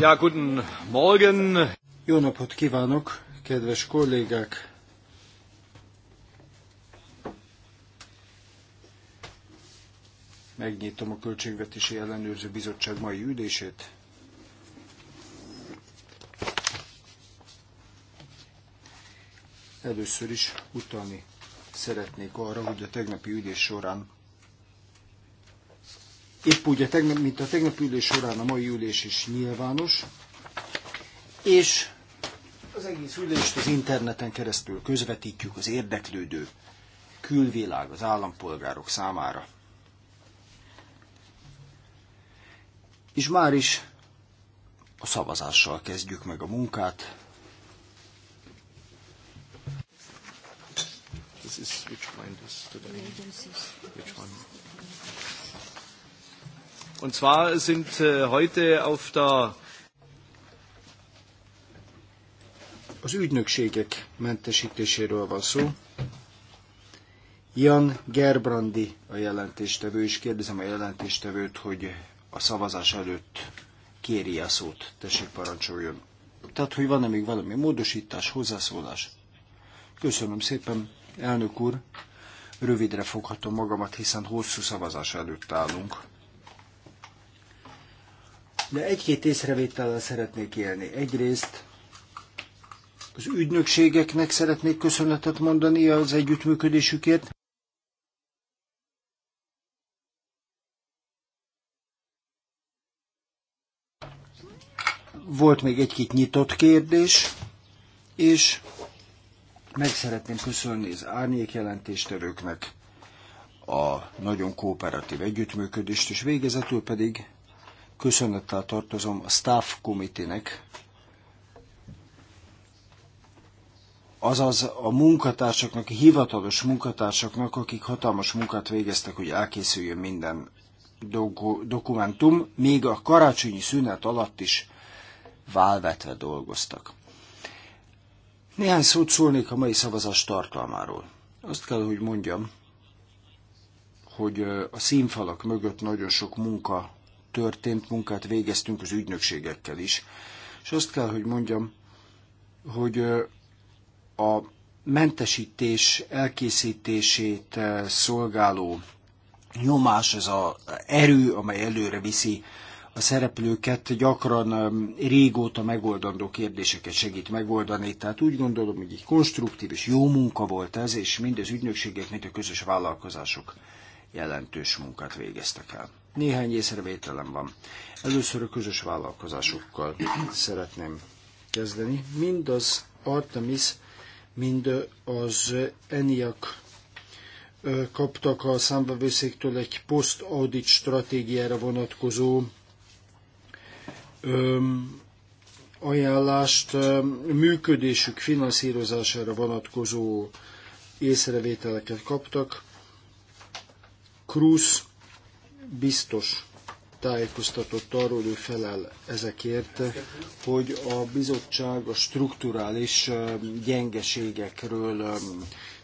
Ja, guten Morgen. Jó napot kívánok, kedves kollégák! Megnyitom a Költségvetési Ellenőrző Bizottság mai ülését. Először is utalni szeretnék arra, hogy a tegnapi ülés során épp úgy, a tegnap, mint a tegnapi ülés során a mai ülés is nyilvános, és az egész ülést az interneten keresztül közvetítjük az érdeklődő külvilág az állampolgárok számára. És már is a szavazással kezdjük meg a munkát. This is which one is today? Which one? Und zwar sind äh, heute auf der az ügynökségek mentesítéséről van szó. Jan Gerbrandi a jelentéstevő, és kérdezem a jelentéstevőt, hogy a szavazás előtt kéri a szót. Tessék, parancsoljon. Tehát, hogy van-e még valami módosítás, hozzászólás? Köszönöm szépen, elnök úr. Rövidre foghatom magamat, hiszen hosszú szavazás előtt állunk de egy-két észrevétellel szeretnék élni. Egyrészt az ügynökségeknek szeretnék köszönetet mondani az együttműködésükért. Volt még egy-két nyitott kérdés, és meg szeretném köszönni az árnyék jelentéstevőknek a nagyon kooperatív együttműködést, és végezetül pedig köszönettel tartozom a staff komitének, azaz a munkatársaknak, a hivatalos munkatársaknak, akik hatalmas munkát végeztek, hogy elkészüljön minden dokumentum, még a karácsonyi szünet alatt is válvetve dolgoztak. Néhány szót szólnék a mai szavazás tartalmáról. Azt kell, hogy mondjam, hogy a színfalak mögött nagyon sok munka történt munkát végeztünk az ügynökségekkel is. És azt kell, hogy mondjam, hogy a mentesítés elkészítését szolgáló nyomás, ez az erő, amely előre viszi a szereplőket, gyakran régóta megoldandó kérdéseket segít megoldani. Tehát úgy gondolom, hogy egy konstruktív és jó munka volt ez, és mind az ügynökségek, mind a közös vállalkozások jelentős munkát végeztek el. Néhány észrevételem van. Először a közös vállalkozásokkal szeretném kezdeni. Mind az Artemis, mind az ENIAC kaptak a számbevőszéktől egy post-audit stratégiára vonatkozó ajánlást, működésük finanszírozására vonatkozó észrevételeket kaptak. Cruz biztos tájékoztatott arról, ő felel ezekért, hogy a bizottság a strukturális gyengeségekről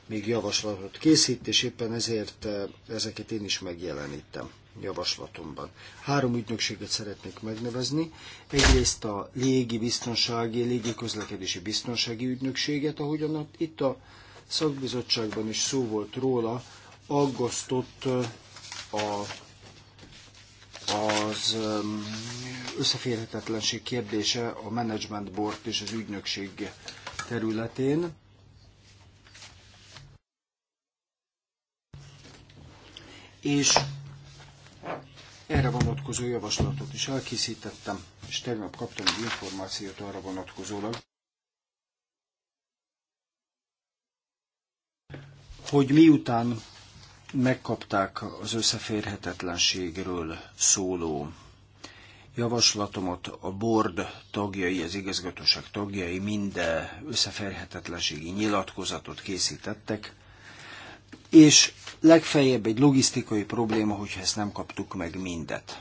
még javaslatot készít, és éppen ezért ezeket én is megjelenítem javaslatomban. Három ügynökséget szeretnék megnevezni. Egyrészt a légi biztonsági, légi közlekedési biztonsági ügynökséget, ahogyan itt a szakbizottságban is szó volt róla, aggasztott a, az összeférhetetlenség kérdése a Management Board és az ügynökség területén. És erre vonatkozó javaslatot is elkészítettem, és tegnap kaptam egy információt arra vonatkozólag, hogy miután megkapták az összeférhetetlenségről szóló javaslatomat a board tagjai, az igazgatóság tagjai mind összeférhetetlenségi nyilatkozatot készítettek, és legfeljebb egy logisztikai probléma, hogyha ezt nem kaptuk meg mindet.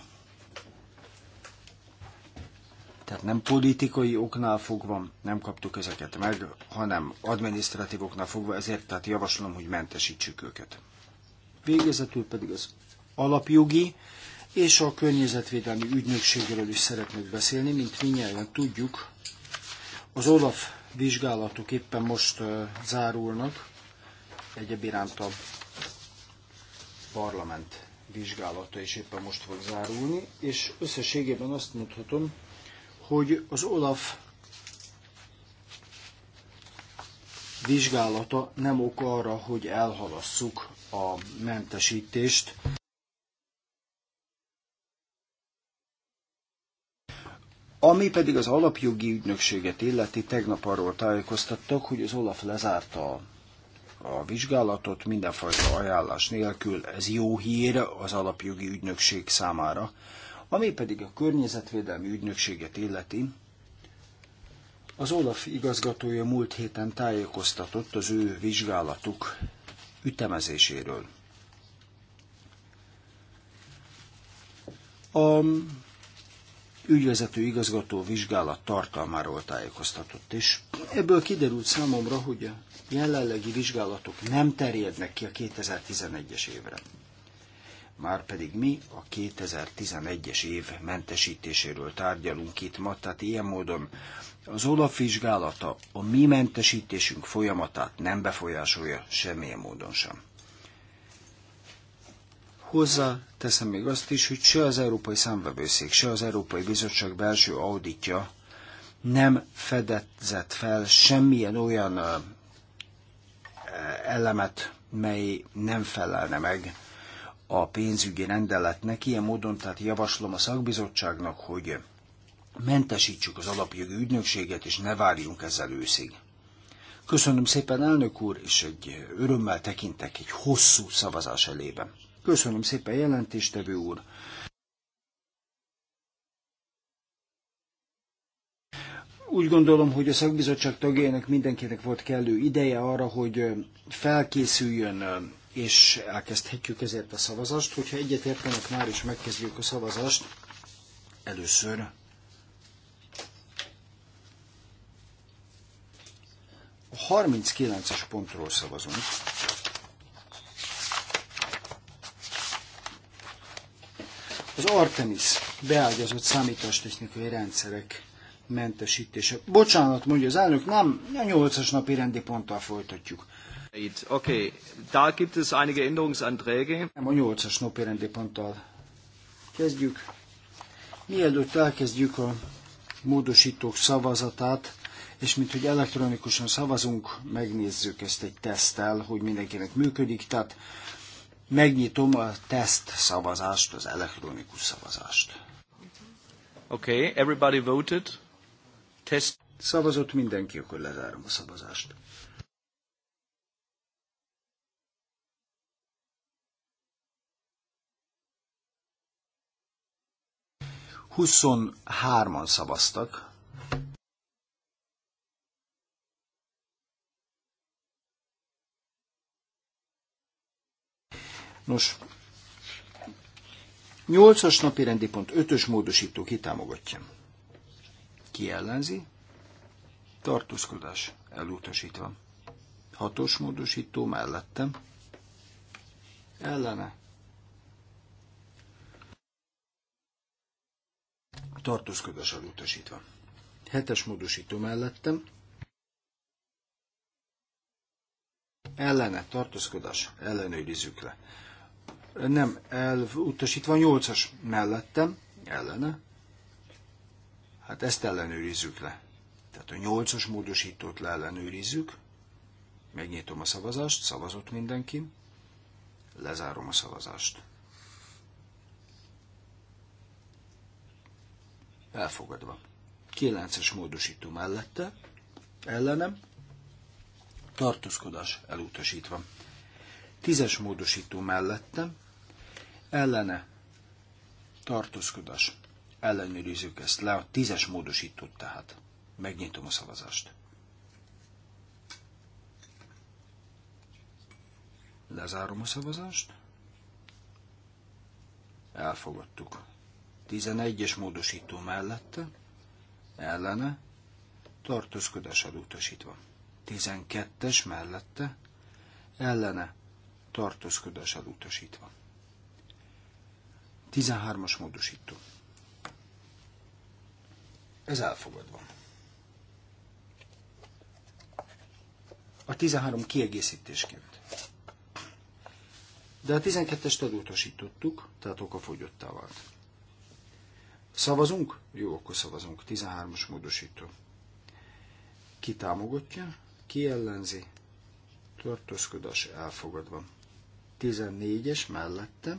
Tehát nem politikai oknál fogva nem kaptuk ezeket meg, hanem adminisztratív oknál fogva, ezért tehát javaslom, hogy mentesítsük őket. Végezetül pedig az alapjogi és a környezetvédelmi ügynökségről is szeretnék beszélni, mint minnyáján tudjuk. Az OLAF vizsgálatok éppen most uh, zárulnak, egyéb iránt a parlament vizsgálata is éppen most fog zárulni, és összességében azt mondhatom, hogy az OLAF vizsgálata nem ok arra, hogy elhalasszuk a mentesítést. Ami pedig az alapjogi ügynökséget illeti, tegnap arról tájékoztattak, hogy az Olaf lezárta a vizsgálatot mindenfajta ajánlás nélkül. Ez jó hír az alapjogi ügynökség számára. Ami pedig a környezetvédelmi ügynökséget illeti, az Olaf igazgatója múlt héten tájékoztatott az ő vizsgálatuk ütemezéséről. A ügyvezető igazgató vizsgálat tartalmáról tájékoztatott, és ebből kiderült számomra, hogy a jelenlegi vizsgálatok nem terjednek ki a 2011-es évre már pedig mi a 2011-es év mentesítéséről tárgyalunk itt ma, tehát ilyen módon az Olaf vizsgálata a mi mentesítésünk folyamatát nem befolyásolja semmilyen módon sem. Hozzá teszem még azt is, hogy se az Európai Számvevőszék, se az Európai Bizottság belső auditja nem fedezett fel semmilyen olyan e, elemet, mely nem felelne meg a pénzügyi rendeletnek. Ilyen módon tehát javaslom a szakbizottságnak, hogy mentesítsük az alapjogi ügynökséget, és ne várjunk ezzel őszig. Köszönöm szépen, elnök úr, és egy örömmel tekintek egy hosszú szavazás elébe. Köszönöm szépen, jelentéstevő úr. Úgy gondolom, hogy a szakbizottság tagjainak mindenkinek volt kellő ideje arra, hogy felkészüljön és elkezdhetjük ezért a szavazást. Hogyha egyetértenek, már is megkezdjük a szavazást. Először a 39-es pontról szavazunk. Az Artemis beágyazott számítástechnikai rendszerek mentesítése. Bocsánat, mondja az elnök, nem, a 8-as napi rendi ponttal folytatjuk. Okay, da gibt es einige Änderungsanträge. A 8-as napi rendi ponttal kezdjük. Mielőtt elkezdjük a módosítók szavazatát, és mint hogy elektronikusan szavazunk, megnézzük ezt egy teszttel, hogy mindenkinek működik, tehát megnyitom a teszt szavazást, az elektronikus szavazást. Okay, everybody voted. Test. Szavazott mindenki, akkor lezárom a szavazást. 23-an szavaztak. Nos, 8-as napi rendi pont 5-ös módosító kitámogatja. Ki ellenzi? Tartózkodás elutasítva. Hatos módosító mellettem. Ellene tartózkodással utasítva. Hetes módosító mellettem, ellene tartózkodás, ellenőrizzük le. Nem, elutasítva utasítva, nyolcas mellettem, ellene, hát ezt ellenőrizzük le. Tehát a nyolcas as módosítót leellenőrizzük, megnyitom a szavazást, szavazott mindenki, lezárom a szavazást. elfogadva. 9-es módosító mellette, ellenem, tartózkodás elutasítva. 10-es módosító mellettem, ellene, tartózkodás, ellenőrizzük ezt le, a 10-es módosítót tehát. Megnyitom a szavazást. Lezárom a szavazást. Elfogadtuk. 11-es módosító mellette, ellene, tartózkodás elutasítva. 12-es mellette, ellene, tartózkodás elutasítva. 13-as módosító. Ez elfogadva. A 13 kiegészítésként. De a 12-est elutasítottuk, tehát oka fogyottá vált. Szavazunk? Jó, akkor szavazunk. 13-as módosító. Ki támogatja? Ki ellenzi? Tartózkodás elfogadva. 14-es mellette.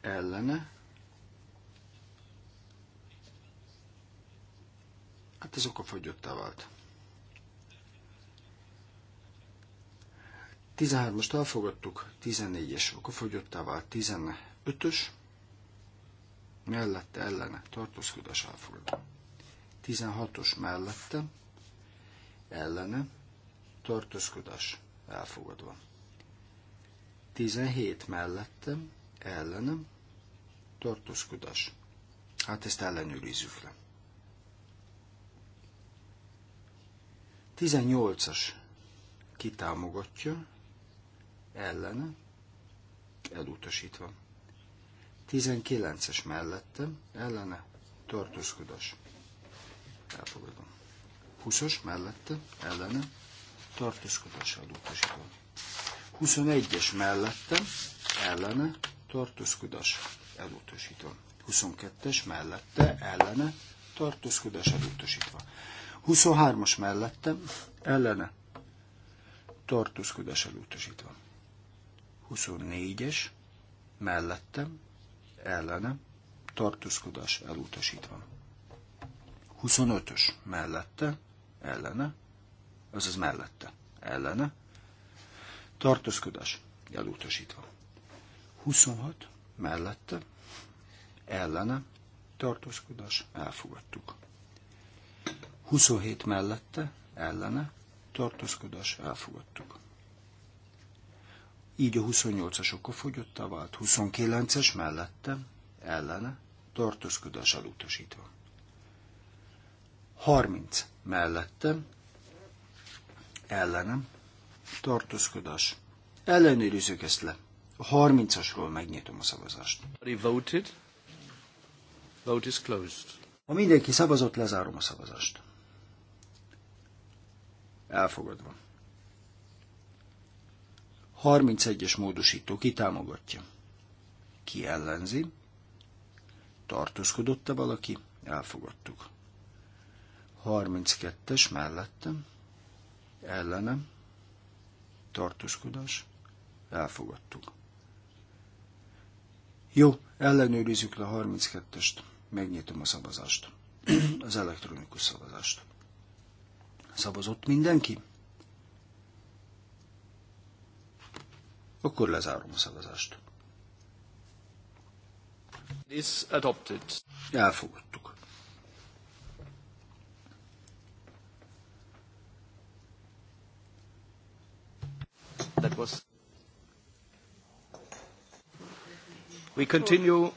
Ellene. Hát ez okafogyottá vált. 13-ast elfogadtuk, 14-es okafogyottá vált, 15-ös mellette ellene tartózkodás elfogadva. 16-os mellette ellene tartózkodás elfogadva. 17 mellette ellenem tartózkodás. Hát ezt ellenőrizzük le. 18-as kitámogatja, ellene, elutasítva. 19-es mellettem, ellene tartózkodás. Elfogadom. 20-as mellette, ellene tartózkodással utasítom. 21-es mellette, ellene tartózkodás elutasítom. 22-es mellette, ellene tartózkodás elutasítva. 23-as mellette, ellene tartózkodás elutasítva. 24-es mellettem, ellene, tartózkodás elutasítva. 25-ös mellette, ellene, azaz mellette, ellene, tartózkodás elutasítva. 26 mellette, ellene, tartózkodás elfogadtuk. 27 mellette, ellene, tartózkodás elfogadtuk így a 28-as a vált, 29-es mellette, ellene, tartózkodás elutasítva. 30 mellette, ellenem, tartózkodás. Ellenőrizzük ezt le. A 30-asról megnyitom a szavazást. Voted. Vote is closed. Ha mindenki szavazott, lezárom a szavazást. Elfogadva. 31-es módosító ki támogatja? Ki ellenzi? Tartózkodott-e valaki? Elfogadtuk. 32-es mellettem, ellenem, tartózkodás, elfogadtuk. Jó, ellenőrizzük le a 32-est, megnyitom a szavazást, az elektronikus szavazást. Szavazott mindenki? Akkor lezárom a szavazást. Is adopted. Elfogadtuk. That was We continue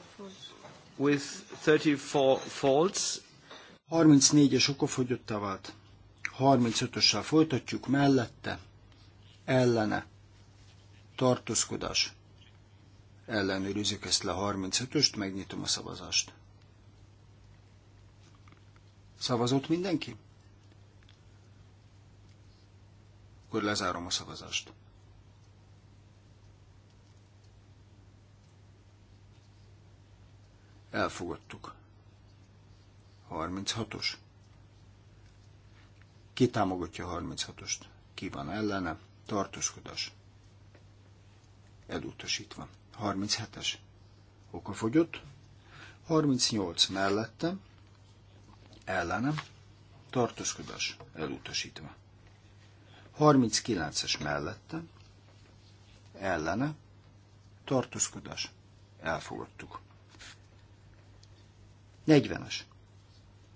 with 34 faults. 34-es okofogyottá vált. 35-össel folytatjuk mellette, ellene tartózkodás. Ellenőrizzük ezt le 35-öst, megnyitom a szavazást. Szavazott mindenki? Akkor lezárom a szavazást. Elfogadtuk. 36-os. Ki támogatja 36-ost? Ki van ellene? Tartózkodás elutasítva. 37-es okafogyott, 38 mellettem, ellenem, tartózkodás elutasítva. 39-es mellettem, ellene, tartózkodás elfogadtuk. 40-es.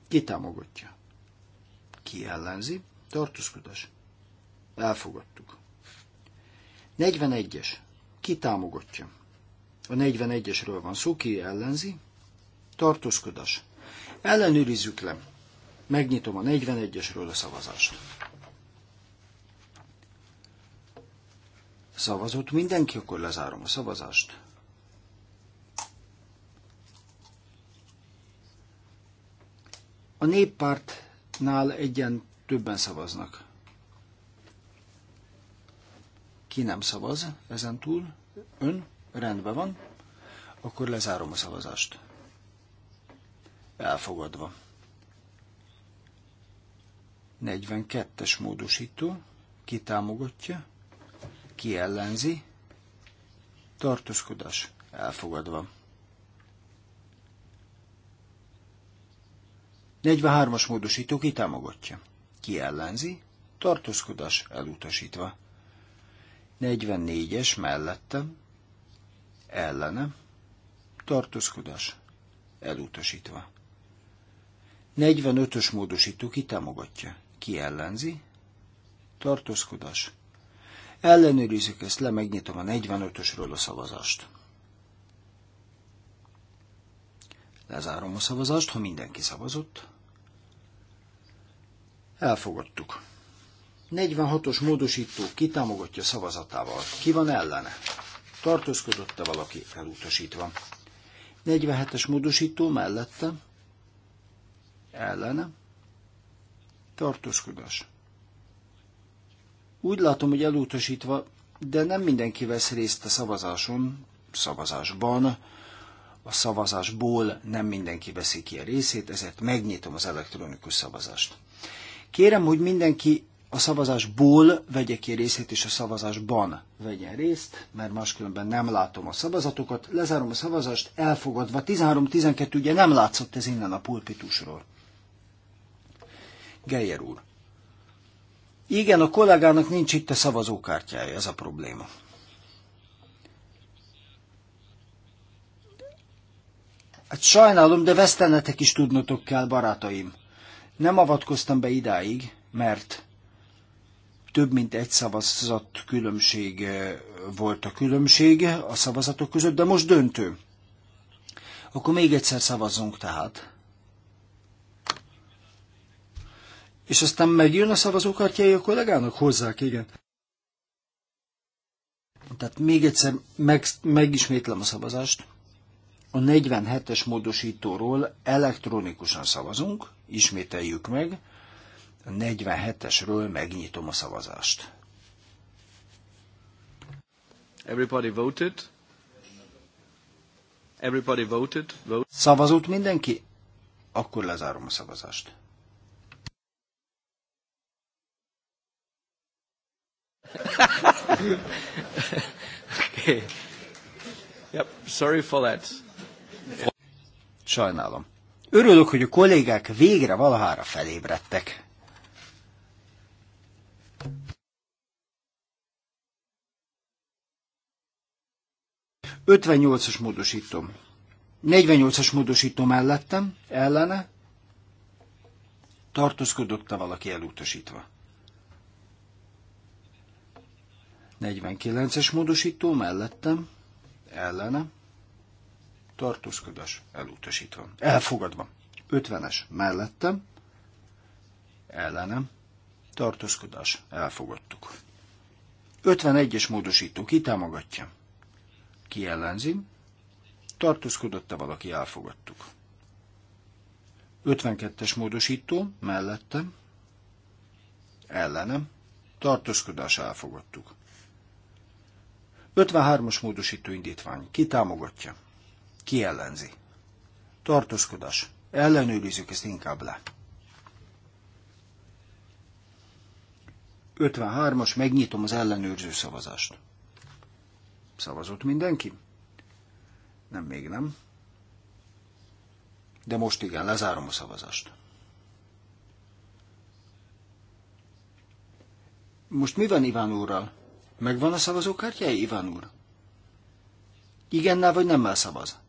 Ki támogatja? Ki ellenzi? Tartózkodás. Elfogadtuk. 41-es. Ki támogatja? A 41-esről van szó, ki ellenzi? Tartózkodás. Ellenőrizzük le. Megnyitom a 41-esről a szavazást. Szavazott mindenki, akkor lezárom a szavazást. A néppártnál egyen többen szavaznak. Ki nem szavaz ezen túl? Ön? Rendben van. Akkor lezárom a szavazást. Elfogadva. 42-es módosító. Ki támogatja? Ki ellenzi? Tartózkodás. Elfogadva. 43-as módosító ki támogatja? Ki ellenzi? Tartózkodás elutasítva. 44-es mellettem, ellene, tartózkodás, elutasítva. 45-ös módosító ki támogatja, ki ellenzi, tartózkodás. Ellenőrizzük ezt le, megnyitom a 45-ösről a szavazást. Lezárom a szavazást, ha mindenki szavazott. Elfogadtuk. 46-os módosító kitámogatja szavazatával. Ki van ellene? Tartózkodott-e valaki elutasítva? 47-es módosító mellette? Ellene? Tartózkodás. Úgy látom, hogy elutasítva, de nem mindenki vesz részt a szavazáson, szavazásban, a szavazásból nem mindenki veszi ki a részét, ezért megnyitom az elektronikus szavazást. Kérem, hogy mindenki a szavazásból vegye ki részét, és a szavazásban vegyen részt, mert máskülönben nem látom a szavazatokat. Lezárom a szavazást, elfogadva 13-12, ugye nem látszott ez innen a pulpitusról. Geyer úr. Igen, a kollégának nincs itt a szavazókártyája, ez a probléma. Hát sajnálom, de vesztenetek is tudnotok kell, barátaim. Nem avatkoztam be idáig, mert több mint egy szavazat különbség volt a különbség a szavazatok között, de most döntő. Akkor még egyszer szavazunk tehát. És aztán megjön a szavazókártyája a kollégának? Hozzák, igen. Tehát még egyszer meg, megismétlem a szavazást. A 47-es módosítóról elektronikusan szavazunk, ismételjük meg. A 47-esről megnyitom a szavazást. Everybody voted? Everybody voted? Vote. Szavazott mindenki? Akkor lezárom a szavazást. okay. Yep, sorry for that. Sajnálom. Örülök, hogy a kollégák végre valahára felébredtek. 58-as módosítom. 48-as módosító mellettem, ellene, tartózkodott-e valaki elutasítva. 49-es módosító mellettem, ellene, tartózkodás elutasítva. Elfogadva. 50-es mellettem, ellenem, tartózkodás elfogadtuk. 51-es módosító kitámogatja. Ki ellenzi? Tartózkodott-e valaki? Elfogadtuk. 52-es módosító mellette ellenem tartózkodás elfogadtuk. 53-as módosító indítvány. Ki támogatja? Ki ellenzi? Tartózkodás. Ellenőrizzük ezt inkább le. 53-as, megnyitom az ellenőrző szavazást. Szavazott mindenki? Nem, még nem. De most igen, lezárom a szavazást. Most mi van Iván úrral? Megvan a szavazókártyája, Iván úr? Igennel vagy nemmel szavaz?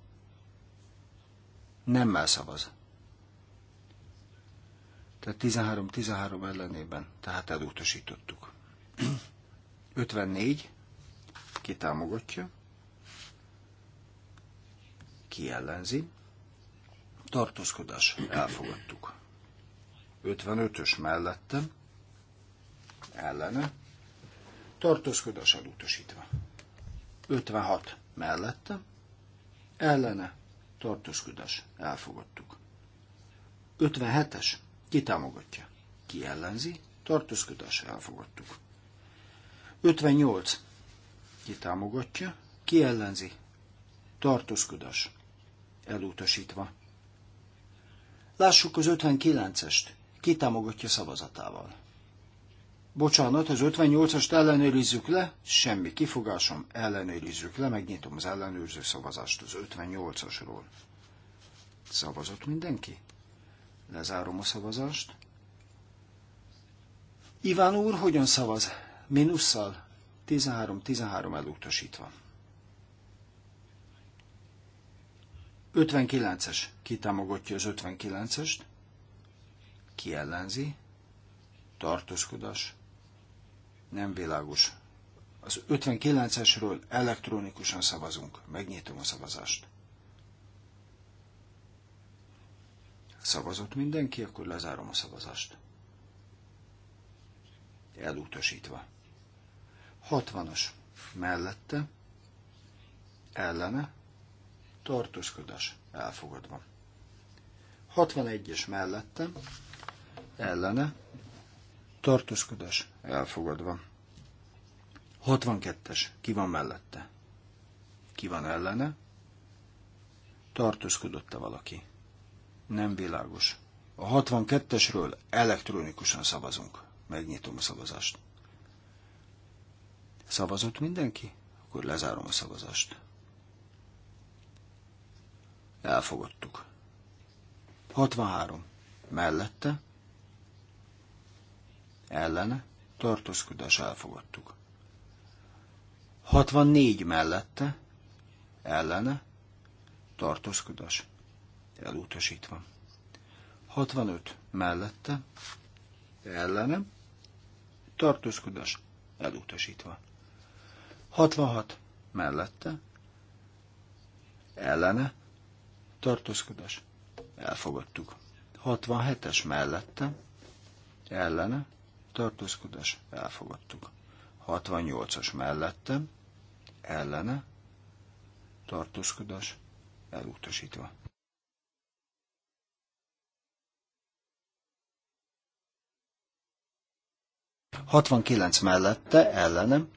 Nemmel szavaz. Tehát 13-13 ellenében, tehát elutasítottuk. 54 ki támogatja, ki ellenzi. Tartózkodás, elfogadtuk. 55-ös mellette, ellene, tartózkodás elutasítva. 56 mellette, ellene, tartózkodás, elfogadtuk. 57-es, ki támogatja, ki ellenzi, tartózkodás, elfogadtuk. 58 ki támogatja? Ki ellenzi? Tartózkodás. Elutasítva. Lássuk az 59-est. Ki támogatja szavazatával? Bocsánat, az 58-ast ellenőrizzük le, semmi kifogásom, ellenőrizzük le, megnyitom az ellenőrző szavazást az 58-asról. Szavazott mindenki? Lezárom a szavazást. Iván úr hogyan szavaz? Minusszal? 13-13 elutasítva. 59-es. Ki támogatja az 59-est? Ki ellenzi? Tartózkodás. Nem világos. Az 59-esről elektronikusan szavazunk. Megnyitom a szavazást. Szavazott mindenki, akkor lezárom a szavazást. Elutasítva. 60-as mellette, ellene, tartózkodás elfogadva. 61-es mellette, ellene, tartózkodás elfogadva. 62-es, ki van mellette? Ki van ellene? Tartózkodott-e valaki? Nem világos. A 62-esről elektronikusan szavazunk. Megnyitom a szavazást. Szavazott mindenki? Akkor lezárom a szavazást. Elfogadtuk. 63. Mellette. Ellene. Tartózkodás elfogadtuk. 64 mellette. Ellene. Tartózkodás. Elutasítva. 65 mellette. Ellene. Tartózkodás elutasítva. 66 mellette, ellene, tartózkodás, elfogadtuk. 67-es mellette, ellene, tartózkodás, elfogadtuk. 68-as mellette, ellene, tartózkodás, elutasítva. Hatvankilenc mellette, ellenem,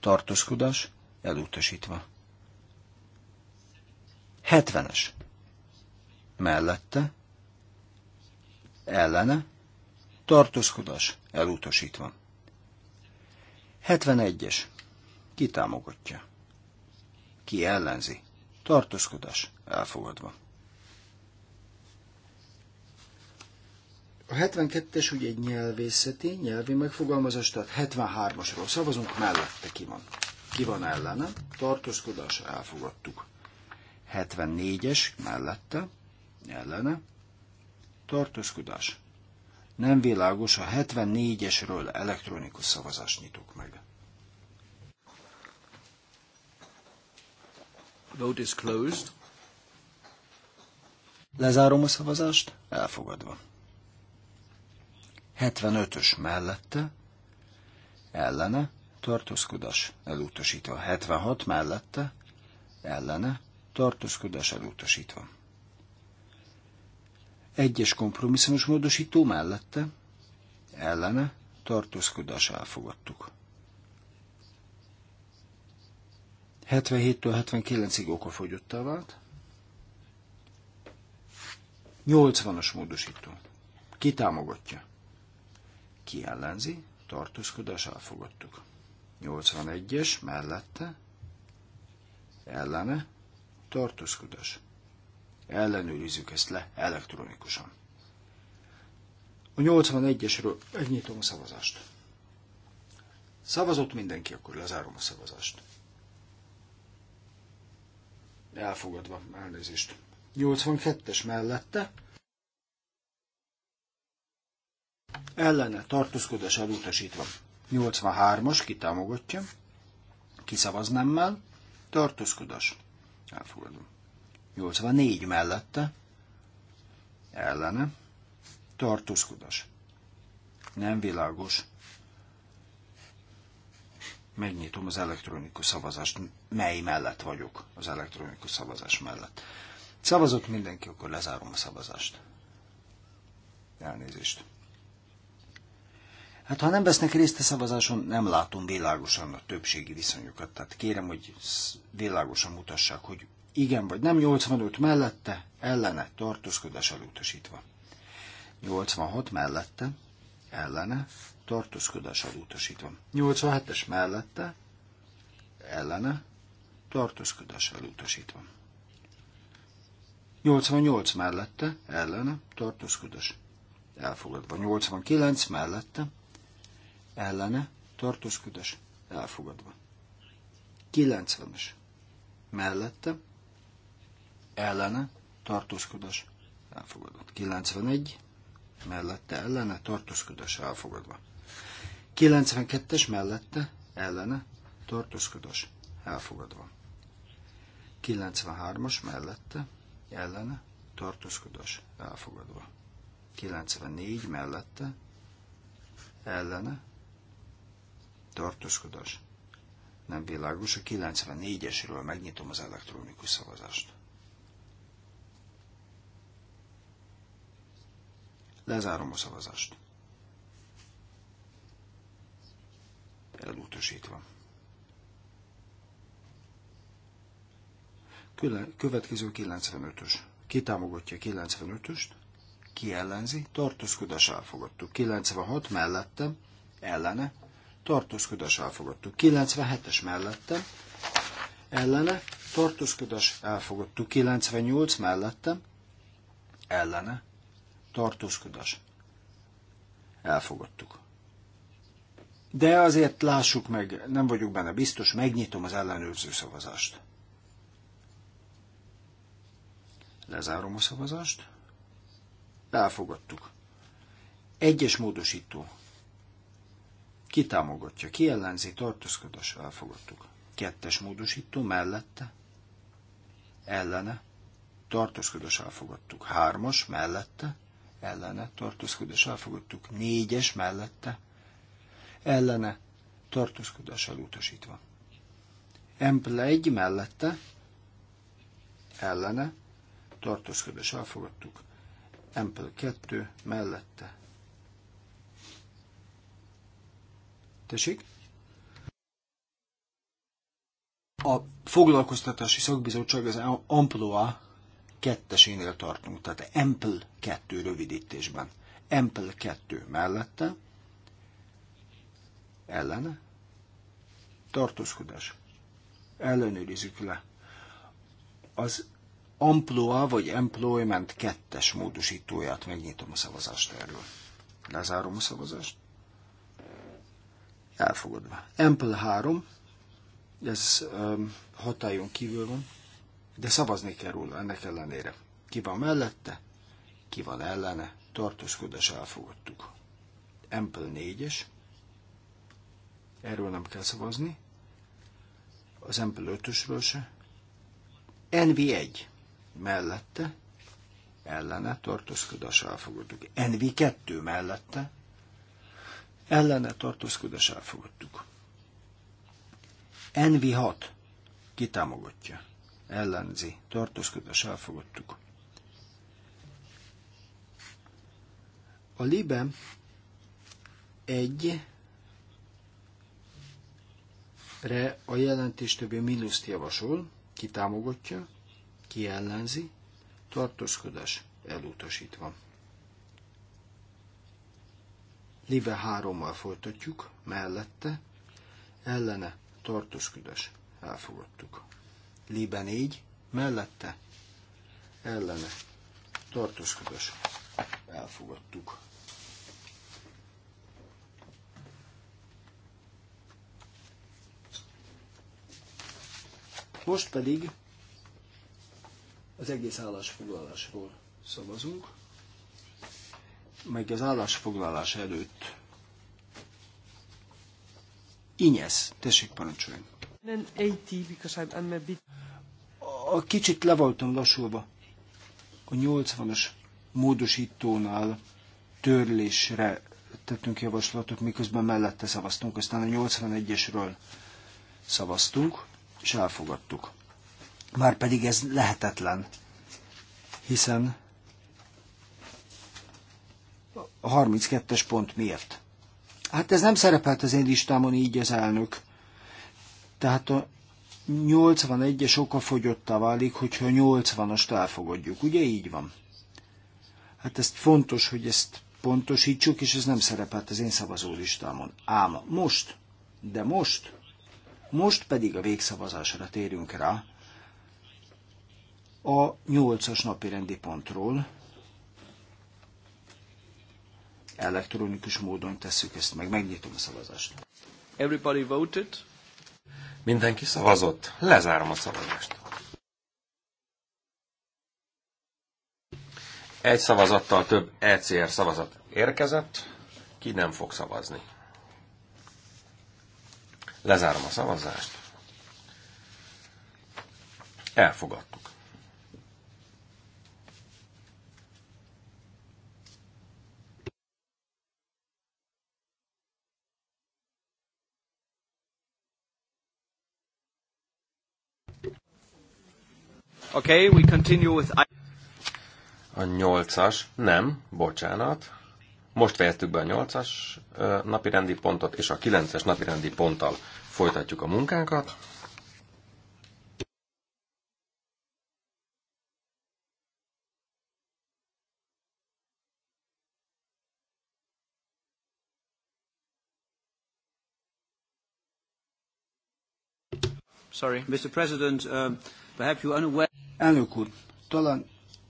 tartózkodás elutasítva. 70-es mellette ellene tartózkodás elutasítva. 71-es ki támogatja, ki ellenzi, tartózkodás elfogadva. A 72-es ugye egy nyelvészeti, nyelvi megfogalmazás, tehát 73-asról szavazunk, mellette ki van. Ki van ellene? Tartózkodás, elfogadtuk. 74-es, mellette, ellene, tartózkodás. Nem világos, a 74-esről elektronikus szavazást nyitok meg. Vote is closed. Lezárom a szavazást, elfogadva. 75-ös mellette, ellene, tartózkodás elutasítva. 76 mellette, ellene, tartózkodás elutasítva. Egyes kompromisszumos módosító mellette, ellene, tartózkodás elfogadtuk. 77-től 79-ig okafogyottá vált. 80-as módosító. Ki támogatja? Ki ellenzi? Tartózkodás elfogadtuk. 81-es mellette ellene tartózkodás. Ellenőrizzük ezt le elektronikusan. A 81-esről megnyitom a szavazást. Szavazott mindenki, akkor lezárom a szavazást. Elfogadva, elnézést. 82-es mellette ellene tartózkodás elutasítva. 83-as kitámogatja, kiszavaz nemmel, tartózkodás. Elfogadom. 84 mellette, ellene, tartózkodás. Nem világos. Megnyitom az elektronikus szavazást, mely mellett vagyok az elektronikus szavazás mellett. Szavazott mindenki, akkor lezárom a szavazást. Elnézést. Hát ha nem vesznek részt a szavazáson, nem látom világosan a többségi viszonyokat. Tehát kérem, hogy világosan mutassák, hogy igen vagy nem 85 mellette, ellene, tartózkodás elutasítva. 86 mellette, ellene, tartózkodás elutasítva. 87-es mellette, ellene, tartózkodás elutasítva. 88 mellette, ellene, tartózkodás elfogadva. 89 mellette, ellene tartózkodás elfogadva. 90-es mellette ellene tartózkodás elfogadva. 91 mellette ellene tartózkodás elfogadva. 92-es mellette ellene tartózkodás elfogadva. 93-as mellette ellene tartózkodás elfogadva. 94 mellette ellene tartózkodás nem világos. A 94-esről megnyitom az elektronikus szavazást. Lezárom a szavazást. Elutasítva. Következő 95-ös. Ki támogatja 95-öst? Ki ellenzi? Tartózkodás elfogadtuk. 96 mellette, ellene, tartózkodás elfogadtuk. 97-es mellettem, ellene, tartózkodás elfogadtuk. 98 mellettem, ellene, tartózkodás elfogadtuk. De azért lássuk meg, nem vagyok benne biztos, megnyitom az ellenőrző szavazást. Lezárom a szavazást. Elfogadtuk. Egyes módosító ki támogatja, ki ellenzi, tartózkodás, elfogadtuk. Kettes módosító mellette, ellene, tartózkodás, elfogadtuk. Hármas mellette, ellene, tartózkodás, elfogadtuk. Négyes mellette, ellene, tartózkodás elutasítva. Emple egy mellette, ellene, tartózkodás elfogadtuk. Emple kettő mellette, Tessék? A foglalkoztatási szakbizottság az Amploa kettesénél tartunk, tehát Ample 2 rövidítésben. Ample 2 mellette, ellen tartózkodás. Ellenőrizzük le. Az Amploa vagy Employment kettes módosítóját megnyitom a szavazást erről. Lezárom a szavazást. Elfogadva. Ample 3, ez um, hatályon kívül van, de szavazni kell róla ennek ellenére. Ki van mellette, ki van ellene, tartózkodás elfogadtuk. Ample 4-es, erről nem kell szavazni, az Ample 5-ösről se. NV1 mellette, ellene tartózkodás elfogadtuk. NV2 mellette, ellene tartózkodás elfogadtuk. NV6 kitámogatja, ellenzi, tartózkodás elfogadtuk. A libe egy re a jelentéstevő mínuszt javasol, kitámogatja, kiellenzi, tartózkodás elutasítva. Live 3-mal folytatjuk, mellette, ellene, tartózkodás, elfogadtuk. Libe 4, mellette, ellene, tartózkodás, elfogadtuk. Most pedig az egész állásfoglalásról szavazunk meg az állásfoglalás előtt. Inyesz, tessék parancsoljon. A kicsit le voltam lassulva. A 80-as módosítónál törlésre tettünk javaslatot, miközben mellette szavaztunk, aztán a 81-esről szavaztunk, és elfogadtuk. pedig ez lehetetlen, hiszen a 32-es pont miért? Hát ez nem szerepelt az én listámon így az elnök. Tehát a 81-es fogyottá válik, hogyha 80-ast elfogadjuk. Ugye így van? Hát ezt fontos, hogy ezt pontosítsuk, és ez nem szerepelt az én szavazólistámon. Ám most, de most, most pedig a végszavazásra térünk rá, a 8-as napi rendi pontról, Elektronikus módon tesszük ezt meg. Megnyitom a szavazást. Everybody voted? Mindenki szavazott. Lezárom a szavazást. Egy szavazattal több ECR szavazat érkezett, ki nem fog szavazni. Lezárom a szavazást. Elfogadtuk. Okay, we continue with... A nyolcas, nem, bocsánat. Most fejeztük be a nyolcas napirendi pontot, és a kilences napirendi ponttal folytatjuk a munkánkat. Sorry, Mr. President, uh... Elnök úr, talán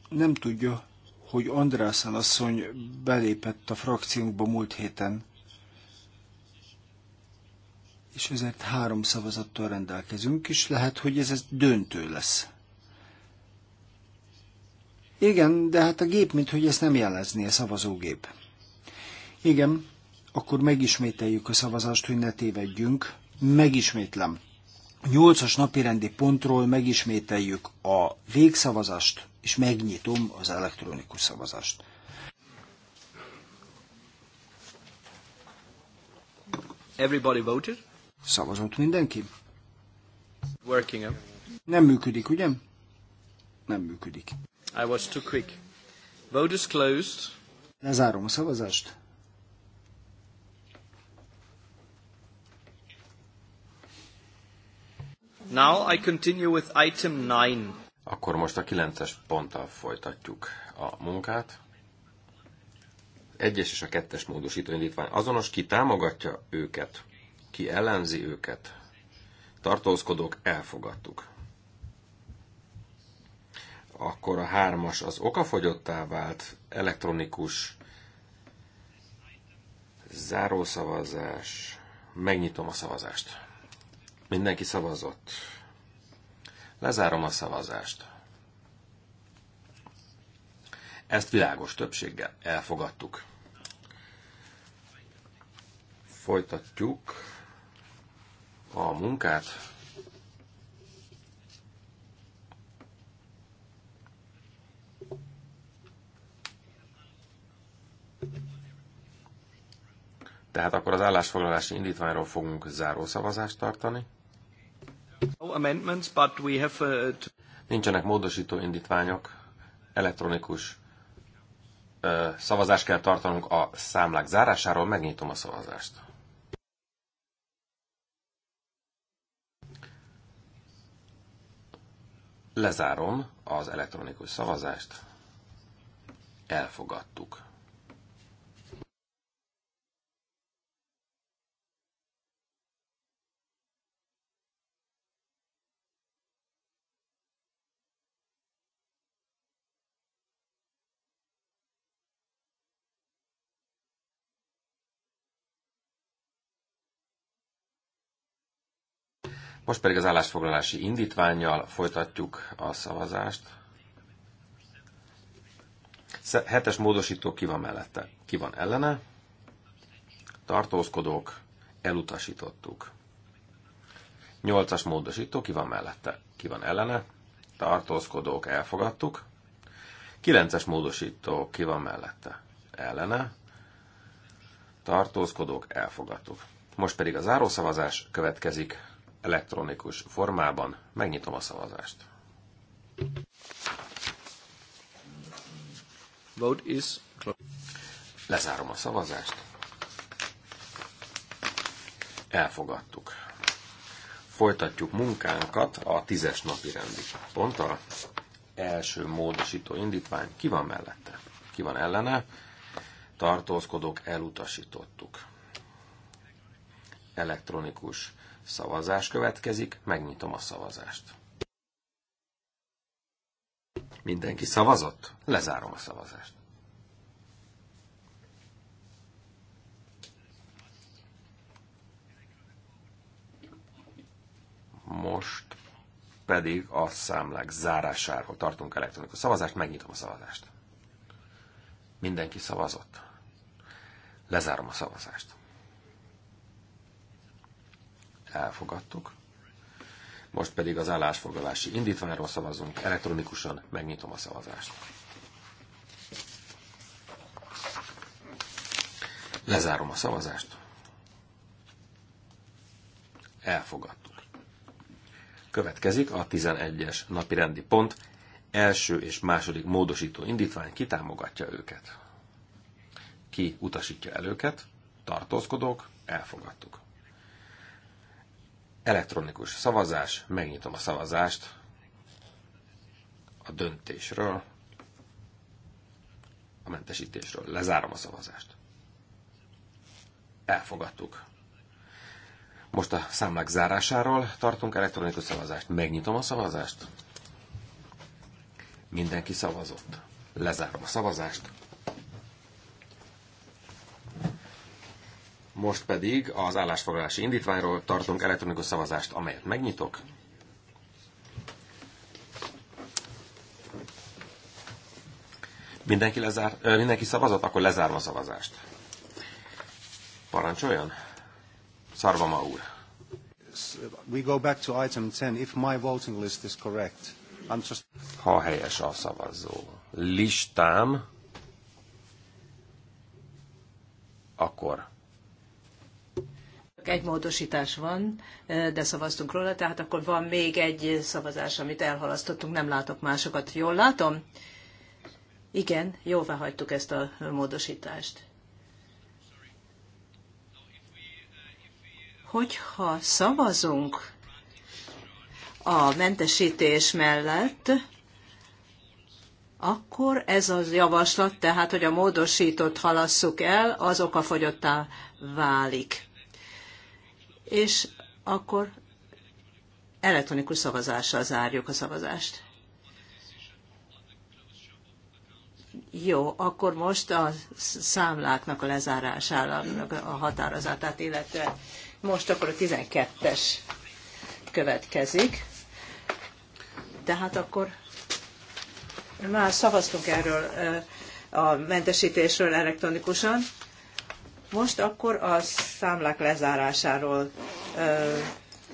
nem tudja, hogy Andrászen asszony belépett a frakciónkba múlt héten, és ezért három szavazattal rendelkezünk, és lehet, hogy ez, ez döntő lesz. Igen, de hát a gép, mint hogy ezt nem jelezné a szavazógép. Igen, akkor megismételjük a szavazást, hogy ne tévedjünk. Megismétlem nyolcas napirendi pontról megismételjük a végszavazást, és megnyitom az elektronikus szavazást. Everybody voted? Szavazott mindenki? Working up. Nem működik, ugye? Nem működik. I was too quick. Vote is closed. Lezárom a szavazást. Now I continue with item 9. Akkor most a 9-es ponttal folytatjuk a munkát. Egyes és a kettes módosító indítvány azonos, ki támogatja őket, ki ellenzi őket. Tartózkodók elfogadtuk. Akkor a hármas az okafogyottá vált elektronikus zárószavazás. Megnyitom a szavazást. Mindenki szavazott. Lezárom a szavazást. Ezt világos többséggel elfogadtuk. Folytatjuk a munkát. Tehát akkor az állásfoglalási indítványról fogunk szavazást tartani. Uh, Nincsenek módosító indítványok, elektronikus ö, szavazást kell tartanunk a számlák zárásáról, megnyitom a szavazást. Lezárom az elektronikus szavazást. Elfogadtuk. Most pedig az állásfoglalási indítványjal folytatjuk a szavazást. Hetes módosító ki van mellette? Ki van ellene? Tartózkodók, elutasítottuk. Nyolcas módosító ki van mellette? Ki van ellene? Tartózkodók, elfogadtuk. Kilences módosító ki van mellette? Ellene? Tartózkodók, elfogadtuk. Most pedig a zárószavazás következik elektronikus formában. Megnyitom a szavazást. Vote is Lezárom a szavazást. Elfogadtuk. Folytatjuk munkánkat a tízes napi rendi ponttal. Első módosító indítvány. Ki van mellette? Ki van ellene? Tartózkodók elutasítottuk. Elektronikus Szavazás következik, megnyitom a szavazást. Mindenki szavazott? Lezárom a szavazást. Most pedig a számlák zárásáról tartunk elektronikus szavazást, megnyitom a szavazást. Mindenki szavazott. Lezárom a szavazást elfogadtuk. Most pedig az állásfoglalási indítványról szavazunk, elektronikusan megnyitom a szavazást. Lezárom a szavazást. Elfogadtuk. Következik a 11-es napi rendi pont, első és második módosító indítvány kitámogatja őket. Ki utasítja el őket, tartózkodók, elfogadtuk. Elektronikus szavazás, megnyitom a szavazást a döntésről, a mentesítésről. Lezárom a szavazást. Elfogadtuk. Most a számlák zárásáról tartunk elektronikus szavazást. Megnyitom a szavazást. Mindenki szavazott. Lezárom a szavazást. Most pedig az állásfoglalási indítványról tartunk elektronikus szavazást, amelyet megnyitok. Mindenki, lezár, ö, mindenki szavazott, akkor lezárom a szavazást. Parancsoljon? Szarvama úr. We go back to item 10. If my voting list is correct, I'm just... Ha helyes a szavazó listám, akkor egy módosítás van, de szavaztunk róla, tehát akkor van még egy szavazás, amit elhalasztottunk, nem látok másokat. Jól látom? Igen, jóvá hagytuk ezt a módosítást. Hogyha szavazunk a mentesítés mellett, akkor ez az javaslat, tehát hogy a módosított halasszuk el, az okafogyottá válik és akkor elektronikus szavazással zárjuk a szavazást. Jó, akkor most a számláknak a lezárásának a határozatát, illetve most akkor a 12-es következik. Tehát akkor már szavaztunk erről a mentesítésről elektronikusan. Most akkor a számlák lezárásáról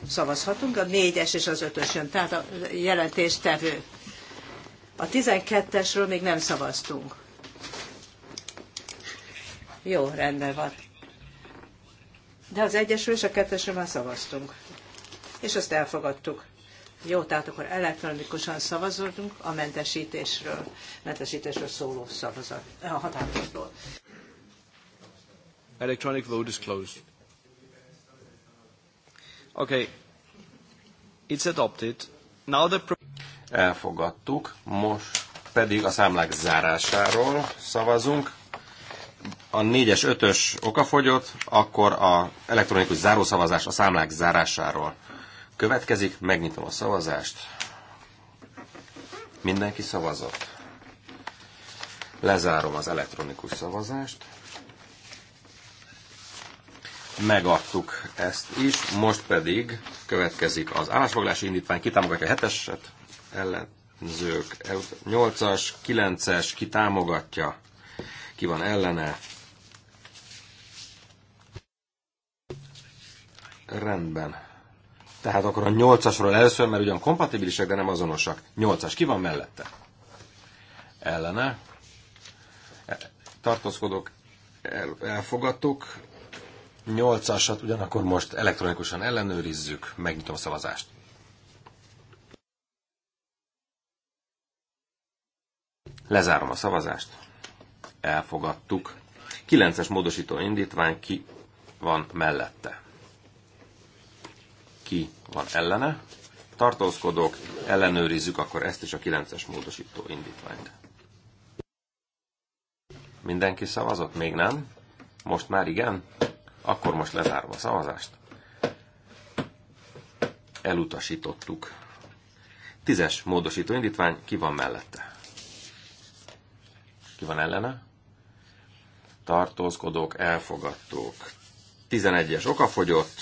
szavazhatunk, a négyes és az ötös jön, tehát a jelentéstevő. A 12-esről még nem szavaztunk. Jó, rendben van. De az egyesről és a kettesről már szavaztunk. És azt elfogadtuk. Jó, tehát akkor elektronikusan szavazunk a mentesítésről, mentesítésről szóló szavazat, a határozatról. Electronic vote is closed. Okay. It's adopted. Now the Elfogadtuk, most pedig a számlák zárásáról szavazunk. A 4-es, 5-ös okafogyott, akkor a elektronikus zárószavazás a számlák zárásáról következik. Megnyitom a szavazást. Mindenki szavazott. Lezárom az elektronikus szavazást megadtuk ezt is, most pedig következik az állásfoglalási indítvány, kitámogatja a 7-eset, ellenzők, 8-as, 9-es, ki támogatja, ki van ellene. Rendben. Tehát akkor a 8-asról először, mert ugyan kompatibilisek, de nem azonosak. 8-as, ki van mellette? Ellene. Tartózkodok, el, elfogadtuk 8-asat ugyanakkor most elektronikusan ellenőrizzük, megnyitom a szavazást. Lezárom a szavazást. Elfogadtuk. 9-es módosító indítvány, ki van mellette? Ki van ellene? Tartózkodók, ellenőrizzük akkor ezt is a 9-es módosító indítványt. Mindenki szavazott? Még nem? Most már igen? Akkor most lezárom a szavazást. Elutasítottuk. Tízes módosító indítvány, ki van mellette? Ki van ellene? Tartózkodók, elfogadtók. 11-es okafogyott,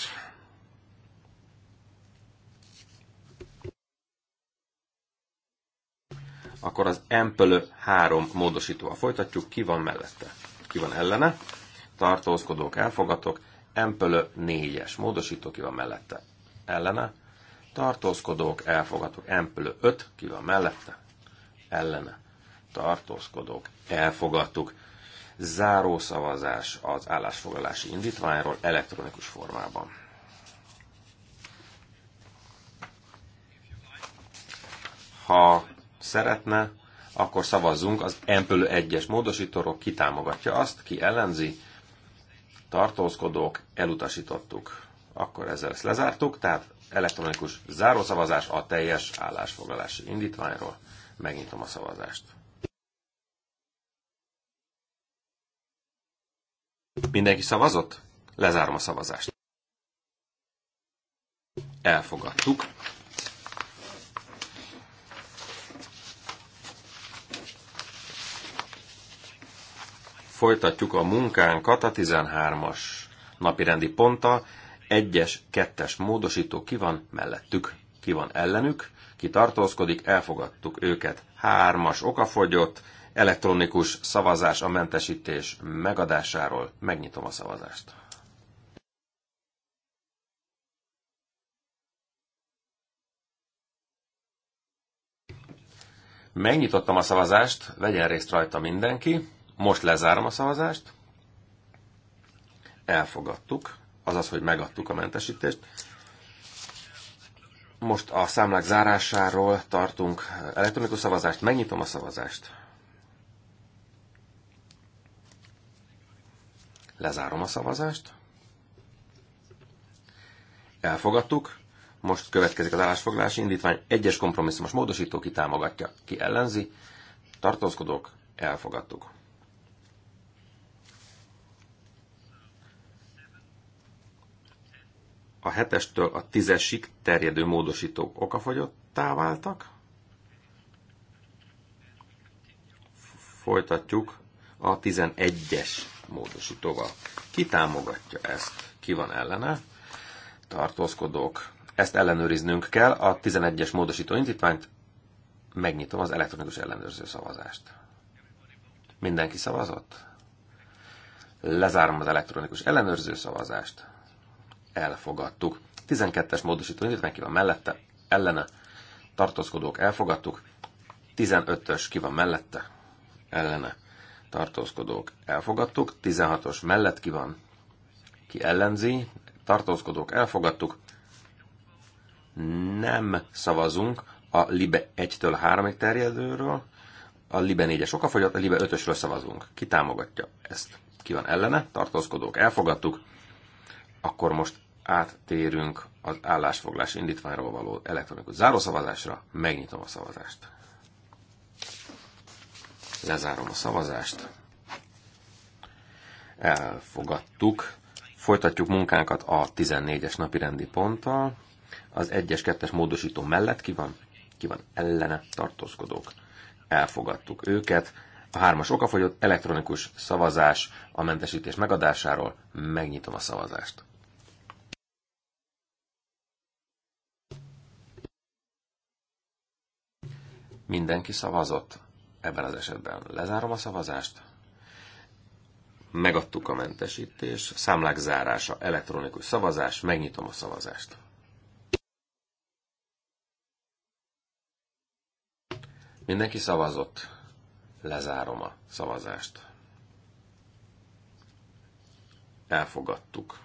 akkor az empölő három módosítóval folytatjuk. Ki van mellette? Ki van ellene? tartózkodók elfogatok empölö négyes módosító ki van mellette, ellene, tartózkodók elfogatok, empölö öt ki van mellette, ellene, tartózkodók elfogadtuk. Záró szavazás az állásfoglalási indítványról elektronikus formában. Ha szeretne, akkor szavazzunk az Empölő egyes módosítóról, ki támogatja azt, ki ellenzi, tartózkodók, elutasítottuk. Akkor ezzel ezt lezártuk, tehát elektronikus zárószavazás a teljes állásfoglalási indítványról. Megnyitom a szavazást. Mindenki szavazott? Lezárom a szavazást. Elfogadtuk. folytatjuk a munkánkat a 13-as napirendi ponttal. Egyes, kettes módosító ki van mellettük, ki van ellenük, ki tartózkodik, elfogadtuk őket. Hármas okafogyott, elektronikus szavazás a mentesítés megadásáról. Megnyitom a szavazást. Megnyitottam a szavazást, vegyen részt rajta mindenki. Most lezárom a szavazást. Elfogadtuk, azaz, hogy megadtuk a mentesítést. Most a számlák zárásáról tartunk elektronikus szavazást. Megnyitom a szavazást. Lezárom a szavazást. Elfogadtuk. Most következik az állásfoglalási indítvány. Egyes kompromisszumos módosító ki támogatja, ki ellenzi. Tartózkodók, elfogadtuk. a 7-estől a 10-esig terjedő módosítók okafogyottá váltak. Folytatjuk a 11-es módosítóval. Ki támogatja ezt? Ki van ellene? Tartózkodók. Ezt ellenőriznünk kell. A 11-es módosító indítványt megnyitom az elektronikus ellenőrző szavazást. Mindenki szavazott? Lezárom az elektronikus ellenőrző szavazást elfogadtuk. 12-es módosító indítvány ki van mellette, ellene, tartózkodók elfogadtuk. 15-ös ki van mellette, ellene, tartózkodók elfogadtuk. 16-os mellett ki van, ki ellenzi, tartózkodók elfogadtuk. Nem szavazunk a Libe 1-től 3-ig terjedőről, a Libe 4-es okafogyott, a Libe 5-ösről szavazunk. Ki támogatja ezt? Ki van ellene? Tartózkodók elfogadtuk. Akkor most áttérünk az állásfoglás indítványról való elektronikus zárószavazásra. Megnyitom a szavazást. Lezárom a szavazást. Elfogadtuk. Folytatjuk munkánkat a 14-es napi rendi ponttal. Az 1-es, 2-es módosító mellett ki van? Ki van ellene tartózkodók? Elfogadtuk őket. A 3-as okafogyott elektronikus szavazás a mentesítés megadásáról. Megnyitom a szavazást. Mindenki szavazott. Ebben az esetben lezárom a szavazást. Megadtuk a mentesítés, számlák zárása, elektronikus szavazás, megnyitom a szavazást. Mindenki szavazott. Lezárom a szavazást. Elfogadtuk.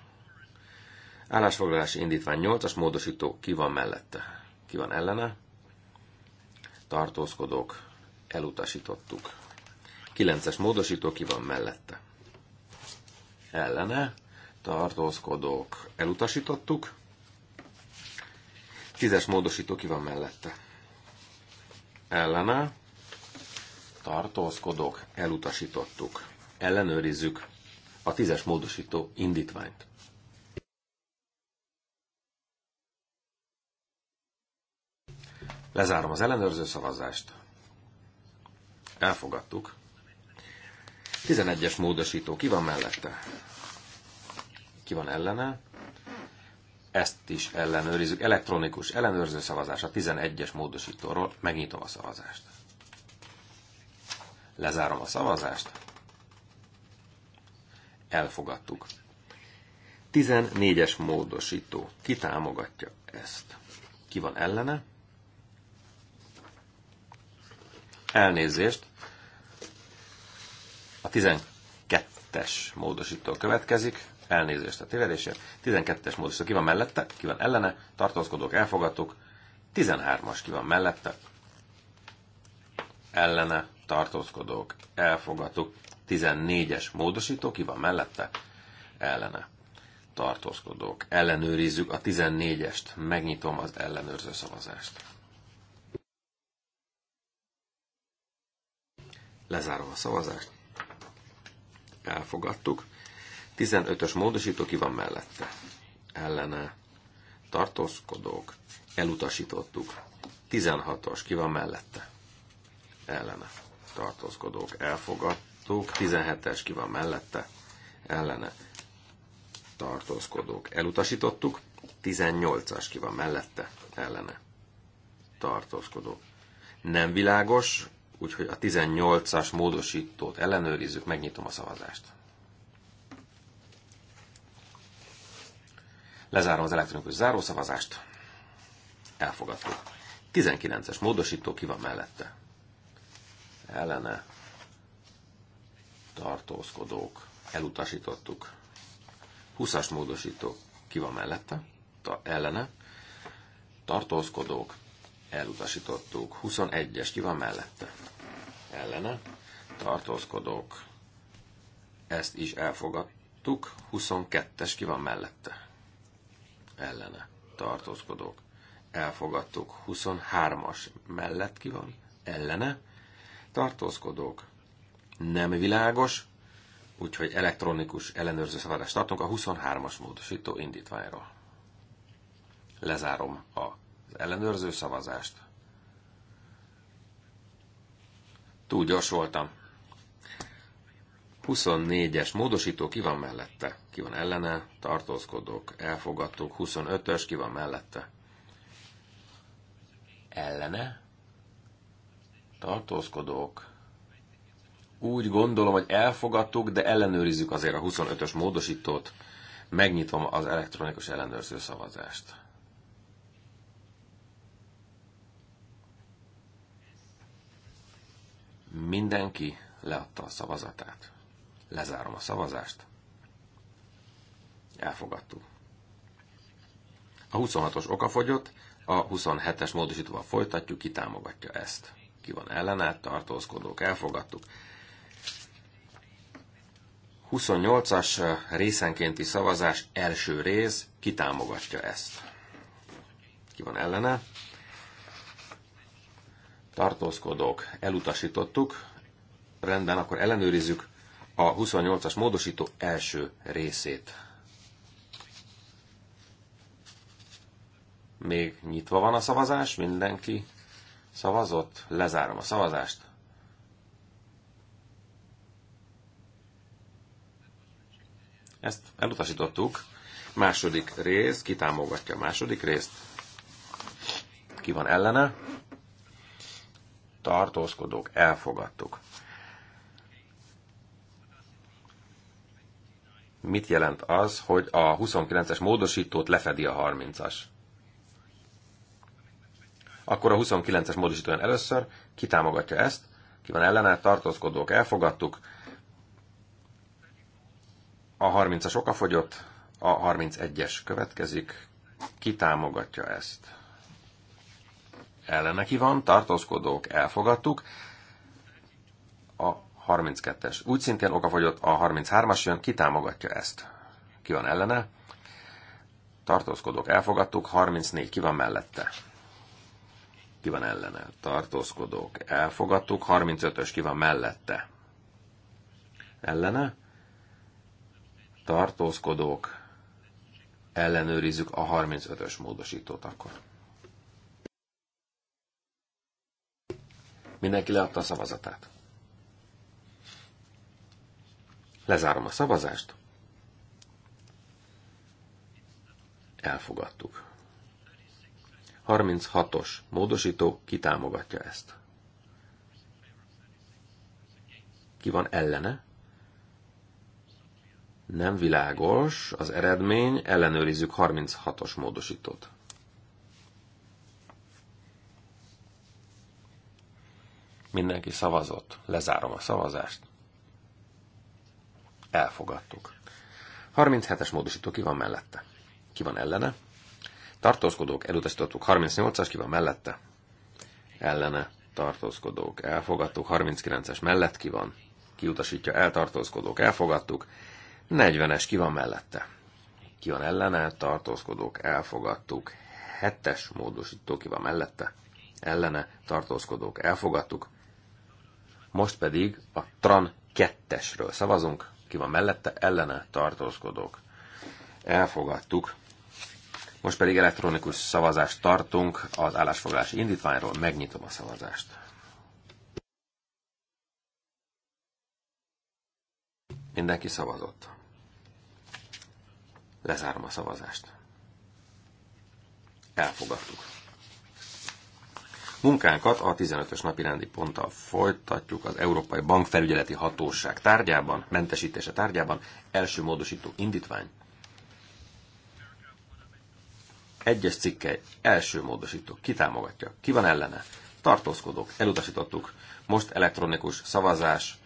Állásfoglalási indítvány 8-as módosító ki van mellette? Ki van ellene? tartózkodók, elutasítottuk. 9-es módosító ki van mellette. Ellene, tartózkodók, elutasítottuk. 10-es módosító ki van mellette. Ellene, tartózkodók, elutasítottuk. Ellenőrizzük a 10-es módosító indítványt. Lezárom az ellenőrző szavazást. Elfogadtuk. 11-es módosító. Ki van mellette? Ki van ellene? Ezt is ellenőrizzük. Elektronikus ellenőrző szavazás a 11-es módosítóról. Megnyitom a szavazást. Lezárom a szavazást. Elfogadtuk. 14-es módosító. Ki támogatja ezt? Ki van ellene? Elnézést. A 12-es módosító következik. Elnézést a tévedésért. 12-es módosító ki van mellette, ki van ellene, tartózkodók elfogadtuk. 13-as ki van mellette, ellene, tartózkodók elfogadtuk. 14-es módosító ki van mellette, ellene tartózkodók. Ellenőrizzük a 14-est, megnyitom az ellenőrző szavazást. Lezárom a szavazást. Elfogadtuk. 15-ös módosító ki van mellette? Ellene. Tartózkodók. Elutasítottuk. 16-os ki van mellette? Ellene. Tartózkodók. Elfogadtuk. 17-es ki van mellette? Ellene. Tartózkodók. Elutasítottuk. 18-as ki van mellette? Ellene. Tartózkodók. Nem világos, Úgyhogy a 18-as módosítót ellenőrizzük, megnyitom a szavazást. Lezárom az elektronikus zárószavazást. Elfogadtuk. 19-es módosító ki van mellette? Ellene tartózkodók. Elutasítottuk. 20-as módosító ki van mellette? Ta, ellene tartózkodók elutasítottuk. 21-es, ki van mellette? Ellene, tartózkodók, ezt is elfogadtuk. 22-es, ki van mellette? Ellene, tartózkodók, elfogadtuk. 23-as, mellett ki van? Ellene, tartózkodók, nem világos, úgyhogy elektronikus ellenőrző szavazást tartunk a 23-as módosító indítványról. Lezárom a ellenőrző szavazást. Túl gyors voltam. 24-es módosító ki van mellette? Ki van ellene? Tartózkodók, elfogadtuk. 25-ös ki van mellette? Ellene? Tartózkodók. Úgy gondolom, hogy elfogadtuk, de ellenőrizzük azért a 25-ös módosítót. Megnyitom az elektronikus ellenőrző szavazást. Mindenki leadta a szavazatát. Lezárom a szavazást. Elfogadtuk. A 26-os okafogyott, a 27-es módosítóval folytatjuk, ki támogatja ezt. Ki van ellenállt, tartózkodók, elfogadtuk. 28-as részenkénti szavazás első rész, ki támogatja ezt. Ki van ellene, tartózkodók elutasítottuk. Rendben, akkor ellenőrizzük a 28-as módosító első részét. Még nyitva van a szavazás, mindenki szavazott, lezárom a szavazást. Ezt elutasítottuk. Második rész, kitámogatja a második részt. Ki van ellene? tartózkodók elfogadtuk. Mit jelent az, hogy a 29-es módosítót lefedi a 30-as? Akkor a 29-es módosítóján először kitámogatja ezt, ki van ellene, tartózkodók elfogadtuk, a 30-as okafogyott, a 31-es következik, kitámogatja ezt ellene ki van, tartózkodók elfogadtuk, a 32-es úgy szintén okafogyott, a 33-as jön, ki támogatja ezt? Ki van ellene? Tartózkodók elfogadtuk, 34 ki van mellette? Ki van ellene? Tartózkodók elfogadtuk, 35-ös ki van mellette? Ellene? Tartózkodók ellenőrizzük a 35-ös módosítót akkor. Mindenki leadta a szavazatát. Lezárom a szavazást. Elfogadtuk. 36-os módosító kitámogatja ezt. Ki van ellene? Nem világos az eredmény, ellenőrizzük 36-os módosítót. Mindenki szavazott. Lezárom a szavazást. Elfogadtuk. 37-es módosító ki van mellette? Ki van ellene? Tartózkodók elutasítottuk. 38-as ki van mellette? Ellene tartózkodók elfogadtuk. 39-es mellett ki van? Kiutasítja eltartózkodók elfogadtuk. 40-es ki van mellette? Ki van ellene? Tartózkodók elfogadtuk. 7-es módosító ki van mellette? Ellene tartózkodók elfogadtuk. Most pedig a TRAN 2-esről szavazunk, ki van mellette, ellene tartózkodók. Elfogadtuk. Most pedig elektronikus szavazást tartunk az állásfoglalási indítványról. Megnyitom a szavazást. Mindenki szavazott. Lezárom a szavazást. Elfogadtuk. Munkánkat a 15-ös napi rendi ponttal folytatjuk az Európai Bankfelügyeleti Hatóság tárgyában, mentesítése tárgyában, első módosító indítvány. Egyes cikke, első módosító, kitámogatja, ki van ellene, tartózkodók, elutasítottuk, most elektronikus szavazás,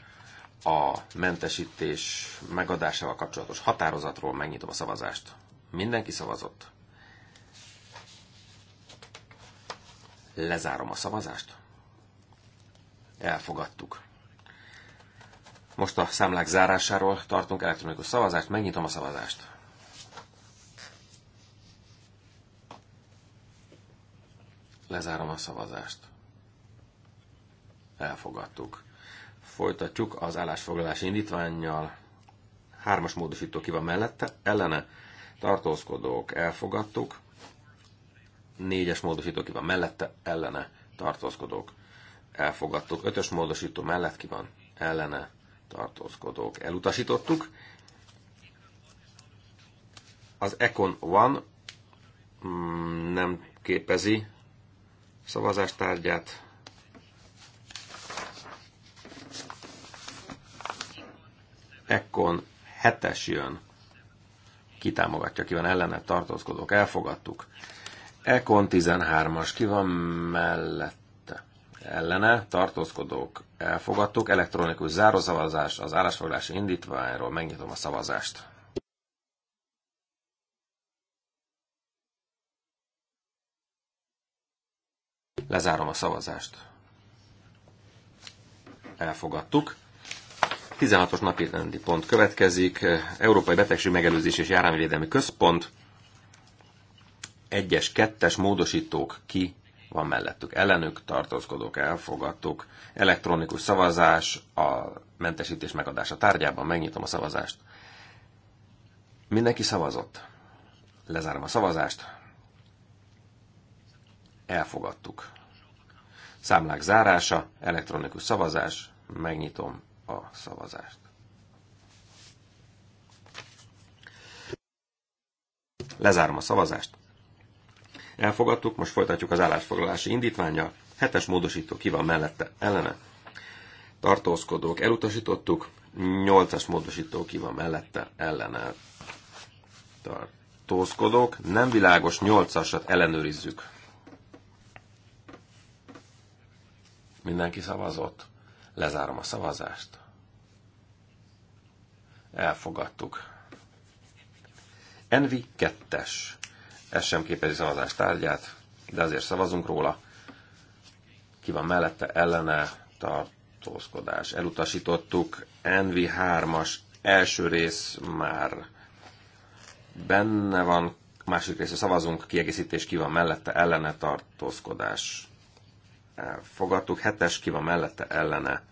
a mentesítés megadásával kapcsolatos határozatról megnyitom a szavazást. Mindenki szavazott. Lezárom a szavazást. Elfogadtuk. Most a számlák zárásáról tartunk elektronikus szavazást, megnyitom a szavazást. Lezárom a szavazást. Elfogadtuk. Folytatjuk az állásfoglalási indítványjal. Hármas módosító ki van mellette, ellene tartózkodók elfogadtuk. Négyes módosító ki van mellette, ellene tartózkodók elfogadtuk. Ötös módosító mellett ki van ellene tartózkodók elutasítottuk. Az Econ One mm, nem képezi szavazástárgyát. 7 hetes jön. Kitámogatja, ki van ellene, tartózkodók, elfogadtuk. Ekon 13-as, ki van mellette? Ellene, tartózkodók, elfogadtuk. Elektronikus zárószavazás az állásfoglalási indítványról. Megnyitom a szavazást. Lezárom a szavazást. Elfogadtuk. 16-os napi rendi pont következik. Európai Betegség Megelőzés és Járványvédelmi Központ egyes, kettes módosítók ki van mellettük. Ellenük tartózkodók elfogadtuk. Elektronikus szavazás a mentesítés megadása tárgyában. Megnyitom a szavazást. Mindenki szavazott. Lezárom a szavazást. Elfogadtuk. Számlák zárása, elektronikus szavazás. Megnyitom a szavazást. Lezárom a szavazást. Elfogadtuk, most folytatjuk az állásfoglalási indítványa. Hetes módosító ki van mellette, ellene. Tartózkodók elutasítottuk, nyolcas módosító ki van mellette, ellene. Tartózkodók, nem világos nyolcasat ellenőrizzük. Mindenki szavazott? Lezárom a szavazást. Elfogadtuk. Envi kettes. Ez sem képezi szavazás tárgyát, de azért szavazunk róla. Ki van mellette, ellene, tartózkodás. Elutasítottuk NV3-as első rész már benne van, másik része szavazunk, kiegészítés ki van mellette, ellene tartózkodás. Fogadtuk, hetes ki van mellette, ellene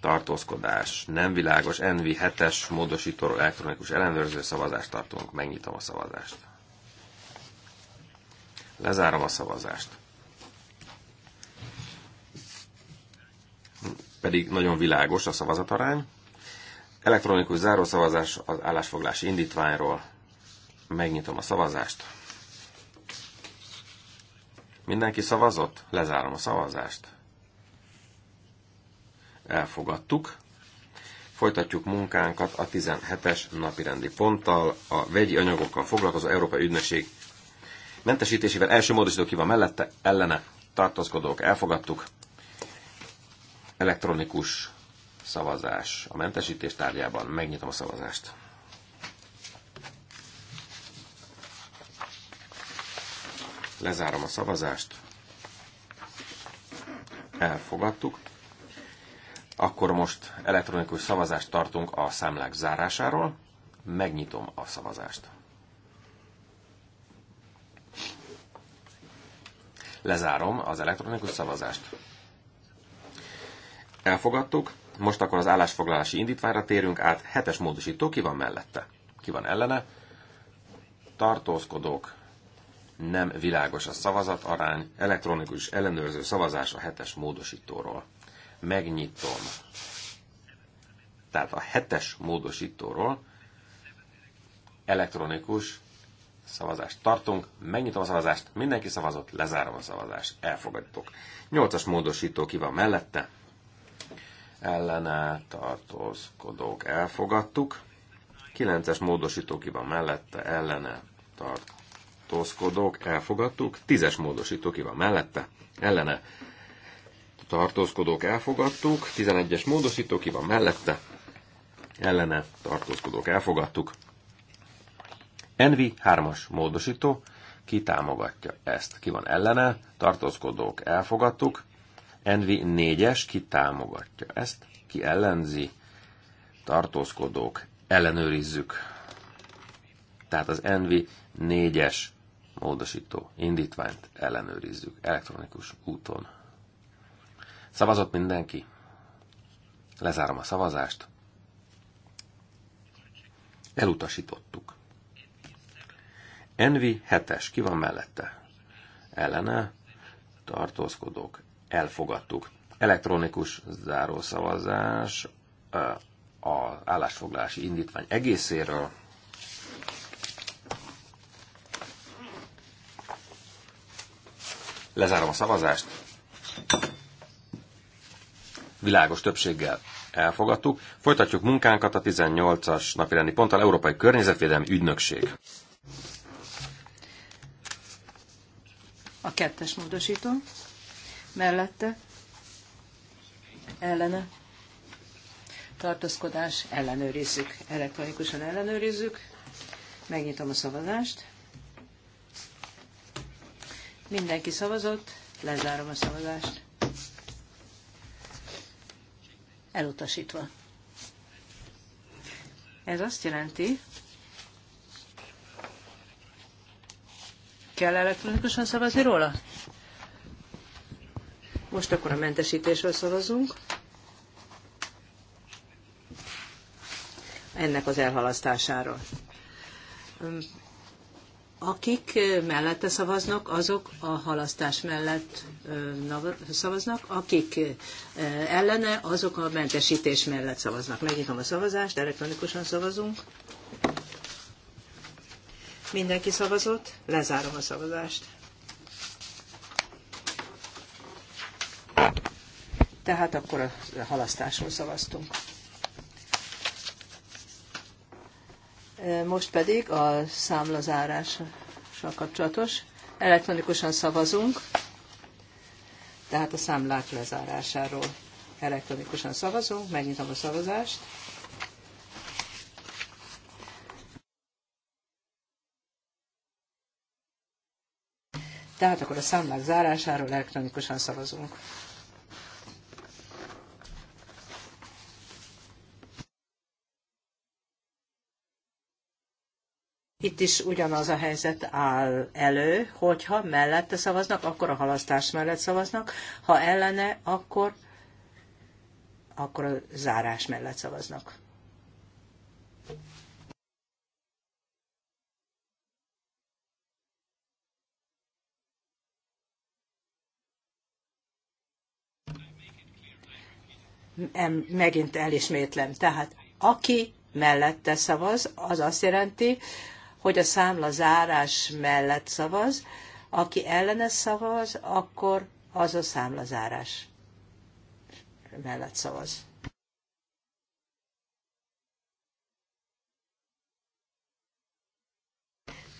tartózkodás. Nem világos, NV 7-es módosító elektronikus ellenőrző szavazást tartunk, megnyitom a szavazást. Lezárom a szavazást. Pedig nagyon világos a szavazatarány. Elektronikus zárószavazás az állásfoglási indítványról. Megnyitom a szavazást. Mindenki szavazott? Lezárom a szavazást. Elfogadtuk. Folytatjuk munkánkat a 17-es napirendi ponttal, a vegyi anyagokkal foglalkozó Európai Ügynökség mentesítésével. Első módosító ki van mellette, ellene tartózkodók, elfogadtuk. Elektronikus szavazás a mentesítés tárgyában. Megnyitom a szavazást. Lezárom a szavazást. Elfogadtuk. Akkor most elektronikus szavazást tartunk a számlák zárásáról. Megnyitom a szavazást. Lezárom az elektronikus szavazást. Elfogadtuk. Most akkor az állásfoglalási indítványra térünk át. Hetes módosító, ki van mellette? Ki van ellene? Tartózkodók, nem világos a arány, elektronikus ellenőrző szavazás a hetes módosítóról. Megnyitom. Tehát a hetes módosítóról elektronikus szavazást tartunk, megnyitom a szavazást, mindenki szavazott, lezárom a szavazást, elfogadtuk. Nyolcas módosító ki van mellette, ellene tartózkodók elfogadtuk, kilences módosító ki van mellette, ellene tartózkodók elfogadtuk, tízes módosító ki van mellette, ellene tartózkodók elfogadtuk, tizenegyes módosító ki van mellette, ellene tartózkodók elfogadtuk, Envi 3-as módosító, ki támogatja ezt? Ki van ellene? Tartózkodók elfogadtuk. Envi 4-es, ki támogatja ezt? Ki ellenzi? Tartózkodók ellenőrizzük. Tehát az Envi 4-es módosító indítványt ellenőrizzük elektronikus úton. Szavazott mindenki? Lezárom a szavazást. Elutasítottuk. Envi hetes, ki van mellette? Ellene, tartózkodók, elfogadtuk. Elektronikus zárószavazás az állásfoglalási indítvány egészéről. Lezárom a szavazást. Világos többséggel elfogadtuk. Folytatjuk munkánkat a 18-as napirendi ponttal Európai Környezetvédelmi Ügynökség. a kettes módosító, mellette ellene tartózkodás ellenőrizzük, elektronikusan ellenőrizzük, megnyitom a szavazást, mindenki szavazott, lezárom a szavazást, elutasítva. Ez azt jelenti, Kell elektronikusan szavazni róla? Most akkor a mentesítésről szavazunk. Ennek az elhalasztásáról. Akik mellette szavaznak, azok a halasztás mellett szavaznak, akik ellene, azok a mentesítés mellett szavaznak. Megnyitom a szavazást, elektronikusan szavazunk. Mindenki szavazott, lezárom a szavazást. Tehát akkor a halasztásról szavaztunk. Most pedig a számlazárással kapcsolatos. Elektronikusan szavazunk, tehát a számlák lezárásáról elektronikusan szavazunk, megnyitom a szavazást. Tehát akkor a számlák zárásáról elektronikusan szavazunk. Itt is ugyanaz a helyzet áll elő, hogyha mellette szavaznak, akkor a halasztás mellett szavaznak, ha ellene, akkor, akkor a zárás mellett szavaznak. megint elismétlem. Tehát aki mellette szavaz, az azt jelenti, hogy a számla zárás mellett szavaz, aki ellene szavaz, akkor az a számlazárás mellett szavaz.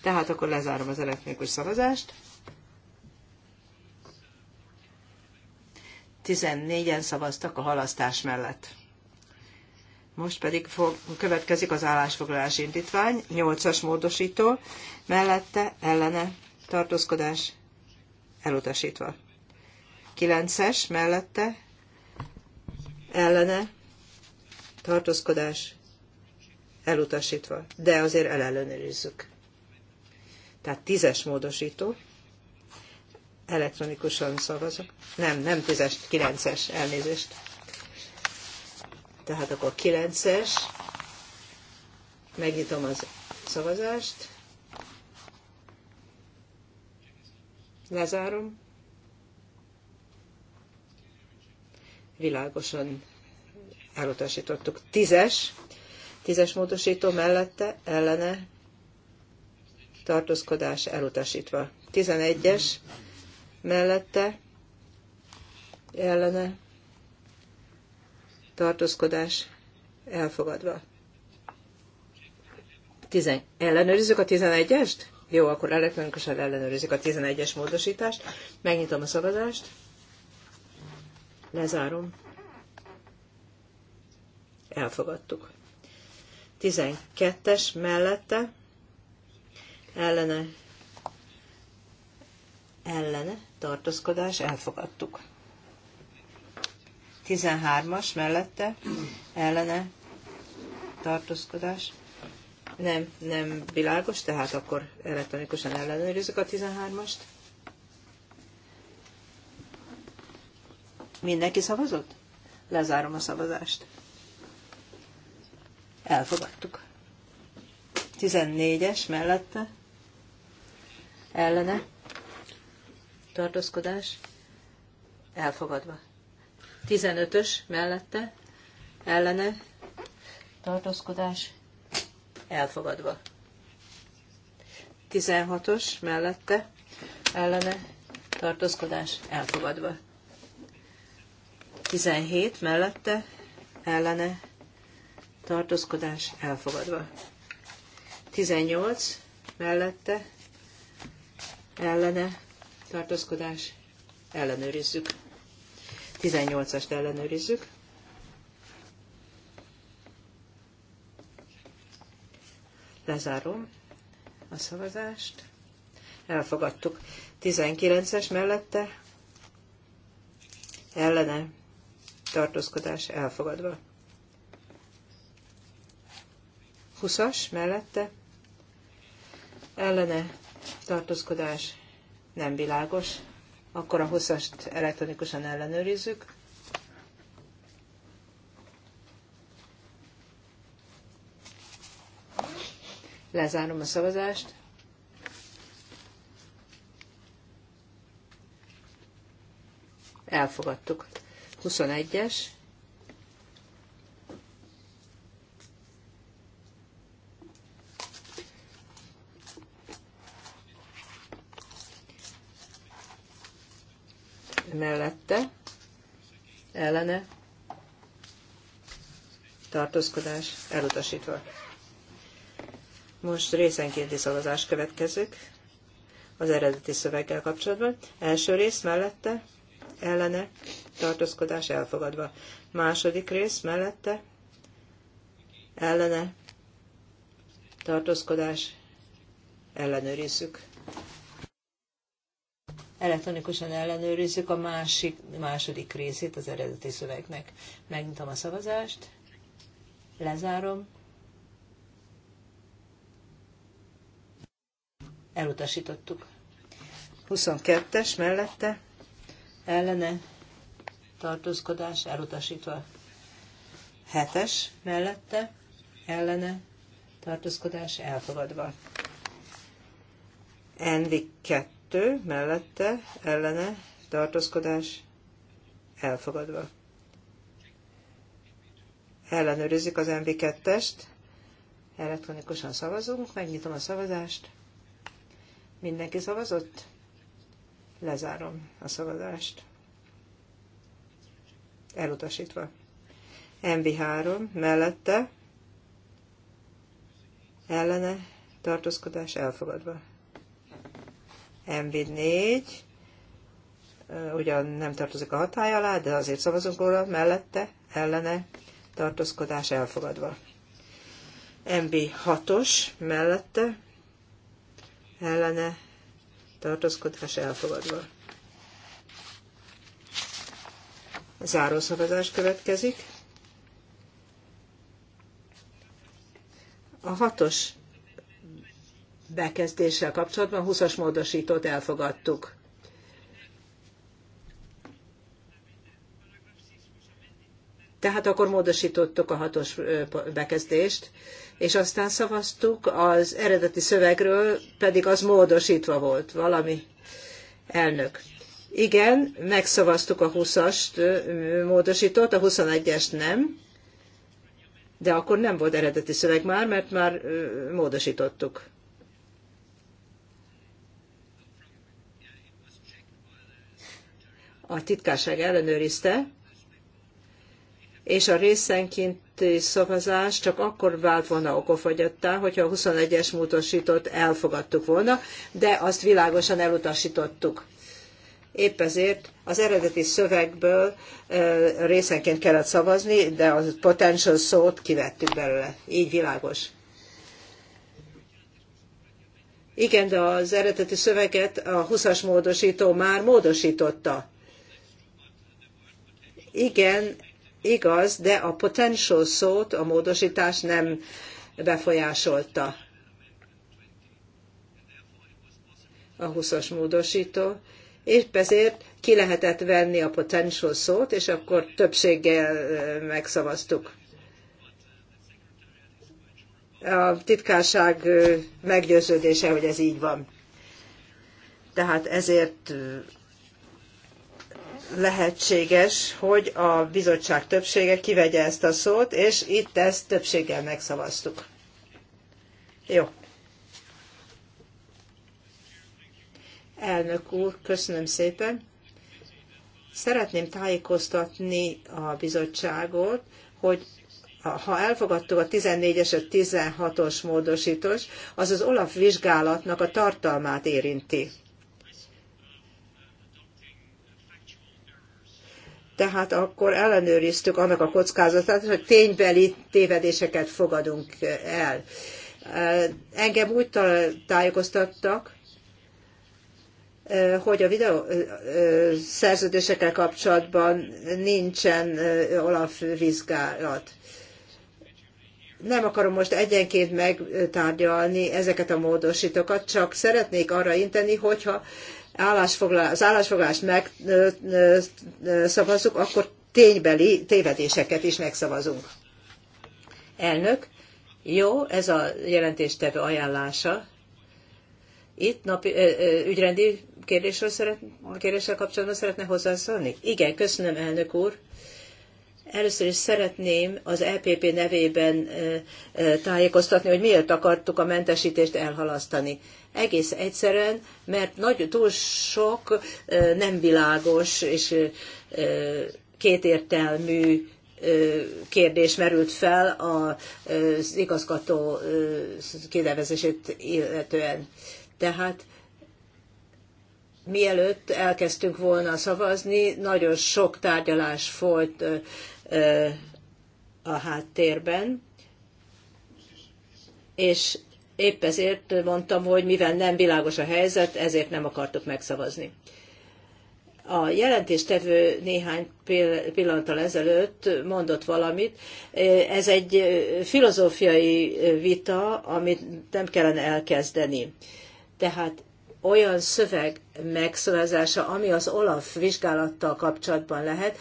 Tehát akkor lezárom az elektronikus szavazást. 14-en szavaztak a halasztás mellett. Most pedig fog, következik az állásfoglalás indítvány, 8-as módosító, mellette ellene tartózkodás elutasítva. 9-es mellette ellene tartózkodás elutasítva, de azért elellenőrizzük. Tehát 10-es módosító, elektronikusan szavazok. Nem, nem 10-es, 9-es, elnézést. Tehát akkor 9-es, megnyitom az szavazást, lezárom, világosan elutasítottuk. Tízes, tízes módosító mellette, ellene, tartózkodás elutasítva. Tizenegyes, es mellette ellene tartózkodás elfogadva. Tizen, ellenőrizzük a 11-est? Jó, akkor elektronikusan ellenőrizzük a 11-es módosítást. Megnyitom a szavazást. Lezárom. Elfogadtuk. 12-es mellette ellene ellene tartózkodás, elfogadtuk. 13-as mellette, ellene, tartózkodás, nem, nem világos, tehát akkor elektronikusan ellenőrizzük a 13-ast. Mindenki szavazott? Lezárom a szavazást. Elfogadtuk. 14-es mellette, ellene, tartózkodás elfogadva. 15-ös mellette ellene tartózkodás elfogadva. 16-os mellette ellene tartózkodás elfogadva. 17 mellette ellene tartózkodás elfogadva. 18 mellette ellene tartózkodás, ellenőrizzük. 18-ast ellenőrizzük. Lezárom a szavazást. Elfogadtuk. 19-es mellette ellene tartózkodás elfogadva. 20-as mellette ellene tartózkodás nem világos, akkor a 20 elektronikusan ellenőrizzük. Lezárom a szavazást. Elfogadtuk. 21-es mellette ellene tartózkodás elutasítva. Most részenkénti szavazás következik az eredeti szöveggel kapcsolatban. Első rész mellette ellene tartózkodás elfogadva. Második rész mellette ellene tartózkodás ellenőrizzük elektronikusan ellenőrizzük a másik, második részét az eredeti szövegnek. Megnyitom a szavazást, lezárom, elutasítottuk. 22-es mellette ellene tartózkodás elutasítva. 7-es mellette ellene tartózkodás elfogadva. 2 kettő mellette ellene tartózkodás elfogadva. Ellenőrizzük az MB2-est, elektronikusan szavazunk, megnyitom a szavazást. Mindenki szavazott? Lezárom a szavazást. Elutasítva. MB3 mellette ellene tartózkodás elfogadva. MV4, ugyan nem tartozik a hatály alá, de azért szavazunk róla, mellette, ellene, tartózkodás elfogadva. MB6-os, mellette, ellene, tartózkodás elfogadva. Zárószavazás következik. A hatos bekezdéssel kapcsolatban 20-as módosítót elfogadtuk. Tehát akkor módosítottuk a hatos bekezdést, és aztán szavaztuk az eredeti szövegről, pedig az módosítva volt valami elnök. Igen, megszavaztuk a 20-ast módosítót, a 21-est nem, de akkor nem volt eredeti szöveg már, mert már módosítottuk. a titkárság ellenőrizte, és a részenkénti szavazás csak akkor vált volna okofogyottá, hogyha a 21-es módosított elfogadtuk volna, de azt világosan elutasítottuk. Épp ezért az eredeti szövegből részenként kellett szavazni, de a potential szót kivettük belőle. Így világos. Igen, de az eredeti szöveget a 20-as módosító már módosította igen, igaz, de a potential szót a módosítás nem befolyásolta. A 20-as módosító. És ezért ki lehetett venni a potential szót, és akkor többséggel eh, megszavaztuk. A titkárság eh, meggyőződése, hogy ez így van. Tehát ezért eh, lehetséges, hogy a bizottság többsége kivegye ezt a szót, és itt ezt többséggel megszavaztuk. Jó. Elnök úr, köszönöm szépen. Szeretném tájékoztatni a bizottságot, hogy ha elfogadtuk a 14-es, a 16-os módosítós, az az Olaf vizsgálatnak a tartalmát érinti. tehát akkor ellenőriztük annak a kockázatát, hogy ténybeli tévedéseket fogadunk el. Engem úgy tájékoztattak, hogy a videó szerződésekkel kapcsolatban nincsen olaf vizsgálat. Nem akarom most egyenként megtárgyalni ezeket a módosítókat, csak szeretnék arra inteni, hogyha az állásfoglalást megszavazzuk, akkor ténybeli tévedéseket is megszavazunk. Elnök, jó, ez a jelentéstevő ajánlása. Itt napi, ügyrendi kérdésről szeret, kérdéssel kapcsolatban szeretne hozzászólni? Igen, köszönöm, elnök úr. Először is szeretném az EPP nevében tájékoztatni, hogy miért akartuk a mentesítést elhalasztani. Egész egyszerűen, mert nagy, túl sok nem világos és kétértelmű kérdés merült fel az igazgató kinevezését illetően. Tehát mielőtt elkezdtünk volna szavazni, nagyon sok tárgyalás folyt a háttérben, és épp ezért mondtam, hogy mivel nem világos a helyzet, ezért nem akartok megszavazni. A jelentéstevő néhány pillanattal ezelőtt mondott valamit. Ez egy filozófiai vita, amit nem kellene elkezdeni. Tehát olyan szöveg megszavazása, ami az Olaf vizsgálattal kapcsolatban lehet,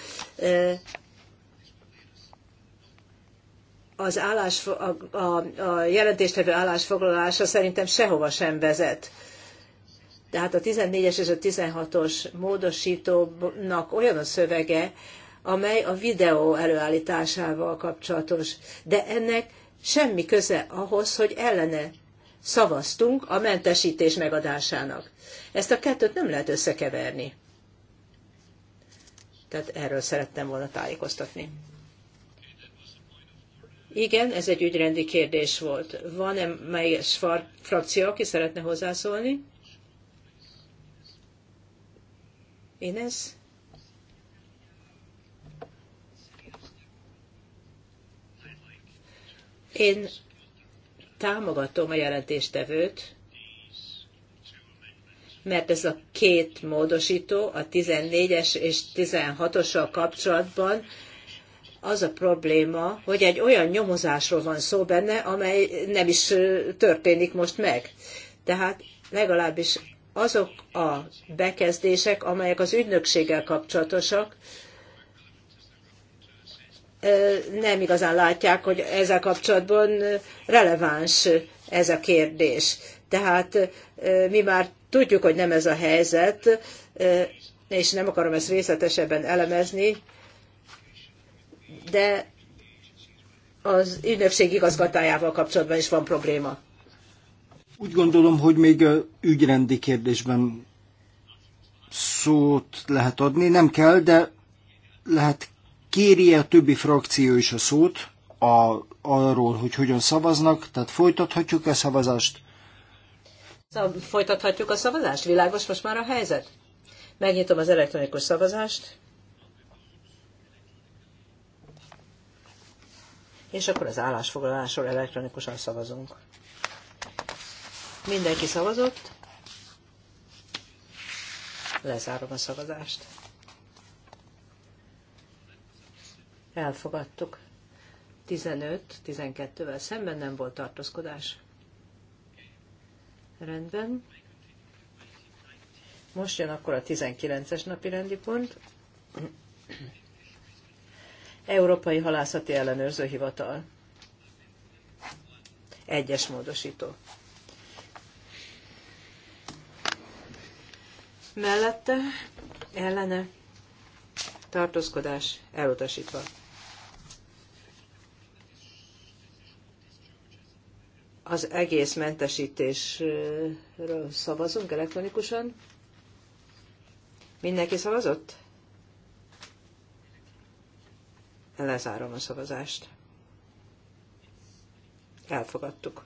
az állás, a, a, a jelentéstevő állásfoglalása szerintem sehova sem vezet. Tehát a 14-es és a 16-os módosítónak olyan a szövege, amely a videó előállításával kapcsolatos. De ennek semmi köze ahhoz, hogy ellene szavaztunk a mentesítés megadásának. Ezt a kettőt nem lehet összekeverni. Tehát erről szerettem volna tájékoztatni. Igen, ez egy ügyrendi kérdés volt. Van-e melyes frakció, aki szeretne hozzászólni? Ines? Én támogatom a jelentéstevőt, mert ez a két módosító, a 14-es és 16-ossal kapcsolatban az a probléma, hogy egy olyan nyomozásról van szó benne, amely nem is történik most meg. Tehát legalábbis azok a bekezdések, amelyek az ügynökséggel kapcsolatosak, nem igazán látják, hogy ezzel kapcsolatban releváns ez a kérdés. Tehát mi már tudjuk, hogy nem ez a helyzet, és nem akarom ezt részletesebben elemezni, de az ügynökség igazgatájával kapcsolatban is van probléma. Úgy gondolom, hogy még a ügyrendi kérdésben szót lehet adni, nem kell, de lehet kéri a többi frakció is a szót a, arról, hogy hogyan szavaznak, tehát folytathatjuk a szavazást. Folytathatjuk a szavazást? Világos most már a helyzet? Megnyitom az elektronikus szavazást. és akkor az állásfoglalásról elektronikusan szavazunk. Mindenki szavazott. Lezárom a szavazást. Elfogadtuk. 15-12-vel szemben nem volt tartózkodás. Rendben. Most jön akkor a 19-es napi rendi pont. Európai Halászati Ellenőrző Hivatal. Egyes módosító. Mellette ellene tartózkodás elutasítva. Az egész mentesítésről szavazunk elektronikusan. Mindenki szavazott? Lezárom a szavazást. Elfogadtuk.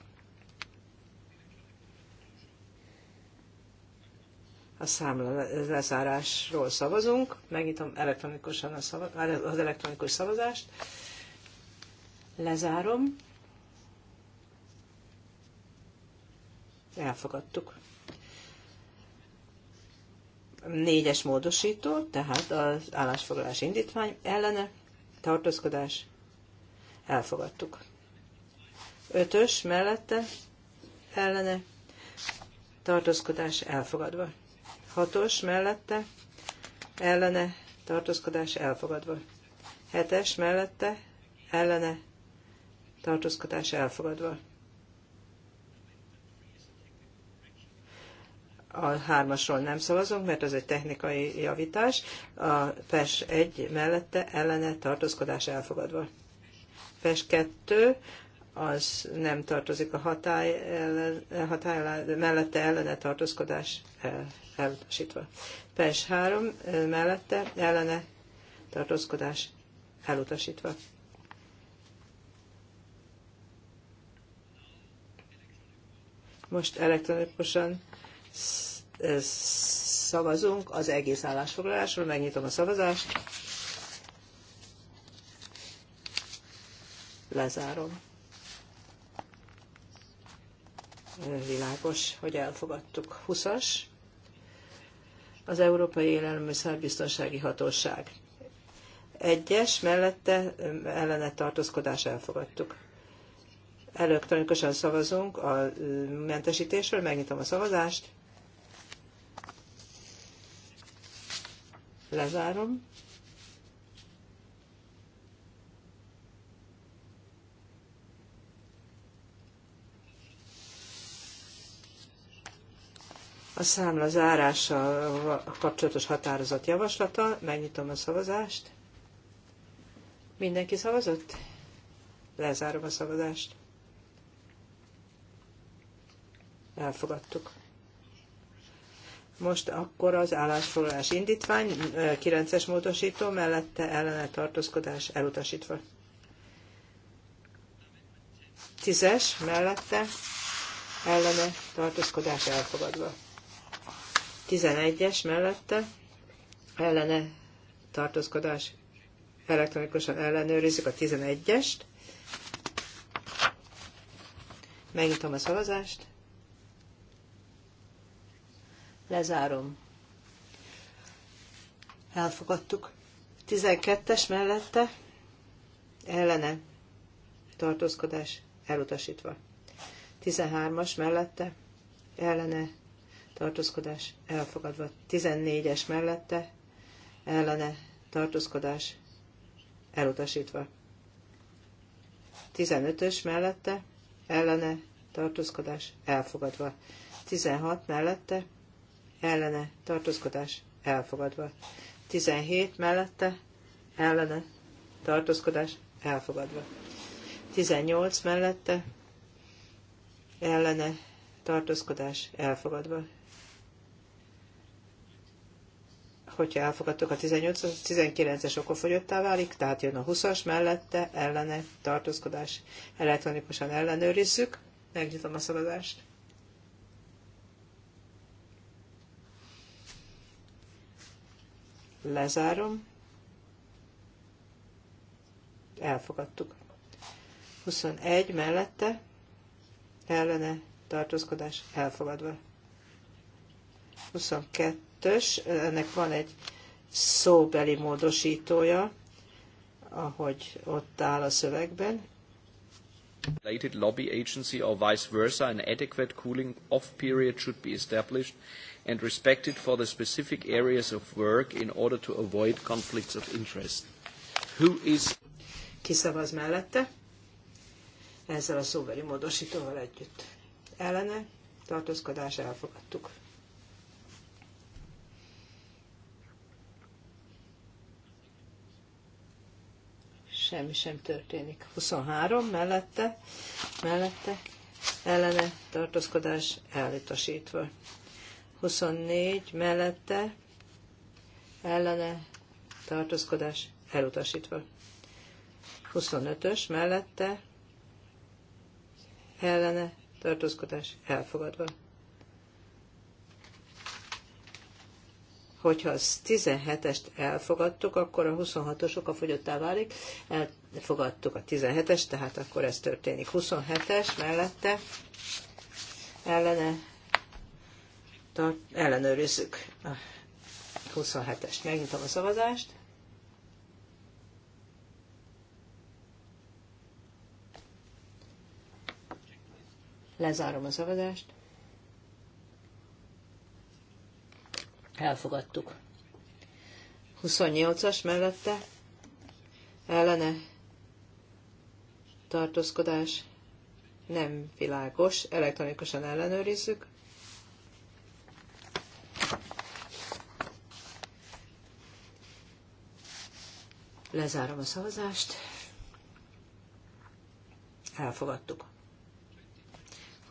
A számla lezárásról szavazunk. Megnyitom elektronikusan a szavaz, az elektronikus szavazást. Lezárom. Elfogadtuk négyes módosító, tehát az állásfoglalás indítvány ellene tartózkodás, elfogadtuk. Ötös mellette, ellene, tartózkodás elfogadva. Hatos mellette, ellene, tartózkodás elfogadva. Hetes mellette, ellene, tartózkodás elfogadva. A hármasról nem szavazunk, mert ez egy technikai javítás. A PES 1 mellette ellene tartózkodás elfogadva. PES 2 az nem tartozik a hatály, ellen, hatály mellette ellene tartózkodás elutasítva. PES 3 mellette ellene tartózkodás elutasítva. Most elektronikusan szavazunk az egész állásfoglalásról. Megnyitom a szavazást. Lezárom. Világos, hogy elfogadtuk. 20-as. Az Európai Élelmiszerbiztonsági Hatóság. Egyes, mellette ellene tartózkodás elfogadtuk. Elektronikusan szavazunk a mentesítésről, megnyitom a szavazást. Lezárom. A számla zárása kapcsolatos határozat javaslata. Megnyitom a szavazást. Mindenki szavazott? Lezárom a szavazást. Elfogadtuk. Most akkor az állásfoglalás indítvány, 9-es módosító, mellette ellene tartózkodás elutasítva. 10-es, mellette ellene tartózkodás elfogadva. 11-es mellette ellene tartózkodás elektronikusan ellenőrizzük a 11-est. Megnyitom a szavazást. Lezárom. Elfogadtuk. 12-es mellette ellene tartózkodás elutasítva. 13-as mellette ellene tartózkodás elfogadva. 14-es mellette ellene tartózkodás elutasítva. 15-ös mellette ellene tartózkodás elfogadva. 16 mellette ellene tartózkodás elfogadva. 17 mellette ellene tartózkodás elfogadva. 18 mellette ellene tartózkodás elfogadva. Hogyha elfogadtuk a 18 az 19-es okofogyottá válik, tehát jön a 20-as mellette, ellene, tartózkodás, elektronikusan ellenőrizzük. Megnyitom a szavazást. Lezárom. Elfogadtuk. 21 mellette ellene tartózkodás elfogadva. 22-ös, ennek van egy szóbeli módosítója, ahogy ott áll a szövegben. Related lobby agency or vice versa, an adequate cooling off period should be established and respected for the specific areas of work in order to avoid conflicts of interest. Who is... Ki szavaz mellette? Ezzel a szóbeli módosítóval együtt. Ellene tartózkodás elfogadtuk. semmi sem történik. 23 mellette, mellette ellene tartózkodás elutasítva. 24 mellette ellene tartózkodás elutasítva. 25-ös mellette ellene tartózkodás elfogadva. Hogyha az 17-est elfogadtuk, akkor a 26-osok a fogyottá válik, elfogadtuk a 17-est, tehát akkor ez történik. 27-es mellette ellene tart, ellenőrizzük a 27-est. Megnyitom a szavazást. Lezárom a szavazást. Elfogadtuk. 28-as mellette ellene tartózkodás nem világos, elektronikusan ellenőrizzük. Lezárom a szavazást. Elfogadtuk.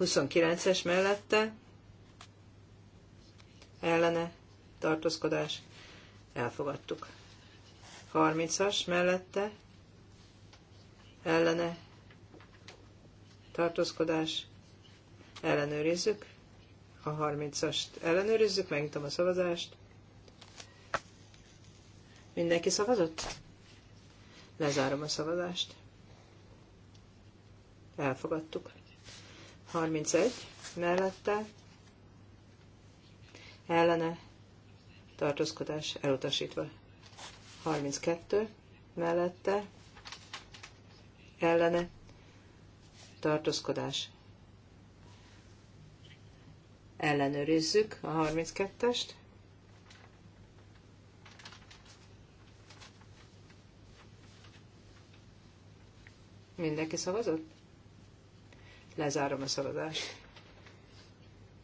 29-es mellette ellene tartózkodás. Elfogadtuk. 30-as mellette ellene tartózkodás. Ellenőrizzük. A 30-ast ellenőrizzük, megnyitom a szavazást. Mindenki szavazott? Lezárom a szavazást. Elfogadtuk. 31 mellette ellene tartózkodás elutasítva. 32 mellette ellene tartózkodás. Ellenőrizzük a 32-est. Mindenki szavazott? Lezárom a szavazást.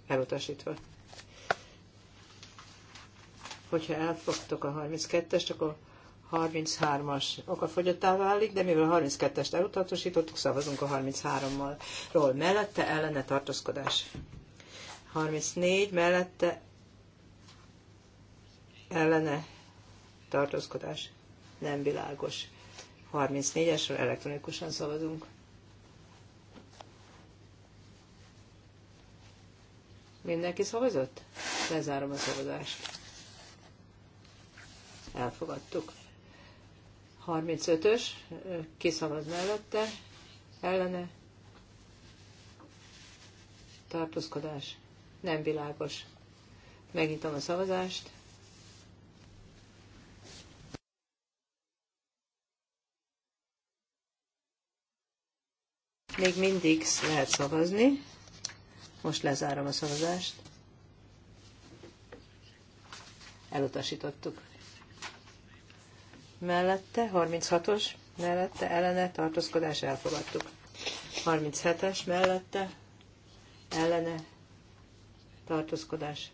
Elutasítva. Hogyha elfogtok a 32-est, akkor 33-as okafogyottá válik, de mivel a 32-est elutasítottuk, szavazunk a 33-mal. Ról mellette ellene tartózkodás. 34 mellette ellene tartózkodás. Nem világos. 34-esről elektronikusan szavazunk. Mindenki szavazott? Lezárom a szavazást. Elfogadtuk. 35-ös, szavaz mellette, ellene, tartózkodás, nem világos. Megnyitom a szavazást. Még mindig lehet szavazni. Most lezárom a szavazást. Elutasítottuk. Mellette 36-os, mellette ellene tartózkodás elfogadtuk. 37-es mellette ellene tartózkodás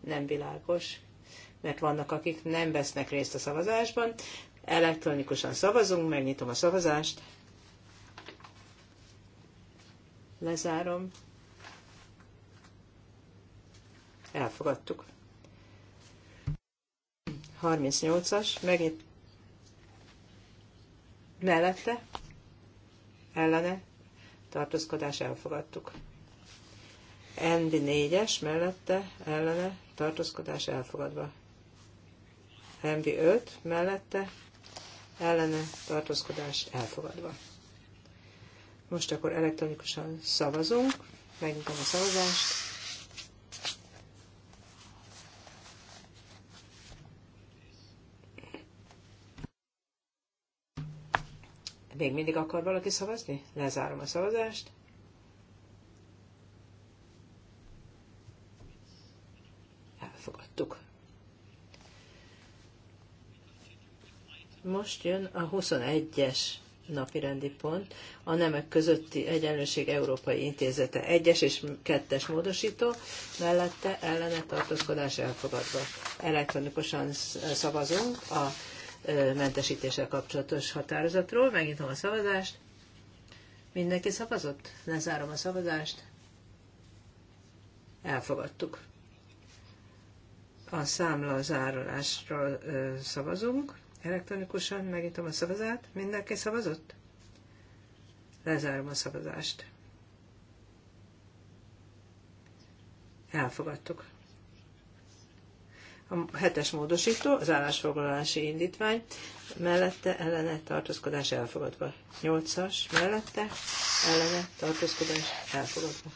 nem világos, mert vannak, akik nem vesznek részt a szavazásban. Elektronikusan szavazunk, megnyitom a szavazást. Lezárom. Elfogadtuk. 38-as, megint mellette, ellene, tartózkodás elfogadtuk. Endi 4-es, mellette, ellene, tartózkodás elfogadva. Envi 5, mellette, ellene, tartózkodás elfogadva. Most akkor elektronikusan szavazunk. Megnyitom a szavazást. Még mindig akar valaki szavazni? Lezárom a szavazást. Elfogadtuk. Most jön a 21-es napi rendi pont, a nemek közötti egyenlőség Európai Intézete 1-es és 2-es módosító, mellette ellene tartózkodás elfogadva. Elektronikusan szavazunk a mentesítéssel kapcsolatos határozatról. Megnyitom a szavazást. Mindenki szavazott? Lezárom a szavazást. Elfogadtuk. A számla zárulásról szavazunk. Elektronikusan megnyitom a szavazát. Mindenki szavazott? Lezárom a szavazást. Elfogadtuk. A hetes módosító, az állásfoglalási indítvány, mellette ellene tartózkodás elfogadva. Nyolcas mellette ellene tartózkodás elfogadva.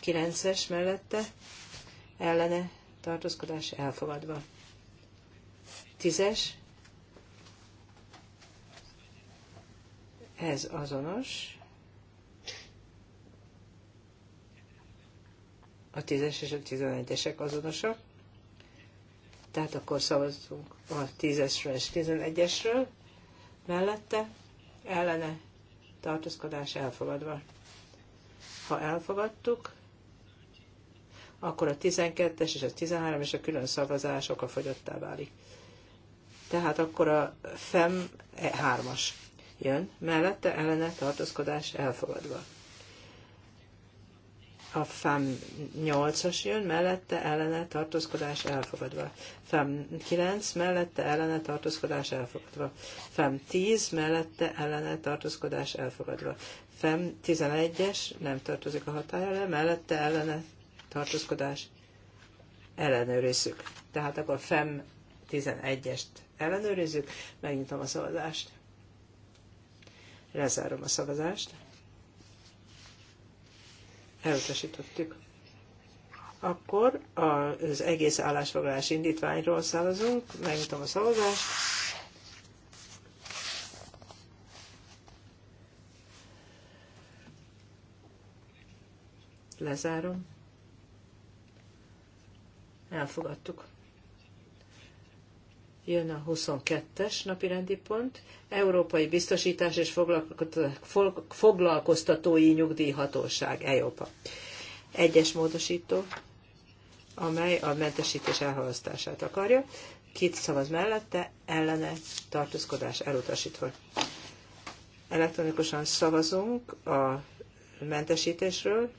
Kilences mellette ellene tartózkodás elfogadva. Tízes ez azonos, a tízes és a tizenegyesek azonosak, tehát akkor szavazzunk a tízesről és tizenegyesről mellette, ellene, tartózkodás elfogadva. Ha elfogadtuk, akkor a 12-es és a 13 és a külön a fogyottá válik. Tehát akkor a FEM 3-as jön, mellette ellene tartózkodás elfogadva. A fem 8-as jön, mellette ellene tartózkodás elfogadva. Fem 9 mellette ellene tartózkodás elfogadva. Fem 10 mellette ellene tartózkodás elfogadva. Fem 11-es nem tartozik a hatájára, mellette ellene tartózkodás ellenőrizzük. Tehát akkor FEM 11-est ellenőrizzük, megnyitom a szavazást. Lezárom a szavazást. Elutasítottuk. Akkor az egész állásfoglalás indítványról szavazunk. Megnyitom a szavazást. Lezárom. Elfogadtuk. Jön a 22-es napirendi pont, Európai Biztosítás és Foglalkoztatói Nyugdíjhatóság, EIOPA. Egyes módosító, amely a mentesítés elhalasztását akarja. Két szavaz mellette, ellene tartózkodás elutasítva. Elektronikusan szavazunk a mentesítésről,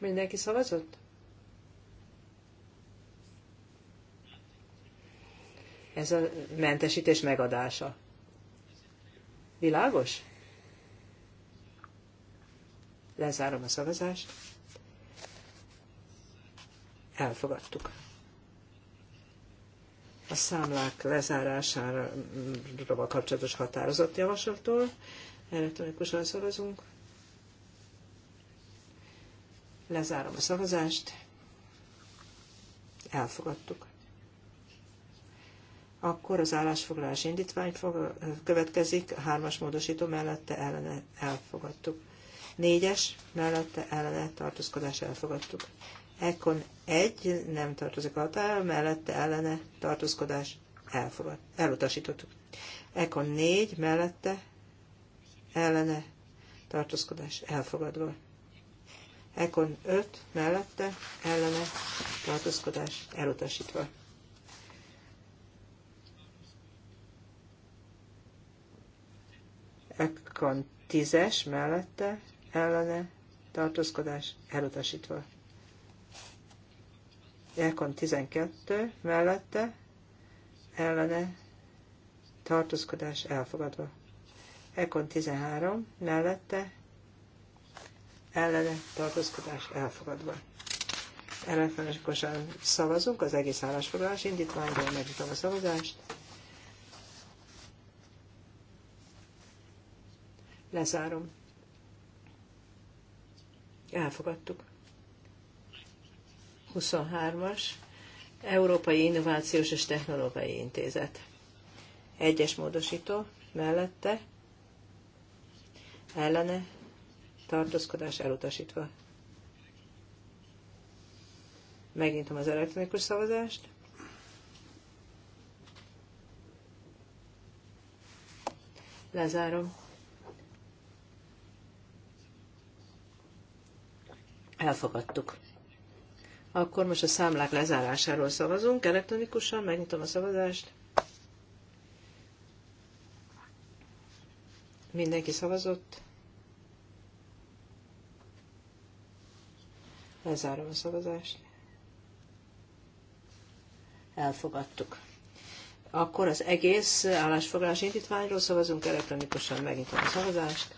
Mindenki szavazott? ez a mentesítés megadása. Világos? Lezárom a szavazást. Elfogadtuk. A számlák lezárására kapcsolatos határozott javaslattól elektronikusan szavazunk. Lezárom a szavazást. Elfogadtuk. Akkor az állásfoglalás indítvány fog, következik, a hármas módosító mellette ellene elfogadtuk. Négyes mellette ellene tartózkodás elfogadtuk. Ekkon egy nem tartozik határa, mellette ellene tartózkodás elfogad, elutasítottuk. Ekkon négy mellette ellene tartózkodás elfogadva. Ekkon öt mellette ellene tartózkodás elutasítva. Ekon tízes mellette ellene tartózkodás elutasítva. Elkon 12 mellette ellene tartózkodás elfogadva. Elkon 13 mellette ellene tartózkodás elfogadva. Elektronikusan szavazunk az egész állásfoglalás indítványról, megnyitom a szavazást. Lezárom. Elfogadtuk. 23-as. Európai Innovációs és Technológiai Intézet. Egyes módosító mellette ellene tartózkodás elutasítva. Megnyitom az elektronikus szavazást. Lezárom. Elfogadtuk. Akkor most a számlák lezárásáról szavazunk. Elektronikusan megnyitom a szavazást. Mindenki szavazott. Lezárom a szavazást. Elfogadtuk. Akkor az egész állásfoglalási indítványról szavazunk elektronikusan, megnyitom a szavazást.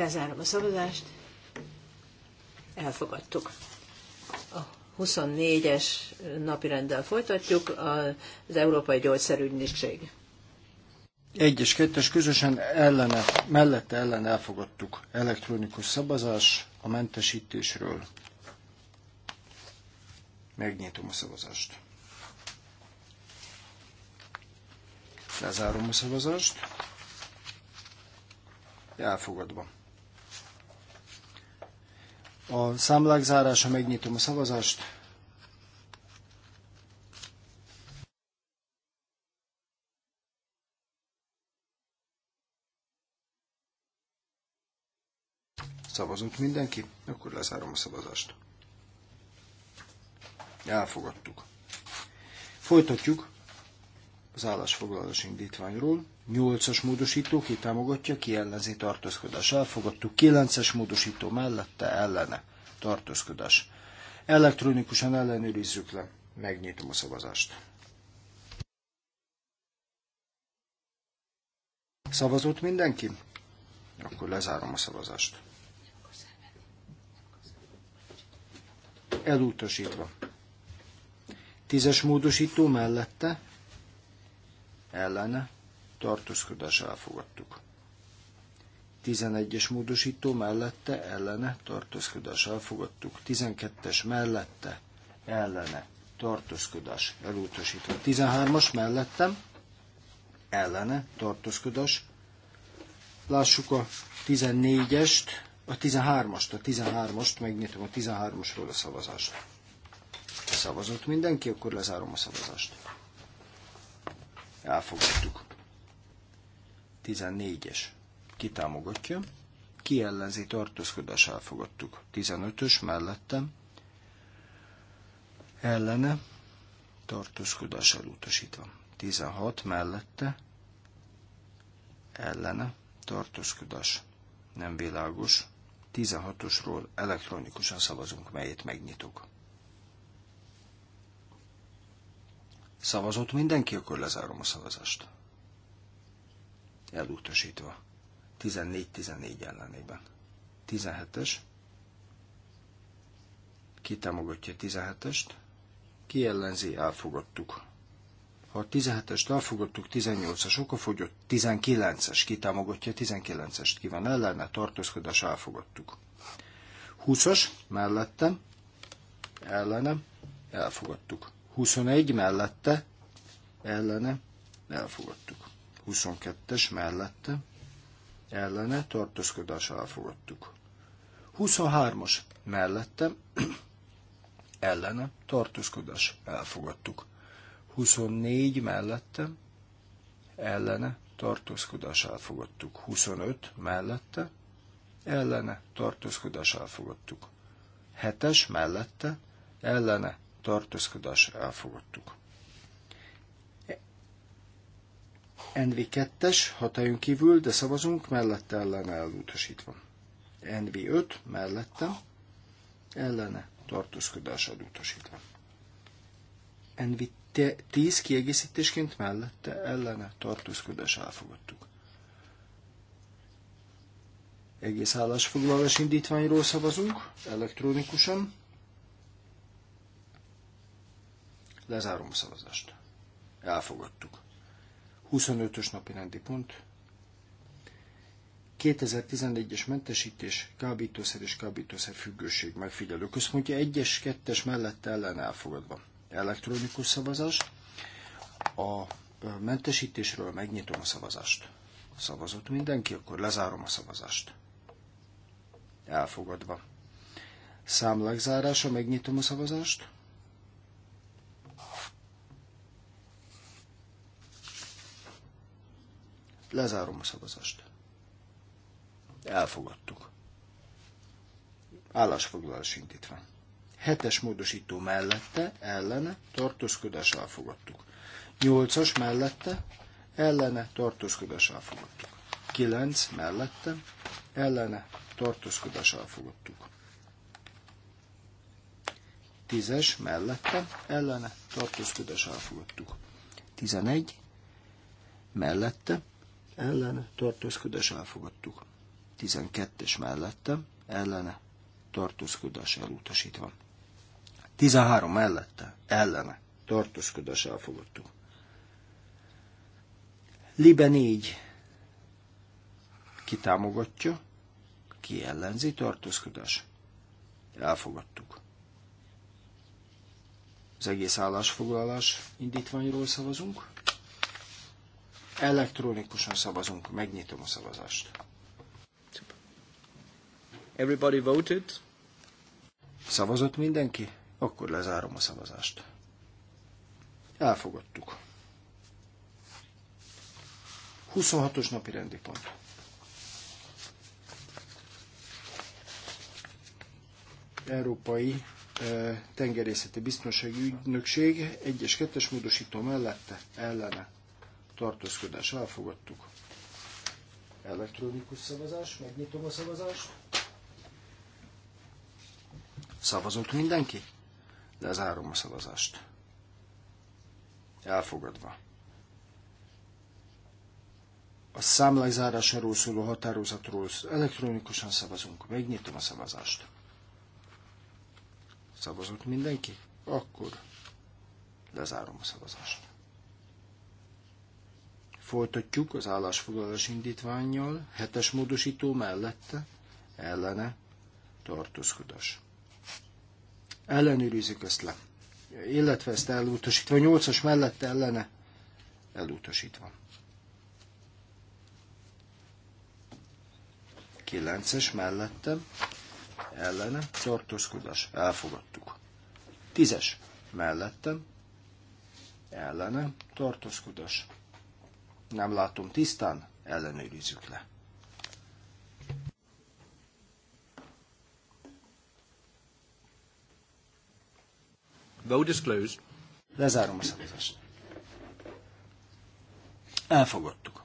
Lezárom a szavazást. Elfogadtuk. A 24-es napirenddel folytatjuk az Európai Gyógyszerügynökség. Egy és kettes közösen ellene, mellette ellen elfogadtuk elektronikus szavazás a mentesítésről. Megnyitom a szavazást. Lezárom a szavazást. Elfogadva. A számlák zárása, megnyitom a szavazást. Szavazott mindenki? Akkor lezárom a szavazást. Elfogadtuk. Folytatjuk az állásfoglalás indítványról. 8-as módosító, ki támogatja, ki ellenzi tartózkodás. Elfogadtuk 9-es módosító mellette ellene tartózkodás. Elektronikusan ellenőrizzük le. Megnyitom a szavazást. Szavazott mindenki? Akkor lezárom a szavazást. Elutasítva. Tízes módosító mellette ellen tartózkodás elfogadtuk. 11-es módosító mellette ellene tartózkodás elfogadtuk, 12-es mellette ellene tartózkodás elutasítva, 13-as mellettem ellene tartózkodás. Lássuk a 14-est, a 13-ast, a 13-ast, megnyitom a 13-asról a szavazást. Szavazott mindenki, akkor lezárom a szavazást. Elfogadtuk. 14-es. kitámogatja, támogatja? Ki ellenzi tartózkodás? Elfogadtuk. 15-ös mellettem. Ellene tartózkodás elutasítva. 16 mellette ellene tartózkodás nem világos. 16-osról elektronikusan szavazunk, melyet megnyitok. Szavazott mindenki, akkor lezárom a szavazást. Elutasítva. 14-14 ellenében. 17-es. Ki támogatja 17-est? Ki ellenzi? Elfogadtuk. Ha 17-est elfogadtuk, 18-as oka fogyott, 19-es Ki támogatja 19-est ki van ellene, tartózkodás elfogadtuk. 20-as mellettem, ellenem, elfogadtuk. 21 mellette, ellene, elfogadtuk. 22-es mellette, ellene, tartózkodás elfogadtuk. 23-as mellette, ellene, tartózkodás elfogadtuk. 24 mellette, ellene, tartózkodás elfogadtuk. 25 mellette, ellene, tartózkodás elfogadtuk. 7-es mellette, ellene, tartózkodás elfogadtuk. NV2-es hatályon kívül, de szavazunk, mellette ellene elutasítva. NV5 mellette ellene tartózkodás elutasítva. NV10 kiegészítésként mellette ellene tartózkodás elfogadtuk. Egész állásfoglalás indítványról szavazunk elektronikusan. Lezárom a szavazást. Elfogadtuk. 25-ös napi rendi pont. 2011-es mentesítés, kábítószer és kábítószer függőség megfigyelő központja 1-es, 2-es mellett ellen elfogadva. Elektronikus szavazás. A mentesítésről megnyitom a szavazást. Szavazott mindenki, akkor lezárom a szavazást. Elfogadva. Számlák megnyitom a szavazást. Lezárom a szavazást. Elfogadtuk. Állásfoglalás indítva. Hetes módosító mellette, ellene, tartózkodás elfogadtuk. Nyolcas mellette, ellene, tartózkodás elfogadtuk. Kilenc mellette, ellene, tartózkodás elfogadtuk. Tízes mellette, ellene, tartózkodás elfogadtuk. Tizenegy mellette, ellene tartózkodás elfogadtuk. 12-es mellette ellene tartózkodás elutasítva. 13 mellette ellene tartózkodás elfogadtuk. Libe 4 kitámogatja, ki ellenzi tartózkodás. Elfogadtuk. Az egész állásfoglalás indítványról szavazunk. Elektronikusan szavazunk, megnyitom a szavazást. Everybody voted? Szavazott mindenki? Akkor lezárom a szavazást. Elfogadtuk. 26-os napi rendi pont. Európai eh, Tengerészeti Biztonsági Ügynökség 1-es 2-es módosító mellette ellene tartózkodás elfogadtuk. Elektronikus szavazás, megnyitom a szavazást. Szavazott mindenki? Lezárom a szavazást. Elfogadva. A számlázárásáról szóló határozatról elektronikusan szavazunk. Megnyitom a szavazást. Szavazott mindenki? Akkor lezárom a szavazást. Folytatjuk az állásfoglalás indítványjal, hetes módosító mellette, ellene, tartózkodás. Ellenőrizzük ezt le. Illetve ezt elutasítva, nyolcas mellette ellene, elutasítva. Kilences mellette, ellene, tartózkodás, elfogadtuk. Tízes mellette, ellene, tartózkodás, nem látom tisztán, ellenőrizzük le. Vote is Lezárom a szavazást. Elfogadtuk.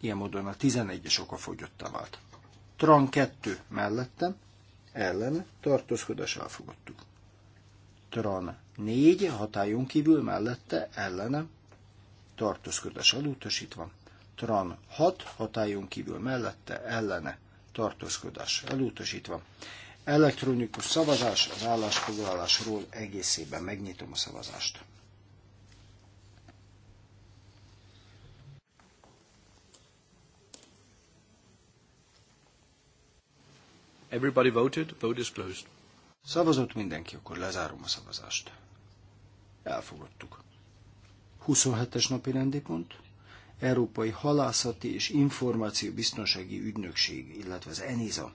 Ilyen módon a 11-es oka fogyottá vált. Tran 2 mellettem, ellene tartózkodás elfogadtuk. Tran 4 hatályon kívül mellette ellenem, tartózkodás elutasítva, tran 6 hatályon kívül mellette ellene tartózkodás elutasítva. Elektronikus szavazás az állásfoglalásról egészében megnyitom a szavazást. Everybody voted, vote is closed. Szavazott mindenki, akkor lezárom a szavazást. Elfogadtuk. 27-es napi rendi pont, Európai Halászati és információ biztonsági Ügynökség, illetve az ENISA.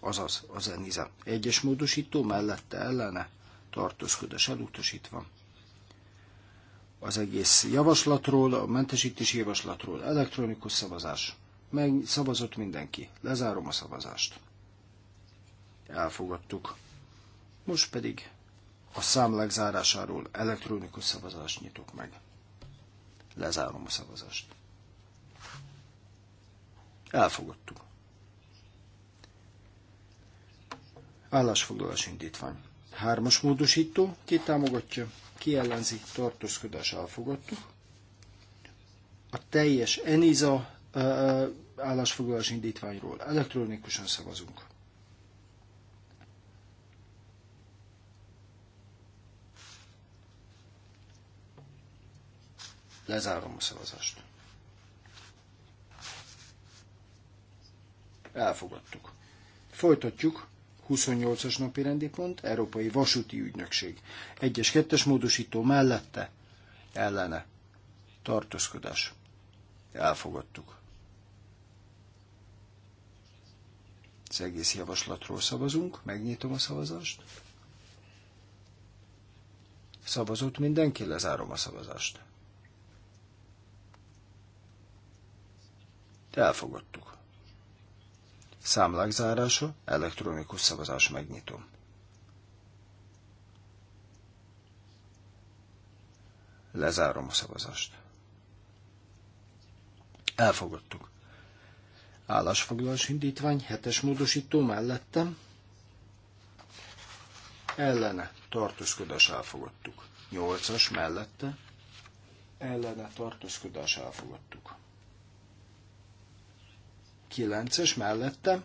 Azaz, az ENISA. Egyes módosító mellette ellene tartózkodás elutasítva. Az egész javaslatról, a mentesítési javaslatról elektronikus szavazás. Meg szavazott mindenki. Lezárom a szavazást. Elfogadtuk. Most pedig a számlák zárásáról elektronikus szavazást nyitok meg. Lezárom a szavazást. Elfogadtuk. Állásfoglalás indítvány. Hármas módosító, ki támogatja, ki ellenzi, tartózkodás elfogadtuk. A teljes ENISA állásfoglalás indítványról elektronikusan szavazunk. Lezárom a szavazást. Elfogadtuk. Folytatjuk. 28-as napi rendi pont, Európai Vasúti Ügynökség. Egyes kettes módosító mellette, ellene. Tartózkodás. Elfogadtuk. Az egész javaslatról szavazunk, megnyitom a szavazást. Szavazott mindenki, lezárom a szavazást. Elfogadtuk. Számlák zárása, elektronikus szavazás megnyitom. Lezárom a szavazást. Elfogadtuk. Állásfoglalás indítvány, hetes módosító mellettem. Ellene tartózkodás elfogadtuk. Nyolcas mellette. Ellene tartózkodás elfogadtuk. 9-es mellette,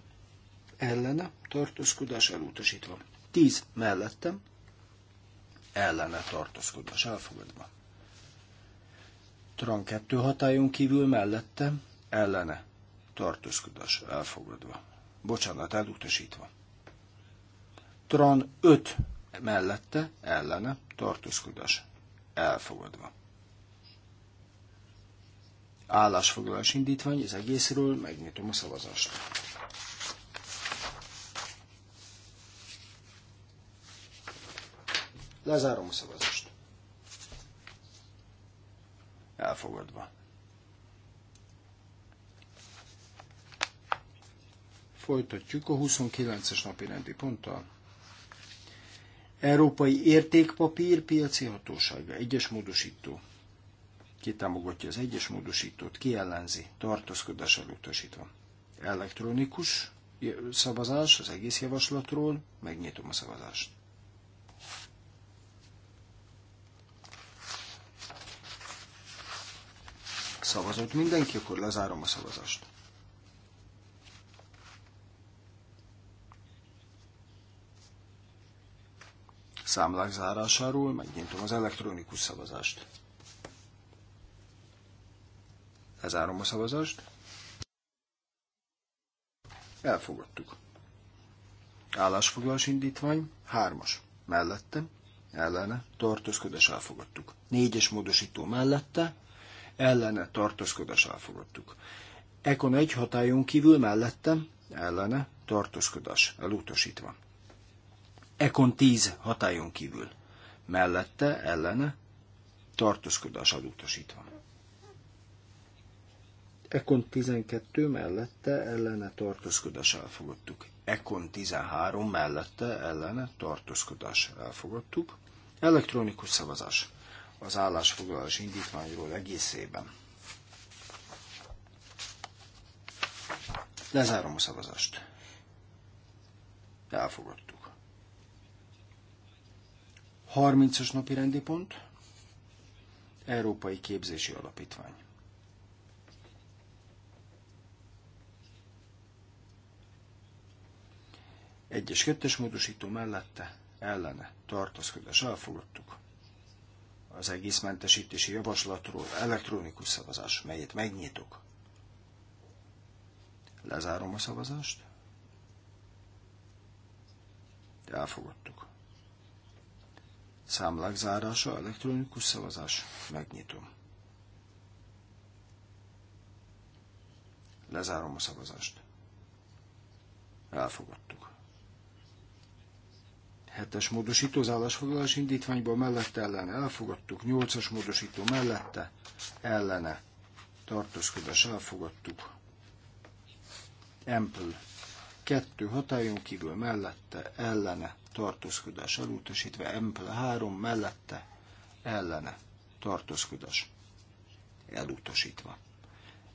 ellene, tartózkodás elutasítva. 10 mellettem, ellene tartózkodás elfogadva. Tran 2 hatályon kívül mellettem, ellene tartózkodás elfogadva. Bocsánat, elutasítva. Tran 5 mellette, ellene tartózkodás elfogadva állásfoglalás indítvány az egészről, megnyitom a szavazást. Lezárom a szavazást. Elfogadva. Folytatjuk a 29-es napi rendi ponttal. Európai Értékpapír Piaci Hatósága. Egyes módosító ki támogatja az egyes módosítót, ki ellenzi, tartózkodás elutasítva. Elektronikus szavazás az egész javaslatról, megnyitom a szavazást. Szavazott mindenki, akkor lezárom a szavazást. Számlák zárásáról megnyitom az elektronikus szavazást. Lezárom a szavazást. Elfogadtuk. Állásfoglalás indítvány, hármas. Mellette, ellene, tartózkodás elfogadtuk. Négyes módosító mellette, ellene, tartózkodás elfogadtuk. Ekon egy hatályon kívül mellette, ellene, tartózkodás elutasítva. Ekon 10 hatályon kívül. Mellette, ellene, tartózkodás elutasítva. Ekon 12 mellette ellene tartózkodás elfogadtuk. Ekon 13 mellette ellene tartózkodás elfogadtuk. Elektronikus szavazás az állásfoglalás indítványról egészében. Lezárom a szavazást. Elfogadtuk. 30-as napi rendi pont. Európai Képzési Alapítvány. Egyes kettes módosító mellette ellene tartózkodás elfogadtuk. Az egész mentesítési javaslatról elektronikus szavazás, melyet megnyitok. Lezárom a szavazást. Elfogadtuk. Számlák zárása, elektronikus szavazás, megnyitom. Lezárom a szavazást. Elfogadtuk. 7-es módosító az állásfoglalás indítványban mellette ellene elfogadtuk, 8-as módosító mellette ellene tartózkodás elfogadtuk. Ample 2 hatályon kívül mellette ellene tartózkodás elutasítva, Ample 3 mellette ellene tartózkodás elutasítva.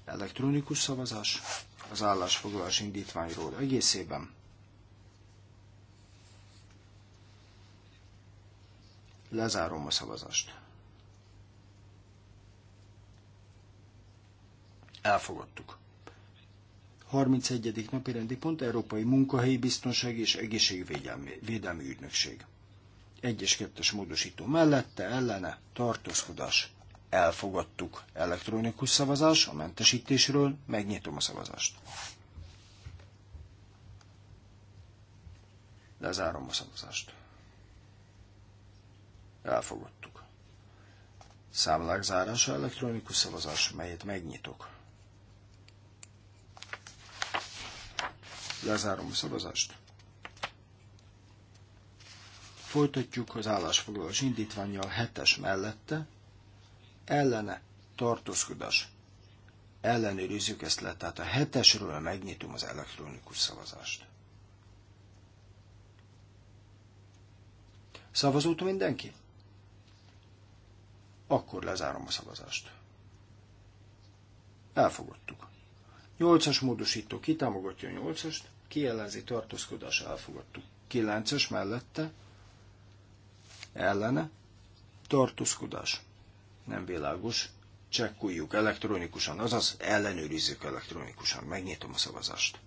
Elektronikus szavazás az állásfoglalás indítványról egészében Lezárom a szavazást. Elfogadtuk. 31. napi rendi pont Európai Munkahelyi Biztonság és Egészségvédelmi Ügynökség. 1 és 2 módosító mellette, ellene, tartózkodás. Elfogadtuk. Elektronikus szavazás a mentesítésről, megnyitom a szavazást. Lezárom a szavazást. Elfogadtuk. Számlák zárása elektronikus szavazás, melyet megnyitok. Lezárom a szavazást. Folytatjuk az állásfoglalás indítványjal hetes mellette. Ellene tartózkodás. Ellenőrizzük ezt le, tehát a hetesről megnyitom az elektronikus szavazást. Szavazott mindenki? Akkor lezárom a szavazást. Elfogadtuk. Nyolcas módosító kitámogatja a nyolcast, ast kiellenzi tartózkodás elfogadtuk. Kilences mellette, ellene, tartózkodás. Nem világos, csekkoljuk elektronikusan, azaz ellenőrizzük elektronikusan. Megnyitom a szavazást.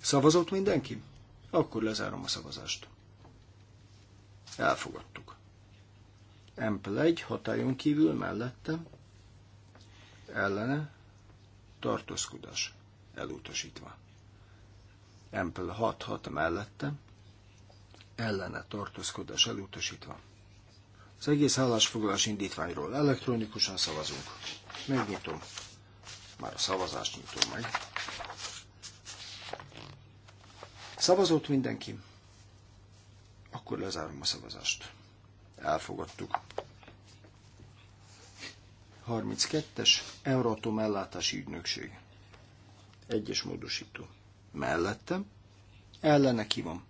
Szavazott mindenki? Akkor lezárom a szavazást. Elfogadtuk. Ample 1 hatályon kívül mellette ellene tartózkodás elutasítva. Ample 6 hat mellette ellene tartózkodás elutasítva. Az egész állásfoglalás indítványról elektronikusan szavazunk. Megnyitom. Már a szavazást nyitom meg. Szavazott mindenki? Akkor lezárom a szavazást elfogadtuk. 32-es Euratom ellátási ügynökség. Egyes módosító. Mellettem. Ellene ki van.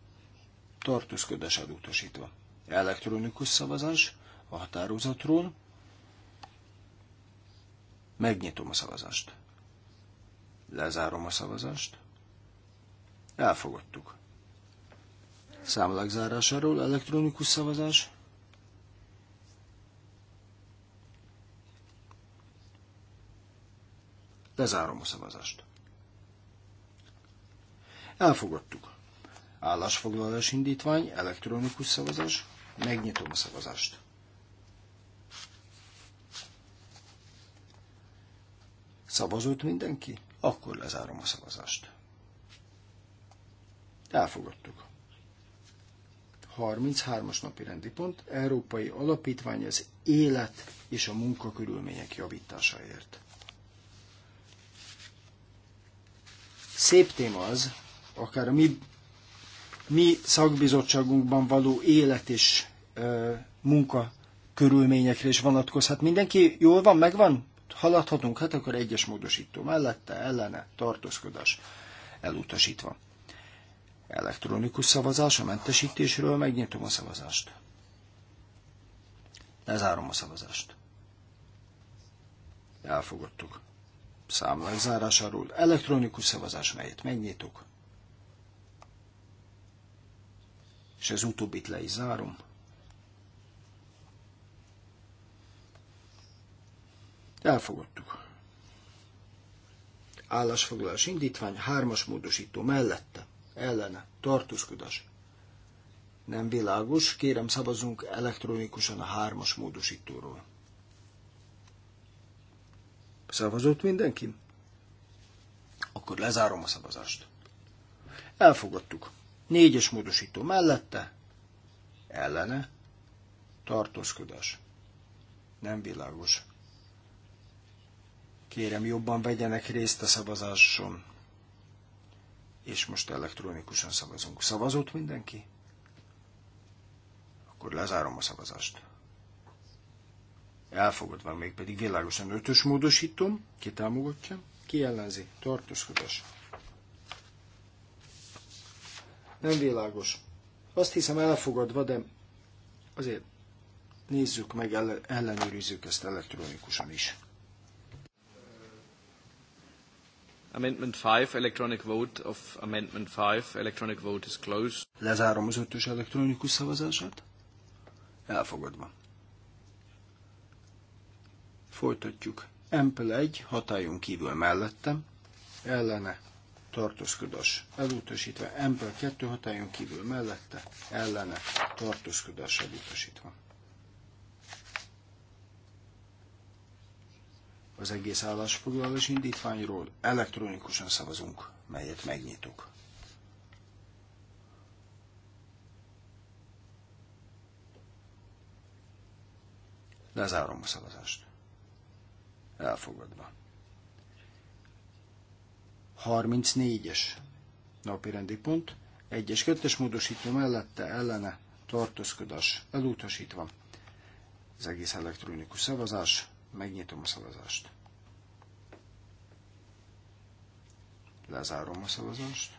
Tartózkodás elutasítva. Elektronikus szavazás a határozatról. Megnyitom a szavazást. Lezárom a szavazást. Elfogadtuk. Számlák zárásáról elektronikus szavazás. Bezárom a szavazást. Elfogadtuk. Állásfoglalás indítvány, elektronikus szavazás. Megnyitom a szavazást. Szavazott mindenki? Akkor lezárom a szavazást. Elfogadtuk. 33-as napi rendi pont, Európai Alapítvány az élet és a munkakörülmények javításáért. Szép téma az, akár a mi, mi szakbizottságunkban való élet és ö, munka körülményekre is vonatkozhat. Mindenki jól van, megvan? Haladhatunk? Hát akkor egyes módosító mellette, ellene, tartózkodás elutasítva. Elektronikus szavazás a mentesítésről, megnyitom a szavazást. Lezárom a szavazást. Elfogadtuk számlák zárásáról. Elektronikus szavazás, melyet megnyitok. És ez utóbbit le is zárom. Elfogadtuk. Állásfoglalás indítvány, hármas módosító mellette, ellene, tartózkodás. Nem világos, kérem szavazunk elektronikusan a hármas módosítóról. Szavazott mindenki? Akkor lezárom a szavazást. Elfogadtuk. Négyes módosító mellette, ellene, tartózkodás. Nem világos. Kérem, jobban vegyenek részt a szavazáson. És most elektronikusan szavazunk. Szavazott mindenki? Akkor lezárom a szavazást elfogadva még pedig világosan ötös módosítom, ki támogatja, ki ellenzi, tartózkodás. Nem világos. Azt hiszem elfogadva, de azért nézzük meg, ellenőrizzük ezt elektronikusan is. Amendment 5, electronic vote of Amendment 5, electronic vote is closed. Lezárom az ötös elektronikus szavazását. Elfogadva. Folytatjuk. Empel 1 hatályon kívül mellettem, ellene tartózkodás elutasítva. Empel 2 hatályon kívül mellette, ellene tartózkodás elutasítva. Az egész állásfoglalás indítványról elektronikusan szavazunk, melyet megnyitok. Lezárom a szavazást elfogadva. 34-es rendi pont, 1-es, 2-es módosító mellette ellene tartózkodás elutasítva. Az egész elektronikus szavazás, megnyitom a szavazást. Lezárom a szavazást.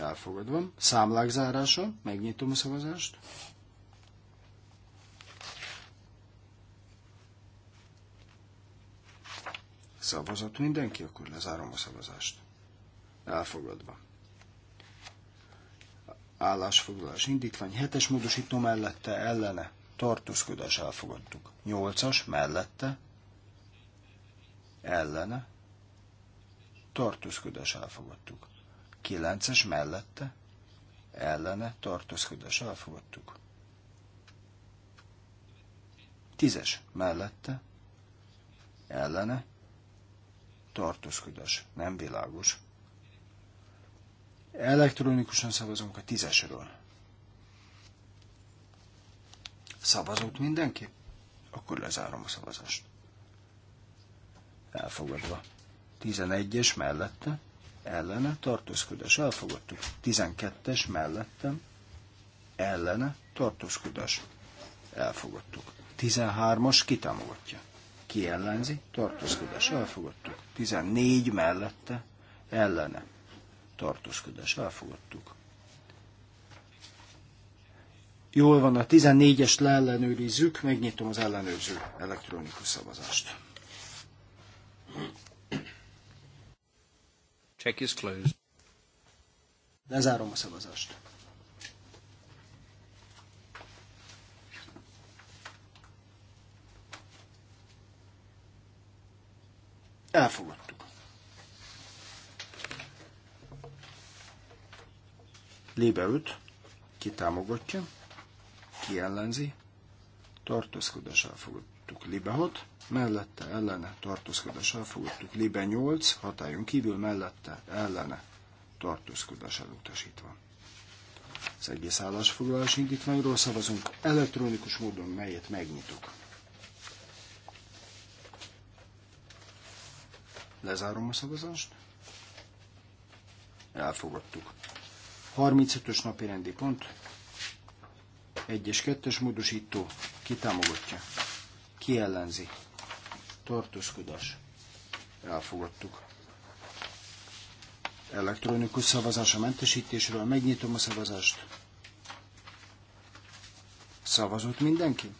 Elfogadva. Számlák zárása, megnyitom a szavazást. Szavazott mindenki, akkor lezárom a szavazást. Elfogadva. Állásfoglalás indítvány, hetes módosító mellette, ellene, tartózkodás elfogadtuk. Nyolcas mellette, ellene, tartózkodás elfogadtuk. Kilences mellette, ellene, tartózkodás elfogadtuk. Tízes mellette, ellene, tartózkodás nem világos. Elektronikusan szavazunk a tízesről. Szavazott mindenki? Akkor lezárom a szavazást. Elfogadva. 11-es mellette, ellene, tartózkodás, elfogadtuk. 12-es mellette, ellene, tartózkodás, elfogadtuk. 13-as kitámogatja ki ellenzi, tartózkodás elfogadtuk. 14 mellette ellene tartózkodás elfogadtuk. Jól van, a 14-est leellenőrizzük, megnyitom az ellenőrző elektronikus szavazást. Check is closed. Lezárom a szavazást. Elfogadtuk. Lébe 5. Ki támogatja? Ki ellenzi? Tartózkodás elfogadtuk. Lébe 6. Mellette, ellene, tartózkodás elfogadtuk. Lébe 8. Hatályon kívül, mellette, ellene, tartózkodás elutasítva. Az egész állásfoglalás indítványról szavazunk elektronikus módon, melyet megnyitok. Lezárom a szavazást. Elfogadtuk. 35-ös napi rendi pont. 1 és 2-es módosító. Ki támogatja? Ki ellenzi? Tartózkodás. Elfogadtuk. Elektronikus szavazás a mentesítésről. Megnyitom a szavazást. Szavazott mindenki?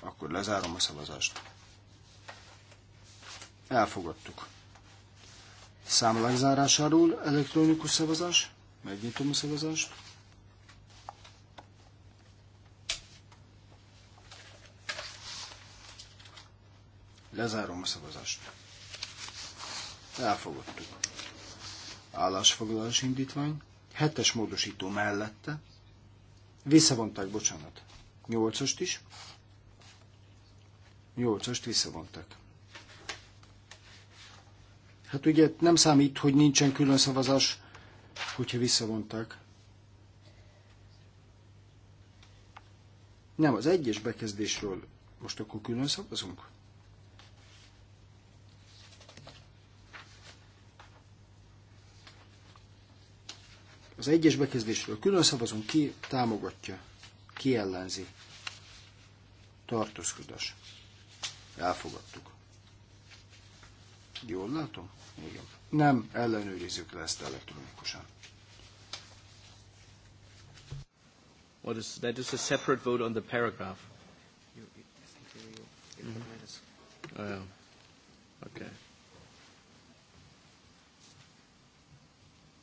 Akkor lezárom a szavazást. Elfogadtuk számlák zárásáról elektronikus szavazás. Megnyitom a szavazást. Lezárom a szavazást. Elfogadtuk. Állásfoglalás indítvány. Hetes módosító mellette. Visszavonták, bocsánat. Nyolcast is. Nyolcast visszavonták. Hát ugye nem számít, hogy nincsen külön szavazás, hogyha visszavonták. Nem, az egyes bekezdésről most akkor külön szavazunk? Az egyes bekezdésről külön szavazunk, ki támogatja, ki ellenzi. Tartózkodás. Elfogadtuk. Jól látom? Igen. Nem, ellenőrizzük le ezt elektronikusan. What is, that is a separate vote on the paragraph. Mm-hmm. Oh, yeah. Okay.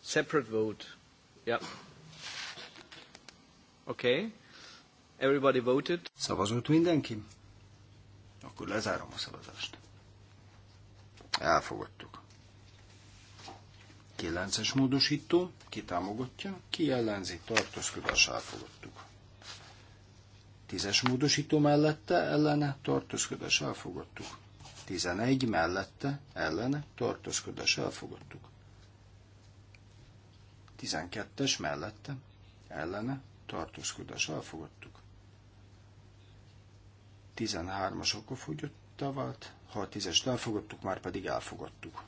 Separate vote. Yep. Okay. Everybody voted. Szavazott mindenki? Akkor lezárom a szavazást. Elfogadtuk. Kilences módosító, ki támogatja, ki ellenzi, tartózkodás elfogadtuk. Tízes módosító mellette, ellene, tartózkodás elfogadtuk. Tizenegy mellette, ellene, tartózkodás elfogadtuk. Tizenkettes mellette, ellene, tartózkodás elfogadtuk. Tizenhármas okofogyott, tavat, ha a tízest elfogadtuk, már pedig elfogadtuk.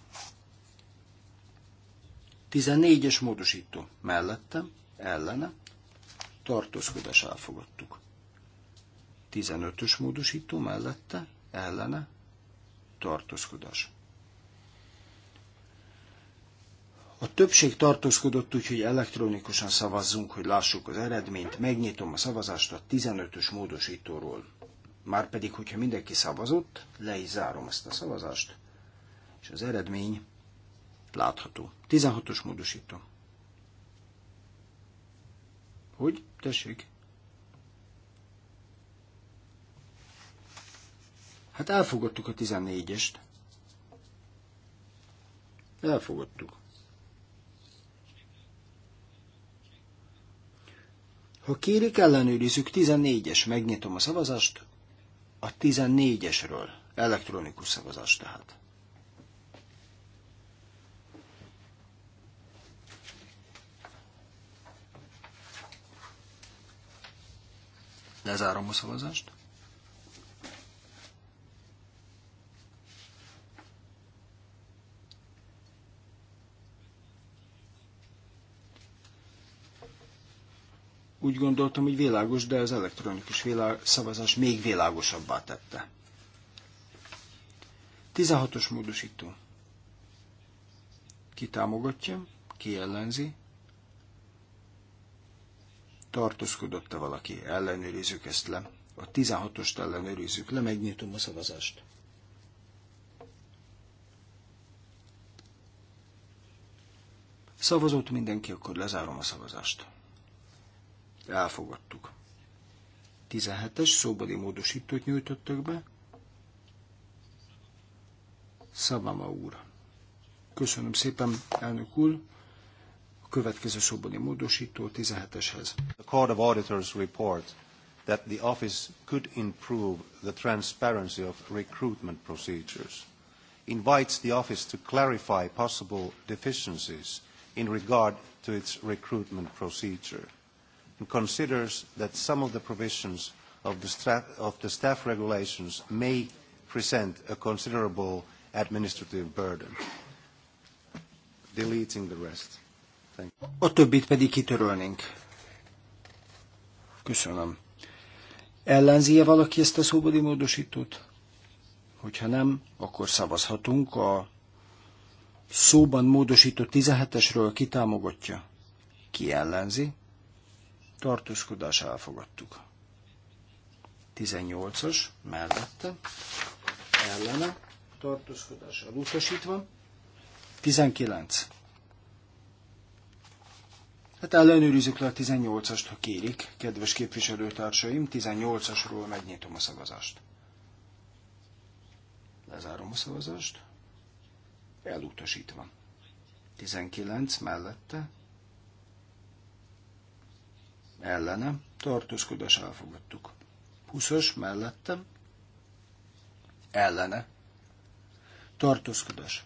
14-es módosító mellette, ellene, tartózkodás elfogadtuk. 15-ös módosító mellette, ellene, tartózkodás. A többség tartózkodott, úgyhogy elektronikusan szavazzunk, hogy lássuk az eredményt. Megnyitom a szavazást a 15-ös módosítóról. Márpedig, hogyha mindenki szavazott, le is zárom ezt a szavazást, és az eredmény látható. 16-os módosító. Hogy? Tessék? Hát elfogadtuk a 14-est. Elfogadtuk. Ha kérik, ellenőrizzük 14-es, megnyitom a szavazást a 14-esről. Elektronikus szavazás tehát. Lezárom a szavazást. úgy gondoltam, hogy világos, de az elektronikus szavazás még világosabbá tette. 16-os módosító. Ki támogatja, ki ellenzi, tartózkodott-e valaki, ellenőrizzük ezt le. A 16-ost ellenőrizzük le, megnyitom a szavazást. Szavazott mindenki, akkor lezárom a szavazást. Elfogadtuk. 17-es szóbeli módosítót nyújtottak be. Szabama úr. Köszönöm szépen, elnök úr. A következő szóbeli módosító 17-eshez. The Court of Auditors report that the office could improve the transparency of recruitment procedures invites the office to clarify possible deficiencies in regard to its recruitment procedure considers that some of the provisions of the, of the staff regulations may present a considerable administrative burden. Deleting the rest. Thank you. A többit pedig kitörölnénk. Köszönöm. Ellenzi-e valaki ezt a szóbeli módosítót? Hogyha nem, akkor szavazhatunk a szóban módosított 17-esről, ki támogatja, ki ellenzi, tartózkodás elfogadtuk. 18-as mellette ellene tartózkodás elutasítva. 19. Hát ellenőrizzük le a 18-ast, ha kérik, kedves képviselőtársaim, 18-asról megnyitom a szavazást. Lezárom a szavazást. Elutasítva. 19 mellette ellene tartózkodás elfogadtuk. 20 mellettem, ellene, tartózkodás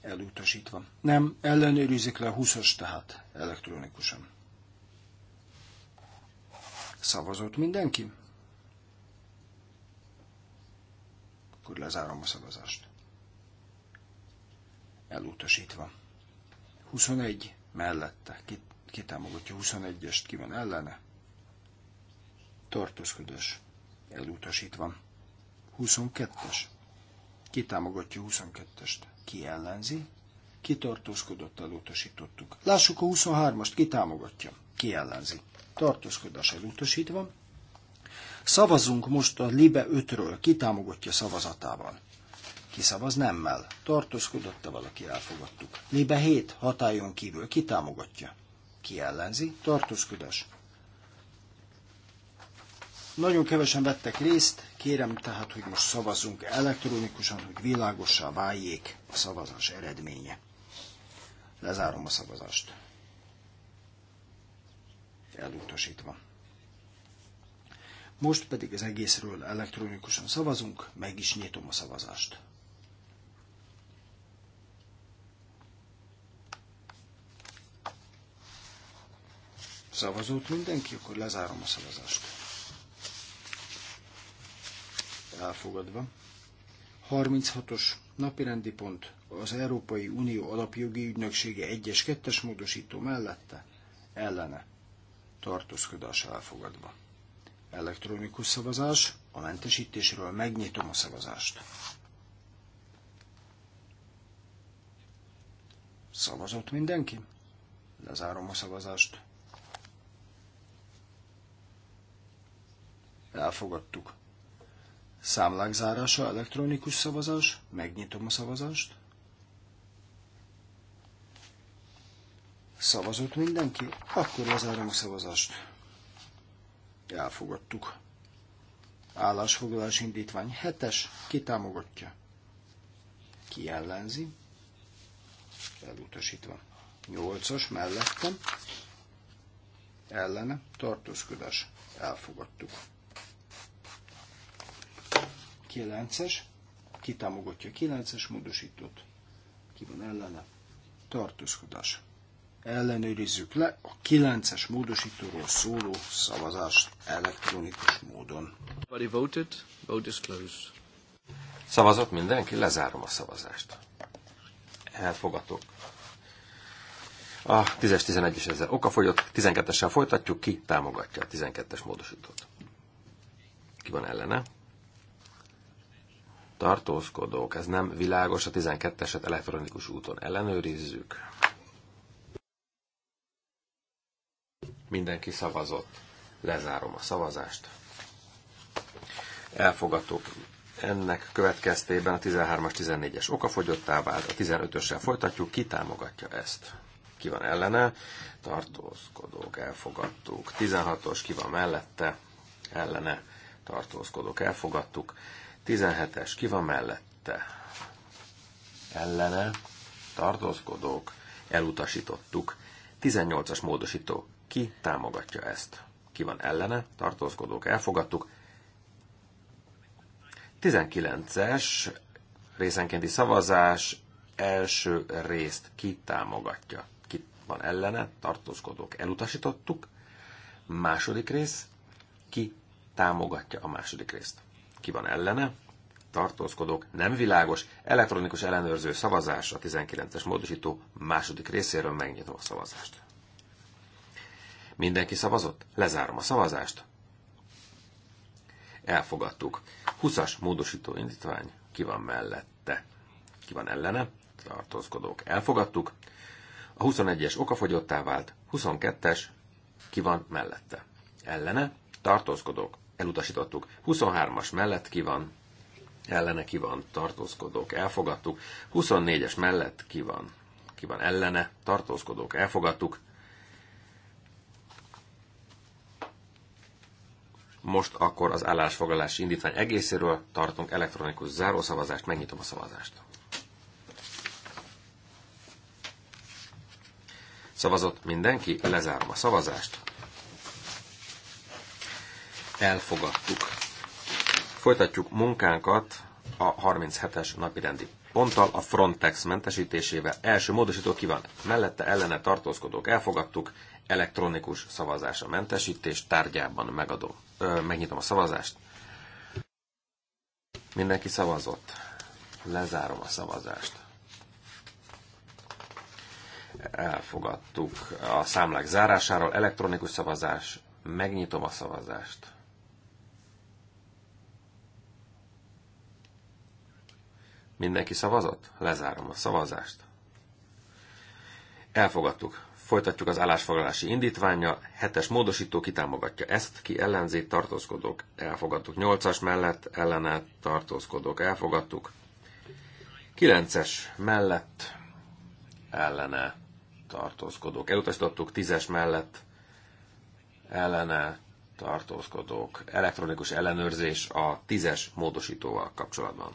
elutasítva. Nem, ellenőrizik le a 20 tehát elektronikusan. Szavazott mindenki? Akkor lezárom a szavazást. Elutasítva. 21 mellette, Kit ki támogatja 21-est, ki van ellene. Tartózkodás elutasítva. 22-es. Ki támogatja 22-est? Ki ellenzi? Ki tartózkodott, elutasítottuk. Lássuk a 23-ast, ki támogatja? Ki ellenzi? Tartózkodás elutasítva. Szavazunk most a Libe 5-ről, ki támogatja szavazatával. Ki szavaz nemmel, tartózkodott-e valaki, elfogadtuk. Libe 7, hatályon kívül, ki támogatja? Ki ellenzi? Tartózkodás. Nagyon kevesen vettek részt, kérem tehát, hogy most szavazzunk elektronikusan, hogy világossá váljék a szavazás eredménye. Lezárom a szavazást. Elutasítva. Most pedig az egészről elektronikusan szavazunk, meg is nyitom a szavazást. Szavazott mindenki, akkor lezárom a szavazást. Elfogadva. 36-os napirendi pont az Európai Unió Alapjogi Ügynöksége 1-es 2-es módosító mellette ellene tartózkodás elfogadva. Elektronikus szavazás, a mentesítésről megnyitom a szavazást. Szavazott mindenki? Lezárom a szavazást. Elfogadtuk. Számlák zárása, elektronikus szavazás. Megnyitom a szavazást. Szavazott mindenki? Akkor lezárom a szavazást. Elfogadtuk. Állásfoglalás indítvány 7-es. Ki támogatja? Ki ellenzi? Elutasítva. 8-as mellettem. Ellene. Tartózkodás. Elfogadtuk. 9-es, ki támogatja 9-es módosítót, ki van ellene, tartózkodás. Ellenőrizzük le a 9-es módosítóról szóló szavazást elektronikus módon. voted, vote is closed. Szavazott mindenki, lezárom a szavazást. Elfogadok. A 10-es, 11-es ezzel okafogyott, 12-essel folytatjuk, ki támogatja a 12-es módosítót. Ki van ellene? tartózkodók, ez nem világos, a 12-eset elektronikus úton ellenőrizzük. Mindenki szavazott, lezárom a szavazást. Elfogadtuk. Ennek következtében a 13-as, 14-es okafogyottá vált, a 15-össel folytatjuk, ki támogatja ezt? Ki van ellene? Tartózkodók, elfogadtuk. 16-os, ki van mellette? Ellene, tartózkodók, elfogadtuk. 17-es, ki van mellette? Ellene, tartózkodók, elutasítottuk. 18-as módosító, ki támogatja ezt? Ki van ellene, tartózkodók, elfogadtuk. 19-es részenkénti szavazás, első részt ki támogatja? Ki van ellene, tartózkodók, elutasítottuk. Második rész, ki támogatja a második részt? ki van ellene, tartózkodók, nem világos, elektronikus ellenőrző szavazás a 19-es módosító második részéről megnyitom a szavazást. Mindenki szavazott? Lezárom a szavazást. Elfogadtuk. 20-as módosító indítvány, ki van mellette, ki van ellene, tartózkodók, elfogadtuk. A 21-es okafogyottá vált, 22-es, ki van mellette, ellene, tartózkodók, elutasítottuk. 23-as mellett ki van, ellene ki van, tartózkodók, elfogadtuk. 24-es mellett ki van, ki van ellene, tartózkodók, elfogadtuk. Most akkor az állásfoglalási indítvány egészéről tartunk elektronikus zárószavazást, megnyitom a szavazást. Szavazott mindenki, lezárom a szavazást elfogadtuk. Folytatjuk munkánkat a 37-es napirendi ponttal, a Frontex mentesítésével. Első módosító ki van mellette, ellene tartózkodók elfogadtuk, elektronikus szavazás a mentesítés tárgyában megadom. Ö, megnyitom a szavazást. Mindenki szavazott. Lezárom a szavazást. Elfogadtuk a számlák zárásáról. Elektronikus szavazás. Megnyitom a szavazást. Mindenki szavazott? Lezárom a szavazást. Elfogadtuk. Folytatjuk az állásfoglalási indítványa. Hetes módosító kitámogatja ezt, ki ellenzét tartózkodók, elfogadtuk. Nyolcas mellett ellene tartózkodók, elfogadtuk. Kilences mellett ellene tartózkodók, elutasítottuk. Tízes mellett ellene tartózkodók, elektronikus ellenőrzés a tízes módosítóval kapcsolatban.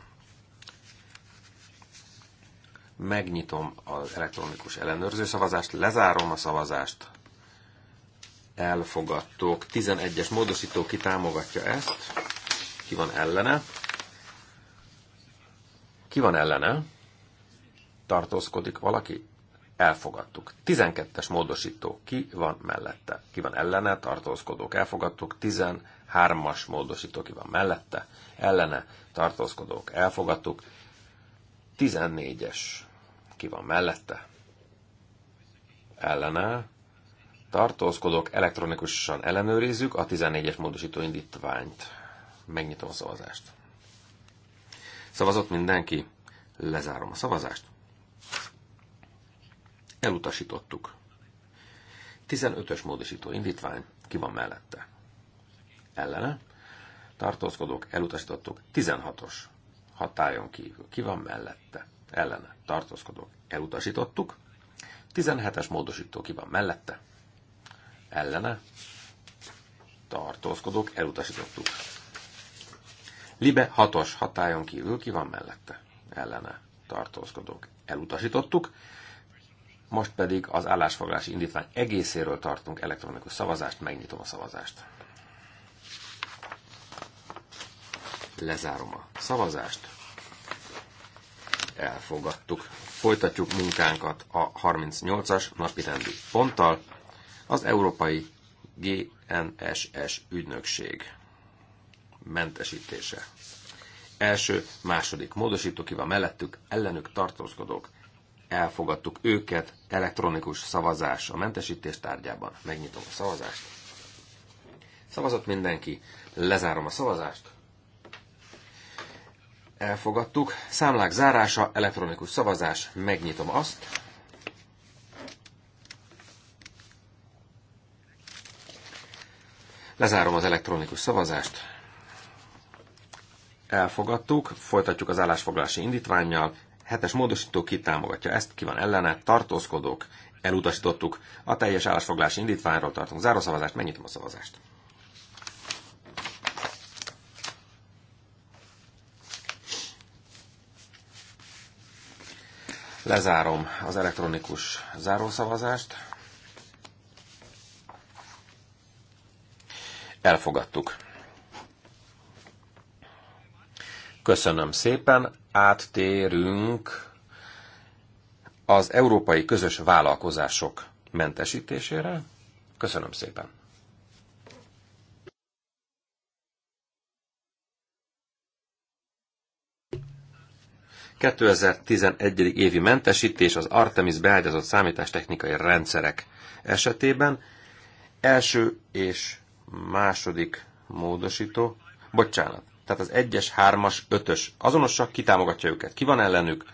Megnyitom az elektronikus ellenőrző szavazást, lezárom a szavazást. Elfogadtok. 11-es módosító ki támogatja ezt. Ki van ellene? Ki van ellene? Tartózkodik valaki? Elfogadtuk. 12-es módosító ki van mellette? Ki van ellene? Tartózkodók elfogadtuk. 13-as módosító ki van mellette? Ellene? Tartózkodók elfogadtuk. 14-es aki van mellette, ellene, tartózkodok, elektronikusan ellenőrizzük a 14-es módosító indítványt. Megnyitom a szavazást. Szavazott mindenki, lezárom a szavazást. Elutasítottuk. 15-ös módosító indítvány, ki van mellette? Ellene, tartózkodók, elutasítottuk. 16-os, hatályon kívül, ki van mellette? ellen tartózkodók elutasítottuk. 17-es módosító ki van mellette, ellene tartózkodók elutasítottuk. Libe 6-os hatályon kívül ki van mellette, ellene tartózkodók elutasítottuk. Most pedig az állásfoglalási indítvány egészéről tartunk elektronikus szavazást, megnyitom a szavazást. Lezárom a szavazást elfogadtuk. Folytatjuk munkánkat a 38-as rendi ponttal, az Európai GNSS ügynökség mentesítése. Első, második módosító ki van mellettük, ellenük tartózkodók. Elfogadtuk őket, elektronikus szavazás a mentesítés tárgyában. Megnyitom a szavazást. Szavazott mindenki, lezárom a szavazást. Elfogadtuk. Számlák zárása, elektronikus szavazás. Megnyitom azt. Lezárom az elektronikus szavazást. Elfogadtuk. Folytatjuk az állásfoglalási indítványjal. Hetes módosító kitámogatja ezt, ki van ellene, tartózkodók, elutasítottuk. A teljes állásfoglalási indítványról tartunk zárószavazást, megnyitom a szavazást. Lezárom az elektronikus zárószavazást. Elfogadtuk. Köszönöm szépen, áttérünk az európai közös vállalkozások mentesítésére. Köszönöm szépen. 2011. évi mentesítés az Artemis beágyazott számítástechnikai rendszerek esetében első és második módosító, bocsánat, tehát az 1-es, 3-as, 5-ös azonosak, ki támogatja őket, ki van ellenük,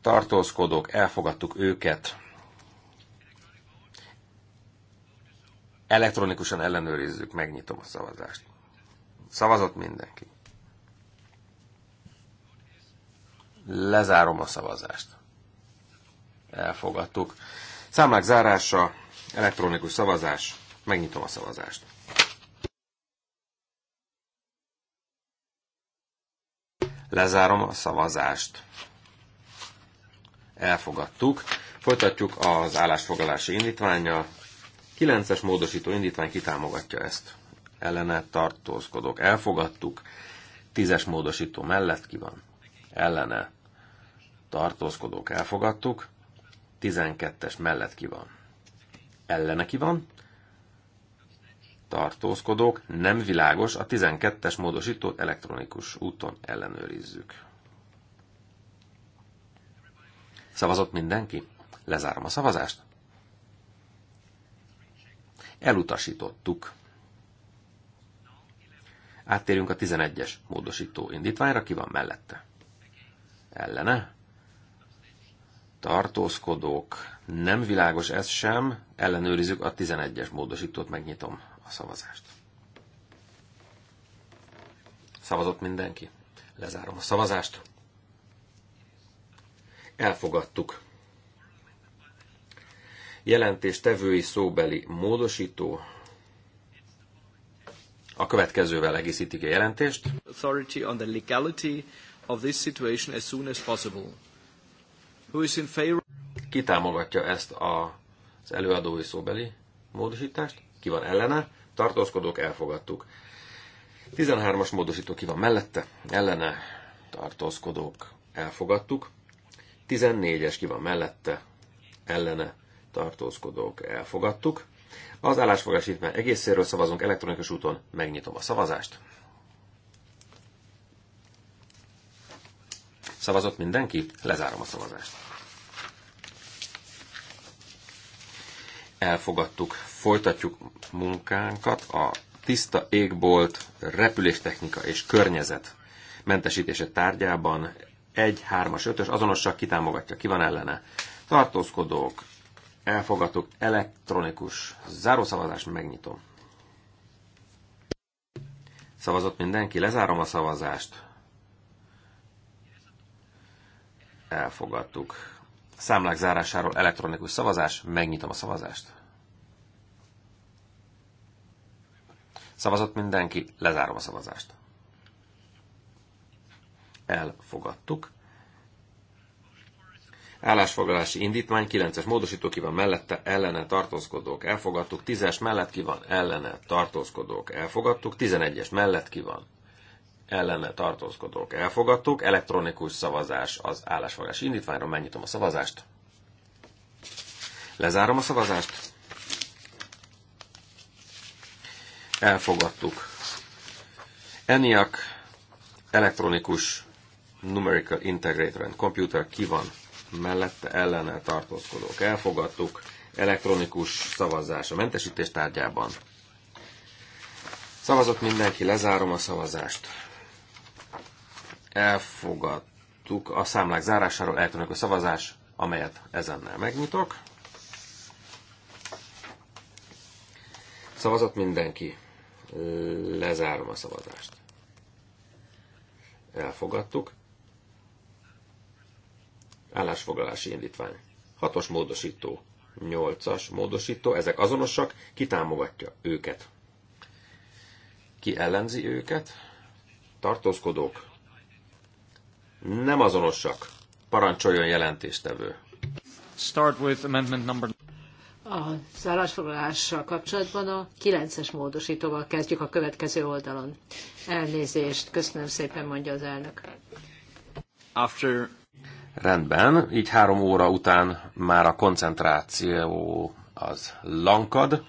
tartózkodók, elfogadtuk őket, elektronikusan ellenőrizzük, megnyitom a szavazást. Szavazott mindenki. Lezárom a szavazást. Elfogadtuk. Számlák zárása, elektronikus szavazás. Megnyitom a szavazást. Lezárom a szavazást. Elfogadtuk. Folytatjuk az állásfoglalási indítványjal. 9-es módosító indítvány kitámogatja ezt. Ellene tartózkodok. Elfogadtuk. 10-es módosító mellett ki van? Ellene tartózkodók elfogadtuk, 12-es mellett ki van. Ellene ki van, tartózkodók, nem világos, a 12-es módosítót elektronikus úton ellenőrizzük. Szavazott mindenki? Lezárom a szavazást. Elutasítottuk. Áttérünk a 11-es módosító indítványra, ki van mellette? Ellene? tartózkodók, nem világos ez sem, ellenőrizzük a 11-es módosítót, megnyitom a szavazást. Szavazott mindenki? Lezárom a szavazást. Elfogadtuk. Jelentés tevői szóbeli módosító. A következővel egészítik a jelentést. Authority on the legality of this situation as soon as possible. Ki támogatja ezt a, az előadói szóbeli módosítást? Ki van ellene? Tartózkodók elfogadtuk. 13-as módosító ki van mellette? Ellene tartózkodók elfogadtuk. 14-es ki van mellette? Ellene tartózkodók elfogadtuk. Az állásfogásítmány itt egészéről szavazunk elektronikus úton, megnyitom a szavazást. Szavazott mindenki? Lezárom a szavazást. Elfogadtuk. Folytatjuk munkánkat a tiszta égbolt, repüléstechnika és környezet mentesítése tárgyában Egy, hármas, ötös azonosság kitámogatja, ki van ellene. Tartózkodók, elfogadtuk, elektronikus zárószavazás, megnyitom. Szavazott mindenki, lezárom a szavazást. Elfogadtuk. Számlák zárásáról elektronikus szavazás. Megnyitom a szavazást. Szavazott mindenki, lezárom a szavazást. Elfogadtuk. Állásfoglalási indítvány 9-es módosító ki van mellette, ellene tartózkodók elfogadtuk, 10-es mellett ki van, ellene tartózkodók elfogadtuk, 11-es mellett ki van, ellene tartózkodók elfogadtuk. Elektronikus szavazás az állásfoglalás indítványra. Megnyitom a szavazást. Lezárom a szavazást. Elfogadtuk. ENIAC elektronikus numerical integrator and computer ki van mellette ellene tartózkodók. Elfogadtuk elektronikus szavazás a mentesítés tárgyában. Szavazott mindenki, lezárom a szavazást elfogadtuk a számlák zárásáról eltűnök a szavazás, amelyet ezennel megnyitok. Szavazott mindenki. Lezárom a szavazást. Elfogadtuk. Állásfoglalási indítvány. Hatos módosító. Nyolcas módosító. Ezek azonosak. Ki támogatja őket? Ki ellenzi őket? Tartózkodók nem azonosak. Parancsoljon jelentéstevő. Start with amendment number... A szállásfoglalással kapcsolatban a 9-es módosítóval kezdjük a következő oldalon. Elnézést, köszönöm szépen, mondja az elnök. After... Rendben, így három óra után már a koncentráció az lankad.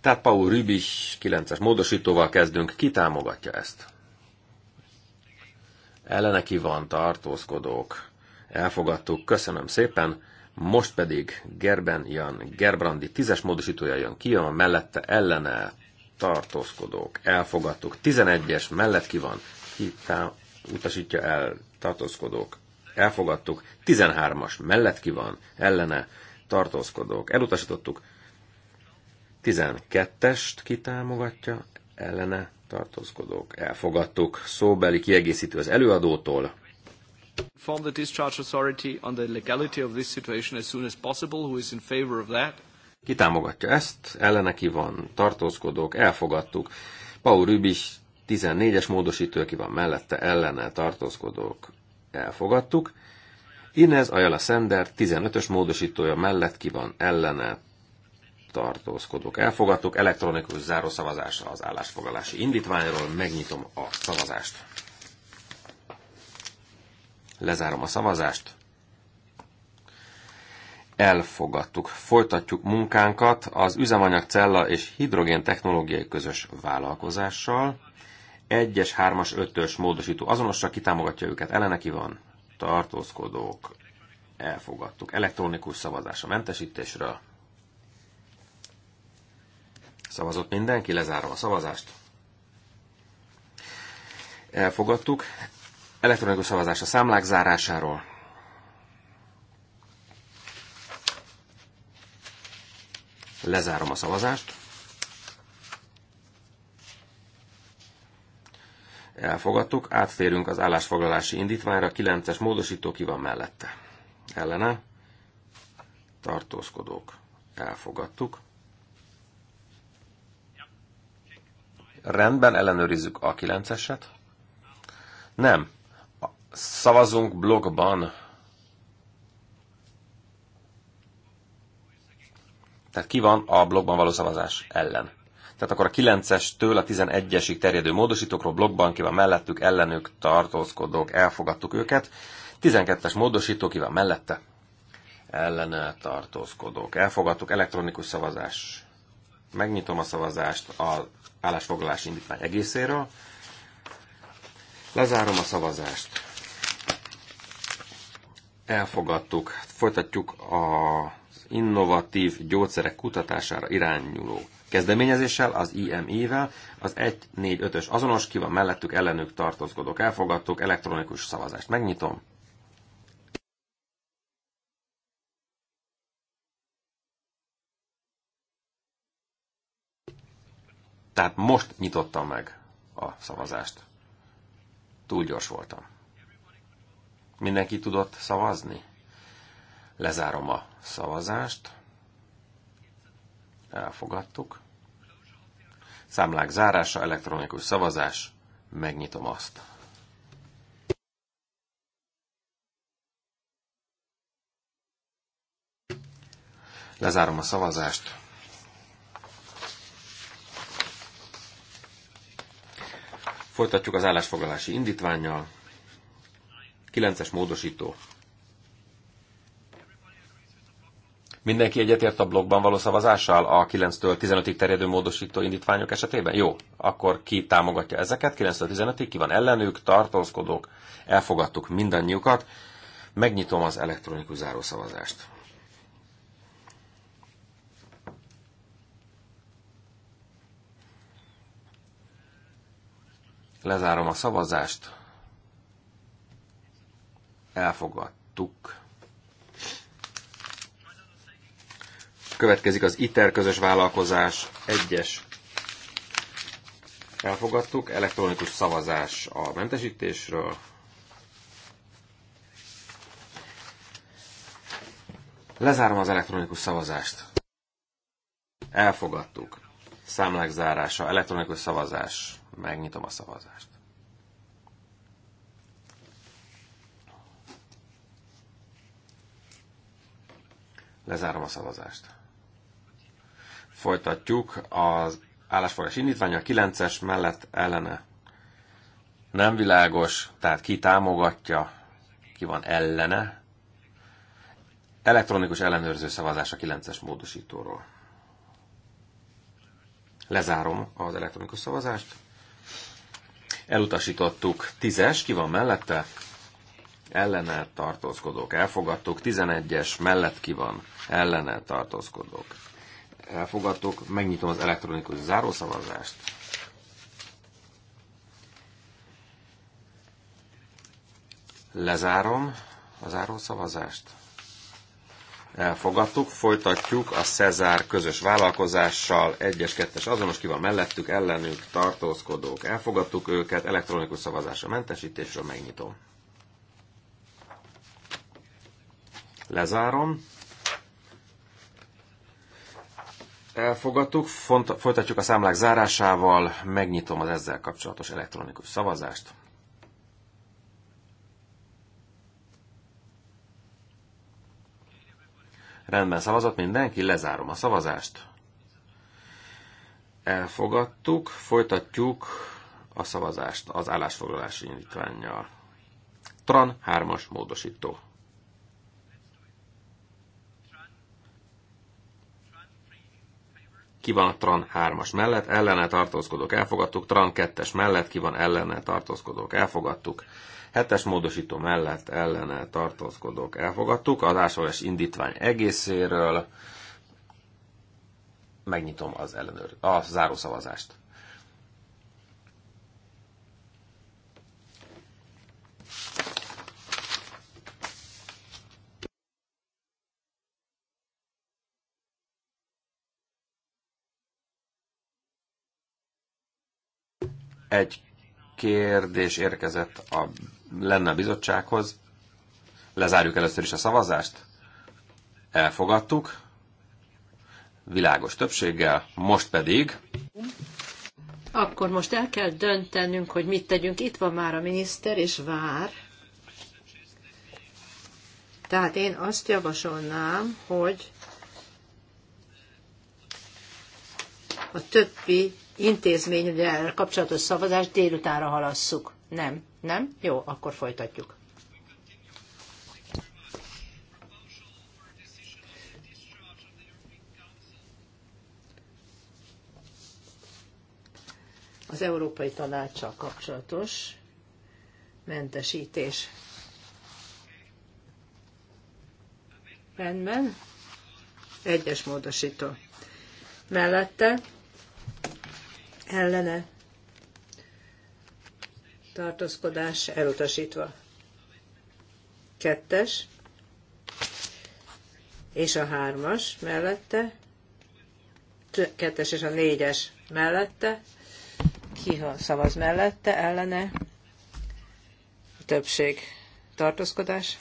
Tehát Paul Rübich 9-es módosítóval kezdünk. Ki támogatja ezt? ellene ki van tartózkodók. Elfogadtuk, köszönöm szépen. Most pedig Gerben Jan Gerbrandi tízes módosítója jön ki, a mellette ellene tartózkodók. Elfogadtuk. 11-es mellett ki van, ki tá- utasítja el tartózkodók. Elfogadtuk. 13-as mellett ki van, ellene tartózkodók. Elutasítottuk. 12-est kitámogatja, ellene tartózkodók, elfogadtuk. Szóbeli kiegészítő az előadótól. Inform the discharge authority on the legality of this situation as soon as possible, who is in favor of that. Ki támogatja ezt? Ellene ki van? Tartózkodók, elfogadtuk. Paul Rübis 14-es módosítő, ki van mellette, ellene, tartózkodók, elfogadtuk. Inez Ayala Sender, 15-ös módosítója mellett ki van ellene, tartózkodók elfogadtuk. Elektronikus zárószavazás az állásfoglalási indítványról. Megnyitom a szavazást. Lezárom a szavazást. Elfogadtuk. Folytatjuk munkánkat az üzemanyagcella és hidrogén technológiai közös vállalkozással. 1-es, 3-as, 5-ös módosító azonosra kitámogatja őket. Ellene ki van? Tartózkodók. Elfogadtuk. Elektronikus szavazás a mentesítésről. Szavazott mindenki, lezárom a szavazást. Elfogadtuk. Elektronikus szavazás a számlák zárásáról. Lezárom a szavazást. Elfogadtuk, Átférünk az állásfoglalási indítványra, 9-es módosító ki van mellette. Ellene, tartózkodók, elfogadtuk. Rendben, ellenőrizzük a 9-eset. Nem. Szavazunk blogban. Tehát ki van a blogban való szavazás ellen. Tehát akkor a 9-estől a 11-esig terjedő módosítókról blogban ki van mellettük, ellenük tartózkodók, elfogadtuk őket. 12-es módosító ki van mellette, ellene tartózkodók. Elfogadtuk elektronikus szavazás. Megnyitom a szavazást a állásfoglalás indítvány egészéről. Lezárom a szavazást. Elfogadtuk. Folytatjuk az innovatív gyógyszerek kutatására irányuló kezdeményezéssel, az IMI-vel, az 1-4-5-ös azonos, ki van mellettük, ellenük tartózkodok. Elfogadtuk, elektronikus szavazást megnyitom. Tehát most nyitottam meg a szavazást. Túl gyors voltam. Mindenki tudott szavazni? Lezárom a szavazást. Elfogadtuk. Számlák zárása, elektronikus szavazás. Megnyitom azt. Lezárom a szavazást. Folytatjuk az állásfoglalási indítványjal. 9-es módosító. Mindenki egyetért a blogban való szavazással a 9-től 15-ig terjedő módosító indítványok esetében? Jó, akkor ki támogatja ezeket? 9-től 15-ig ki van ellenük, tartózkodók, elfogadtuk mindannyiukat. Megnyitom az elektronikus zárószavazást. Lezárom a szavazást. Elfogadtuk. Következik az ITER közös vállalkozás egyes. Elfogadtuk. Elektronikus szavazás a mentesítésről. Lezárom az elektronikus szavazást. Elfogadtuk számlák zárása, elektronikus szavazás. Megnyitom a szavazást. Lezárom a szavazást. Folytatjuk az állásforrás indítványa 9-es mellett ellene. Nem világos, tehát ki támogatja, ki van ellene. Elektronikus ellenőrző szavazás a 9-es módosítóról. Lezárom az elektronikus szavazást. Elutasítottuk. Tízes, ki van mellette? Ellene tartózkodók. Elfogadtuk. Tizenegyes, mellett ki van? Ellene tartózkodók. Elfogadtuk. Megnyitom az elektronikus zárószavazást. Lezárom a zárószavazást elfogadtuk. Folytatjuk a Cezár közös vállalkozással. Egyes, kettes azonos, ki van mellettük, ellenük tartózkodók. Elfogadtuk őket. Elektronikus szavazásra mentesítésről megnyitom. Lezárom. Elfogadtuk. folytatjuk a számlák zárásával. Megnyitom az ezzel kapcsolatos elektronikus szavazást. Rendben szavazott mindenki, lezárom a szavazást. Elfogadtuk, folytatjuk a szavazást az állásfoglalási indítványjal. TRAN 3-as módosító. ki van a TRAN 3-as mellett, ellene tartózkodók elfogadtuk, TRAN 2-es mellett ki van ellene tartózkodók elfogadtuk, Hetes módosító mellett ellene tartózkodók elfogadtuk. Az ásolás indítvány egészéről megnyitom az ellenőr, a zárószavazást. egy kérdés érkezett a, lenne a bizottsághoz. Lezárjuk először is a szavazást. Elfogadtuk. Világos többséggel. Most pedig... Akkor most el kell döntenünk, hogy mit tegyünk. Itt van már a miniszter, és vár. Tehát én azt javasolnám, hogy a többi intézményrel kapcsolatos szavazást délutánra halasszuk. Nem? Nem? Jó, akkor folytatjuk. Az Európai Tanácssal kapcsolatos mentesítés. Rendben. Egyes módosító. Mellette ellene tartózkodás elutasítva. Kettes és a hármas mellette, kettes és a négyes mellette, ki ha szavaz mellette, ellene, többség tartózkodás,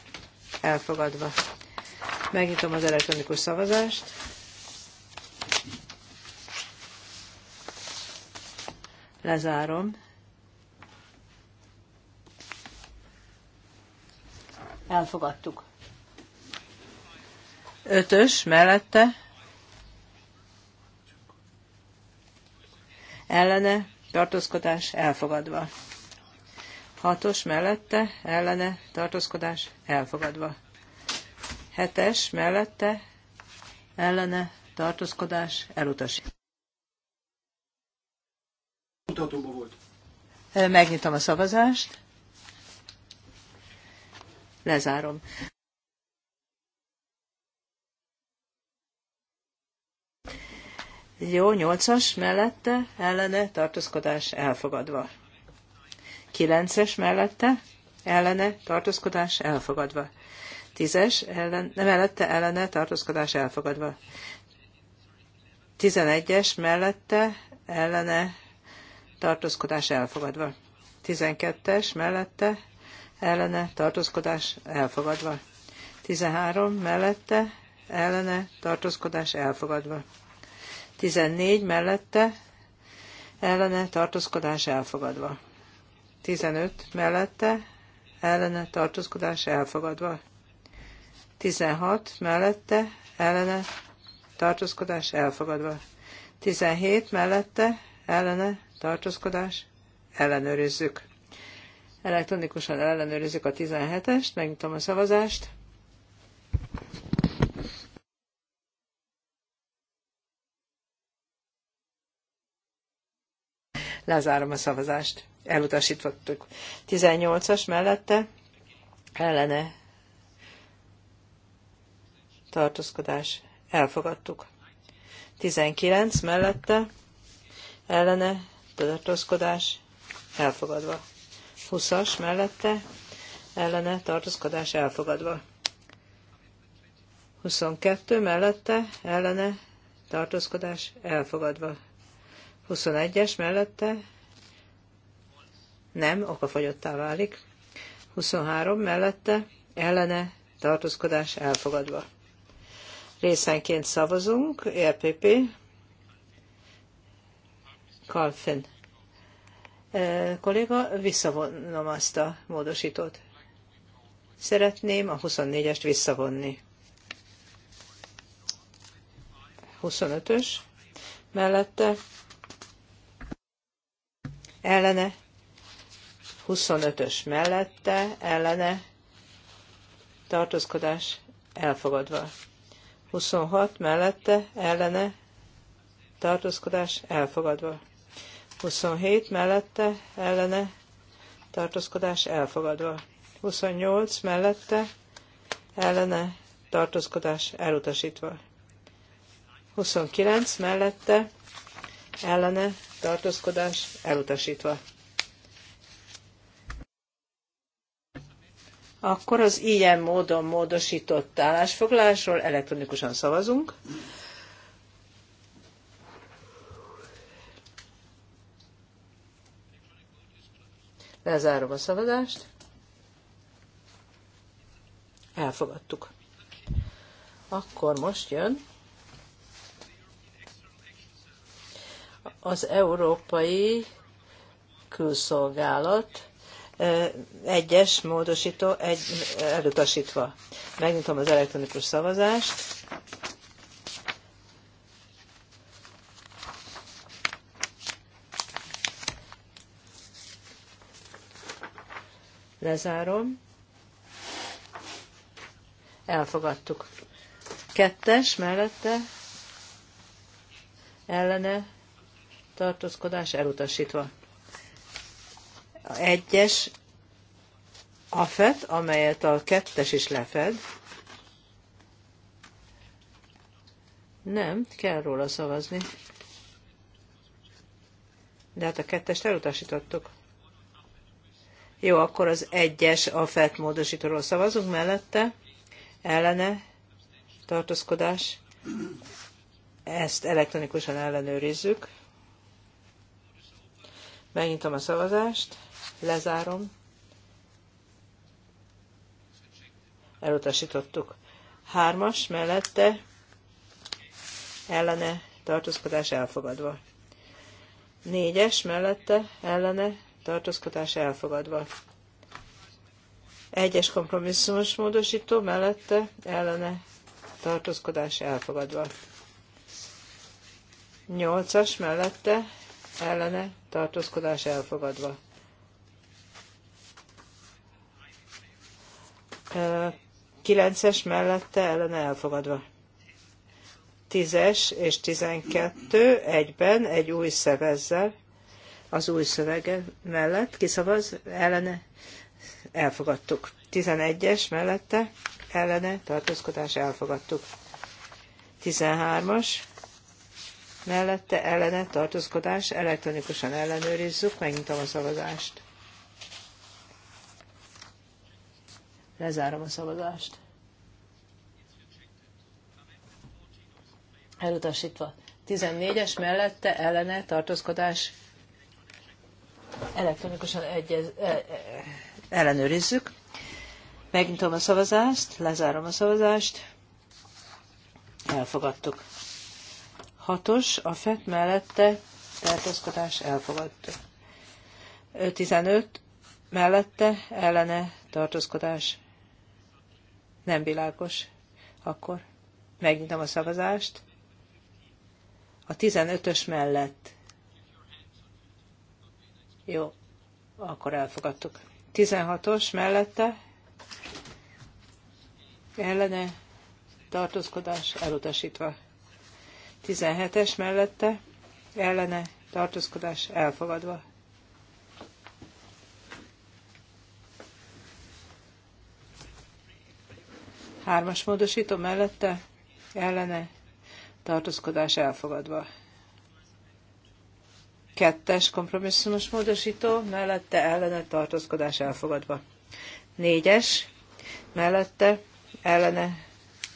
elfogadva. Megnyitom az elektronikus szavazást. Lezárom. Elfogadtuk. Ötös mellette. Ellene tartózkodás elfogadva. Hatos mellette, ellene, tartózkodás, elfogadva. Hetes mellette, ellene, tartózkodás, elutasítva mutatóban volt. Megnyitom a szavazást. Lezárom. Jó, nyolcas mellette, ellene, tartózkodás elfogadva. Kilences mellette, ellene, tartózkodás elfogadva. Tízes ellen, mellette, ellene, tartózkodás elfogadva. Tizenegyes mellette, ellene, tartózkodás elfogadva. 12-es mellette ellene tartózkodás elfogadva. 13 mellette ellene tartózkodás elfogadva. 14 mellette ellene tartózkodás elfogadva. 15 mellette ellene tartózkodás elfogadva. 16 mellette ellene tartózkodás elfogadva. 17 mellette ellene tartózkodás, ellenőrizzük. Elektronikusan ellenőrizzük a 17-est, megnyitom a szavazást. Lezárom a szavazást. Elutasítottuk. 18-as mellette ellene tartózkodás. Elfogadtuk. 19 mellette ellene tartózkodás elfogadva. 20-as mellette ellene tartózkodás elfogadva. 22 mellette ellene tartózkodás elfogadva. 21-es mellette nem, okafogyottá válik. 23 mellette ellene tartózkodás elfogadva. Részenként szavazunk, RPP, Kalfen eh, kolléga, visszavonom azt a módosítót. Szeretném a 24-est visszavonni. 25-ös mellette ellene 25-ös mellette ellene tartózkodás elfogadva. 26 mellette ellene tartózkodás elfogadva. 27 mellette ellene tartózkodás elfogadva. 28 mellette ellene tartózkodás elutasítva. 29 mellette ellene tartózkodás elutasítva. Akkor az ilyen módon módosított állásfoglalásról elektronikusan szavazunk. Lezárom a szavazást. Elfogadtuk. Akkor most jön az Európai Külszolgálat egyes módosító egy, elutasítva. Megnyitom az elektronikus szavazást. Lezárom. Elfogadtuk. Kettes mellette ellene tartózkodás elutasítva. A egyes fet, amelyet a kettes is lefed. Nem, kell róla szavazni. De hát a kettest elutasítottuk. Jó, akkor az egyes a FET módosítóról szavazunk mellette. Ellene tartózkodás. Ezt elektronikusan ellenőrizzük. Megnyitom a szavazást, lezárom. Elutasítottuk. Hármas mellette ellene tartózkodás elfogadva. Négyes mellette ellene tartózkodás elfogadva. Egyes kompromisszumos módosító mellette ellene tartózkodás elfogadva. Nyolcas mellette ellene tartózkodás elfogadva. Kilences mellette ellene elfogadva. Tízes és tizenkettő egyben egy új szevezzel az új szövege mellett, kiszavaz, ellene, elfogadtuk. 11-es mellette, ellene, tartózkodás, elfogadtuk. 13-as, mellette, ellene, tartózkodás, elektronikusan ellenőrizzük, megnyitom a szavazást. Lezárom a szavazást. Elutasítva. 14-es mellette ellene tartózkodás elektronikusan e, e, ellenőrizzük. Megnyitom a szavazást, lezárom a szavazást. Elfogadtuk. Hatos, a FET mellette tartózkodás elfogadtuk. 15 mellette ellene tartózkodás nem világos. Akkor megnyitom a szavazást. A 15-ös mellett jó, akkor elfogadtuk. 16-os mellette ellene tartózkodás elutasítva. 17-es mellette ellene tartózkodás elfogadva. Hármas módosító mellette ellene tartózkodás elfogadva. Kettes kompromisszumos módosító, mellette ellene tartózkodás elfogadva. Négyes, mellette ellene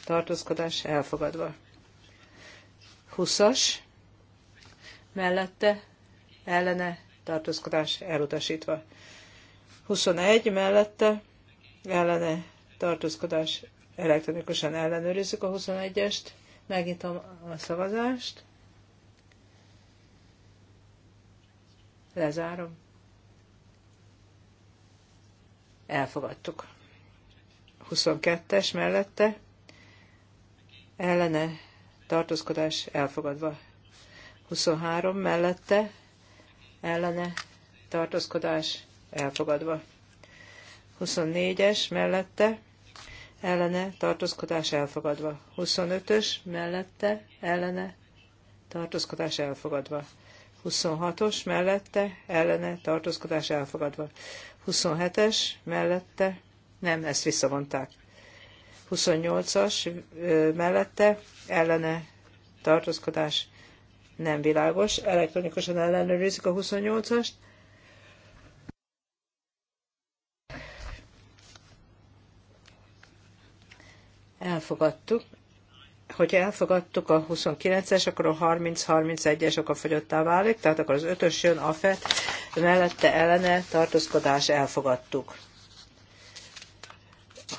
tartózkodás elfogadva. Huszas, mellette ellene tartózkodás elutasítva. 21 mellette ellene tartózkodás elektronikusan ellenőrizzük a 21-est, megnyitom a szavazást. Lezárom. Elfogadtuk. 22-es mellette ellene tartózkodás elfogadva. 23 mellette ellene tartózkodás elfogadva. 24-es mellette ellene tartózkodás elfogadva. 25-ös mellette ellene tartózkodás elfogadva. 26-os mellette ellene tartózkodás elfogadva. 27-es mellette nem, ezt visszavonták. 28-as mellette ellene tartózkodás nem világos. Elektronikusan ellenőrizik a 28-ast. Elfogadtuk, hogyha elfogadtuk a 29-es, akkor a 30-31-es fogyottá válik, tehát akkor az 5-ös jön a FET, mellette ellene tartózkodás elfogadtuk.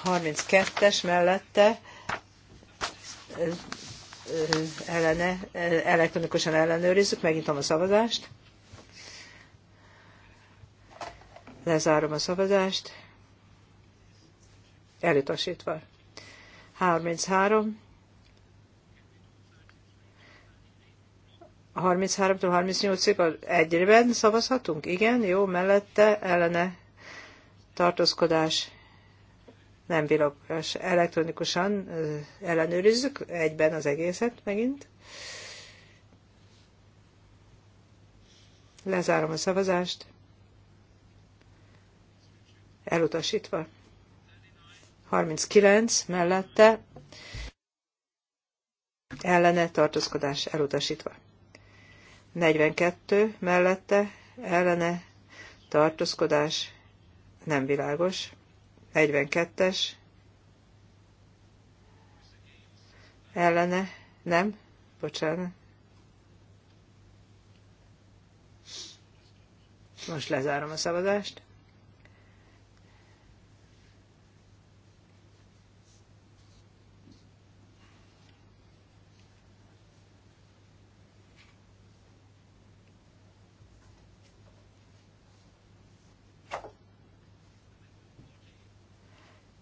32-es mellette ellene, elektronikusan ellenőrizzük, megnyitom a szavazást. Lezárom a szavazást. Elutasítva. 33 33-tól 38-ig egyben szavazhatunk? Igen, jó, mellette ellene tartózkodás nem világos. Elektronikusan ellenőrizzük egyben az egészet megint. Lezárom a szavazást. Elutasítva. 39 mellette ellene tartózkodás elutasítva. 42 mellette ellene tartózkodás nem világos. 42-es ellene nem, bocsánat. Most lezárom a szavazást.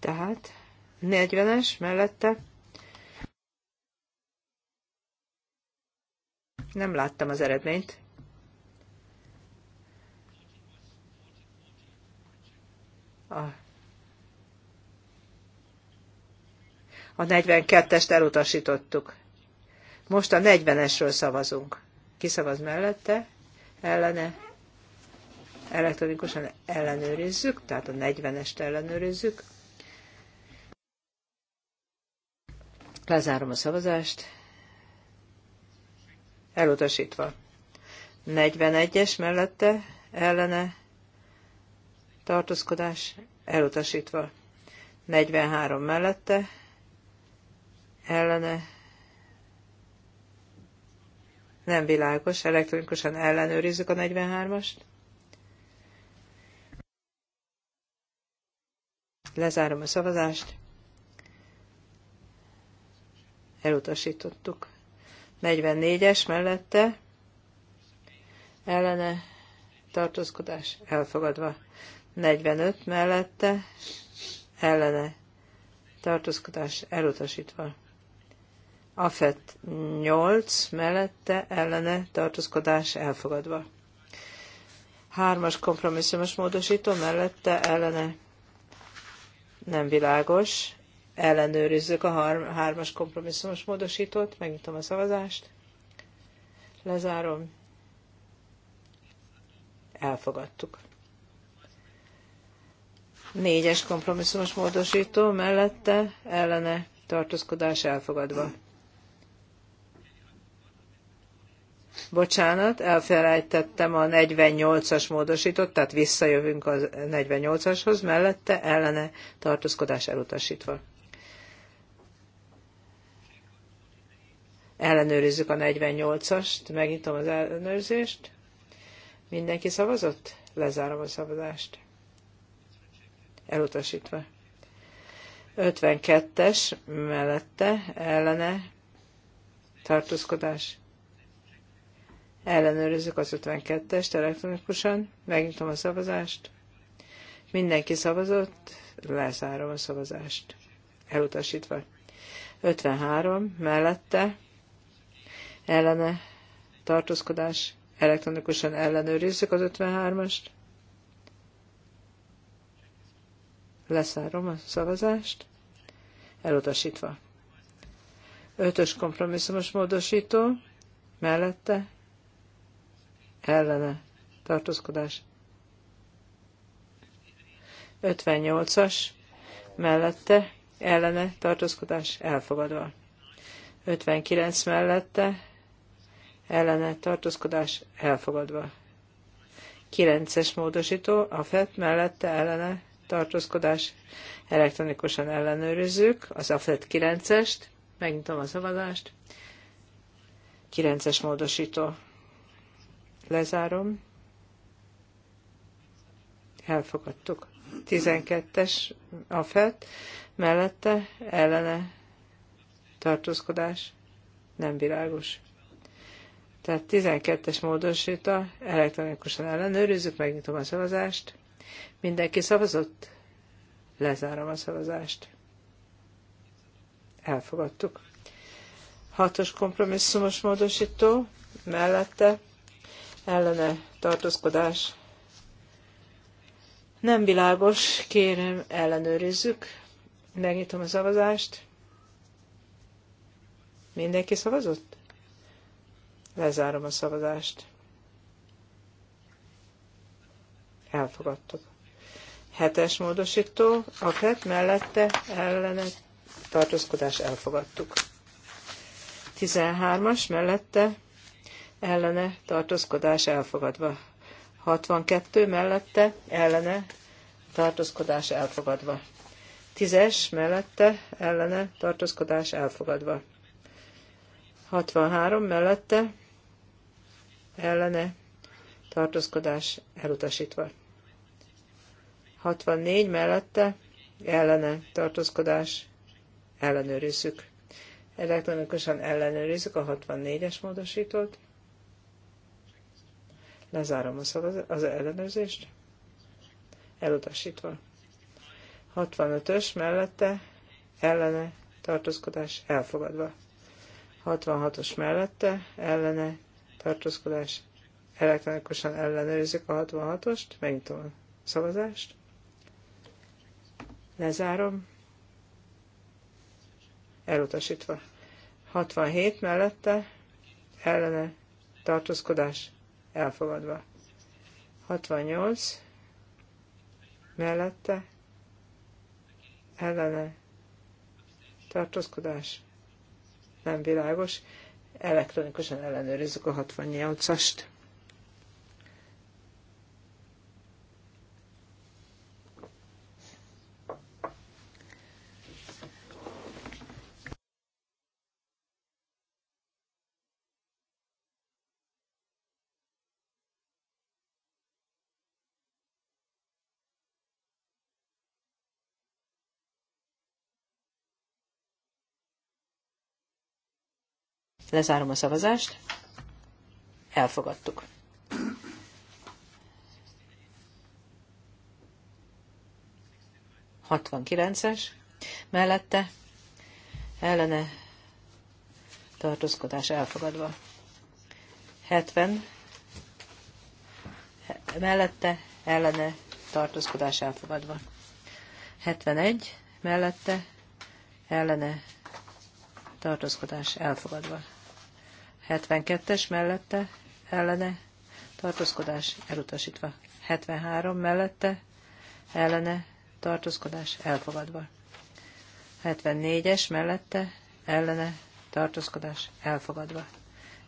Tehát 40-es mellette. Nem láttam az eredményt. A, a 42-est elutasítottuk. Most a 40-esről szavazunk. Kiszavaz mellette, ellene, elektronikusan ellenőrizzük, tehát a 40-est ellenőrizzük. Lezárom a szavazást. Elutasítva. 41-es mellette ellene tartózkodás elutasítva. 43 mellette ellene nem világos, elektronikusan ellenőrizzük a 43-ast. Lezárom a szavazást elutasítottuk. 44-es mellette ellene tartózkodás elfogadva. 45 mellette ellene tartózkodás elutasítva. Afet 8 mellette ellene tartózkodás elfogadva. Hármas kompromisszumos módosító mellette ellene nem világos, ellenőrizzük a hármas kompromisszumos módosítót, megnyitom a szavazást, lezárom, elfogadtuk. Négyes kompromisszumos módosító mellette ellene tartózkodás elfogadva. Bocsánat, elfelejtettem a 48-as módosítót, tehát visszajövünk a 48-ashoz, mellette ellene tartózkodás elutasítva. ellenőrizzük a 48-ast, megnyitom az ellenőrzést. Mindenki szavazott? Lezárom a szavazást. Elutasítva. 52-es mellette ellene tartózkodás. Ellenőrizzük az 52-est elektronikusan, megnyitom a szavazást. Mindenki szavazott, lezárom a szavazást. Elutasítva. 53 mellette ellene tartózkodás, elektronikusan ellenőrizzük az 53-ast. Leszárom a szavazást, elutasítva. Ötös kompromisszumos módosító, mellette, ellene, tartózkodás. 58-as, mellette, ellene, tartózkodás, elfogadva. 59 mellette, ellene tartózkodás elfogadva. 9-es módosító, a FET mellette ellene tartózkodás elektronikusan ellenőrizzük, az AFET 9-est, megnyitom a szavazást, 9-es módosító, lezárom, elfogadtuk. 12-es FET, mellette ellene tartózkodás nem világos. Tehát 12-es módosító, elektronikusan ellenőrizzük, megnyitom a szavazást. Mindenki szavazott? Lezárom a szavazást. Elfogadtuk. Hatos kompromisszumos módosító, mellette ellene tartózkodás. Nem világos, kérem ellenőrizzük. Megnyitom a szavazást. Mindenki szavazott? Lezárom a szavazást. Elfogadtuk. Hetes módosító, a FET mellette ellene tartózkodás elfogadtuk. 13-as mellette ellene tartózkodás elfogadva. 62 mellette ellene tartózkodás elfogadva. 10-es mellette ellene tartózkodás elfogadva. 63 mellette ellene tartózkodás elutasítva. 64 mellette ellene tartózkodás ellenőrizzük. Elektronikusan ellenőrizzük a 64-es módosítót. Lezárom a szavaz- az ellenőrzést. Elutasítva. 65-ös mellette ellene tartózkodás elfogadva. 66-os mellette ellene tartózkodás, elektronikusan ellenőrzik a 66-ost, megnyitom a szavazást, lezárom, elutasítva. 67 mellette ellene tartózkodás elfogadva. 68 mellette ellene tartózkodás nem világos elektronikusan ellenőrizzük a 68-ast. Lezárom a szavazást. Elfogadtuk. es mellette ellene tartózkodás elfogadva. 70 mellette ellene tartózkodás elfogadva. 71 mellette ellene tartózkodás elfogadva. 72-es mellette ellene tartózkodás elutasítva. 73 mellette ellene tartózkodás elfogadva. 74-es mellette ellene tartózkodás elfogadva.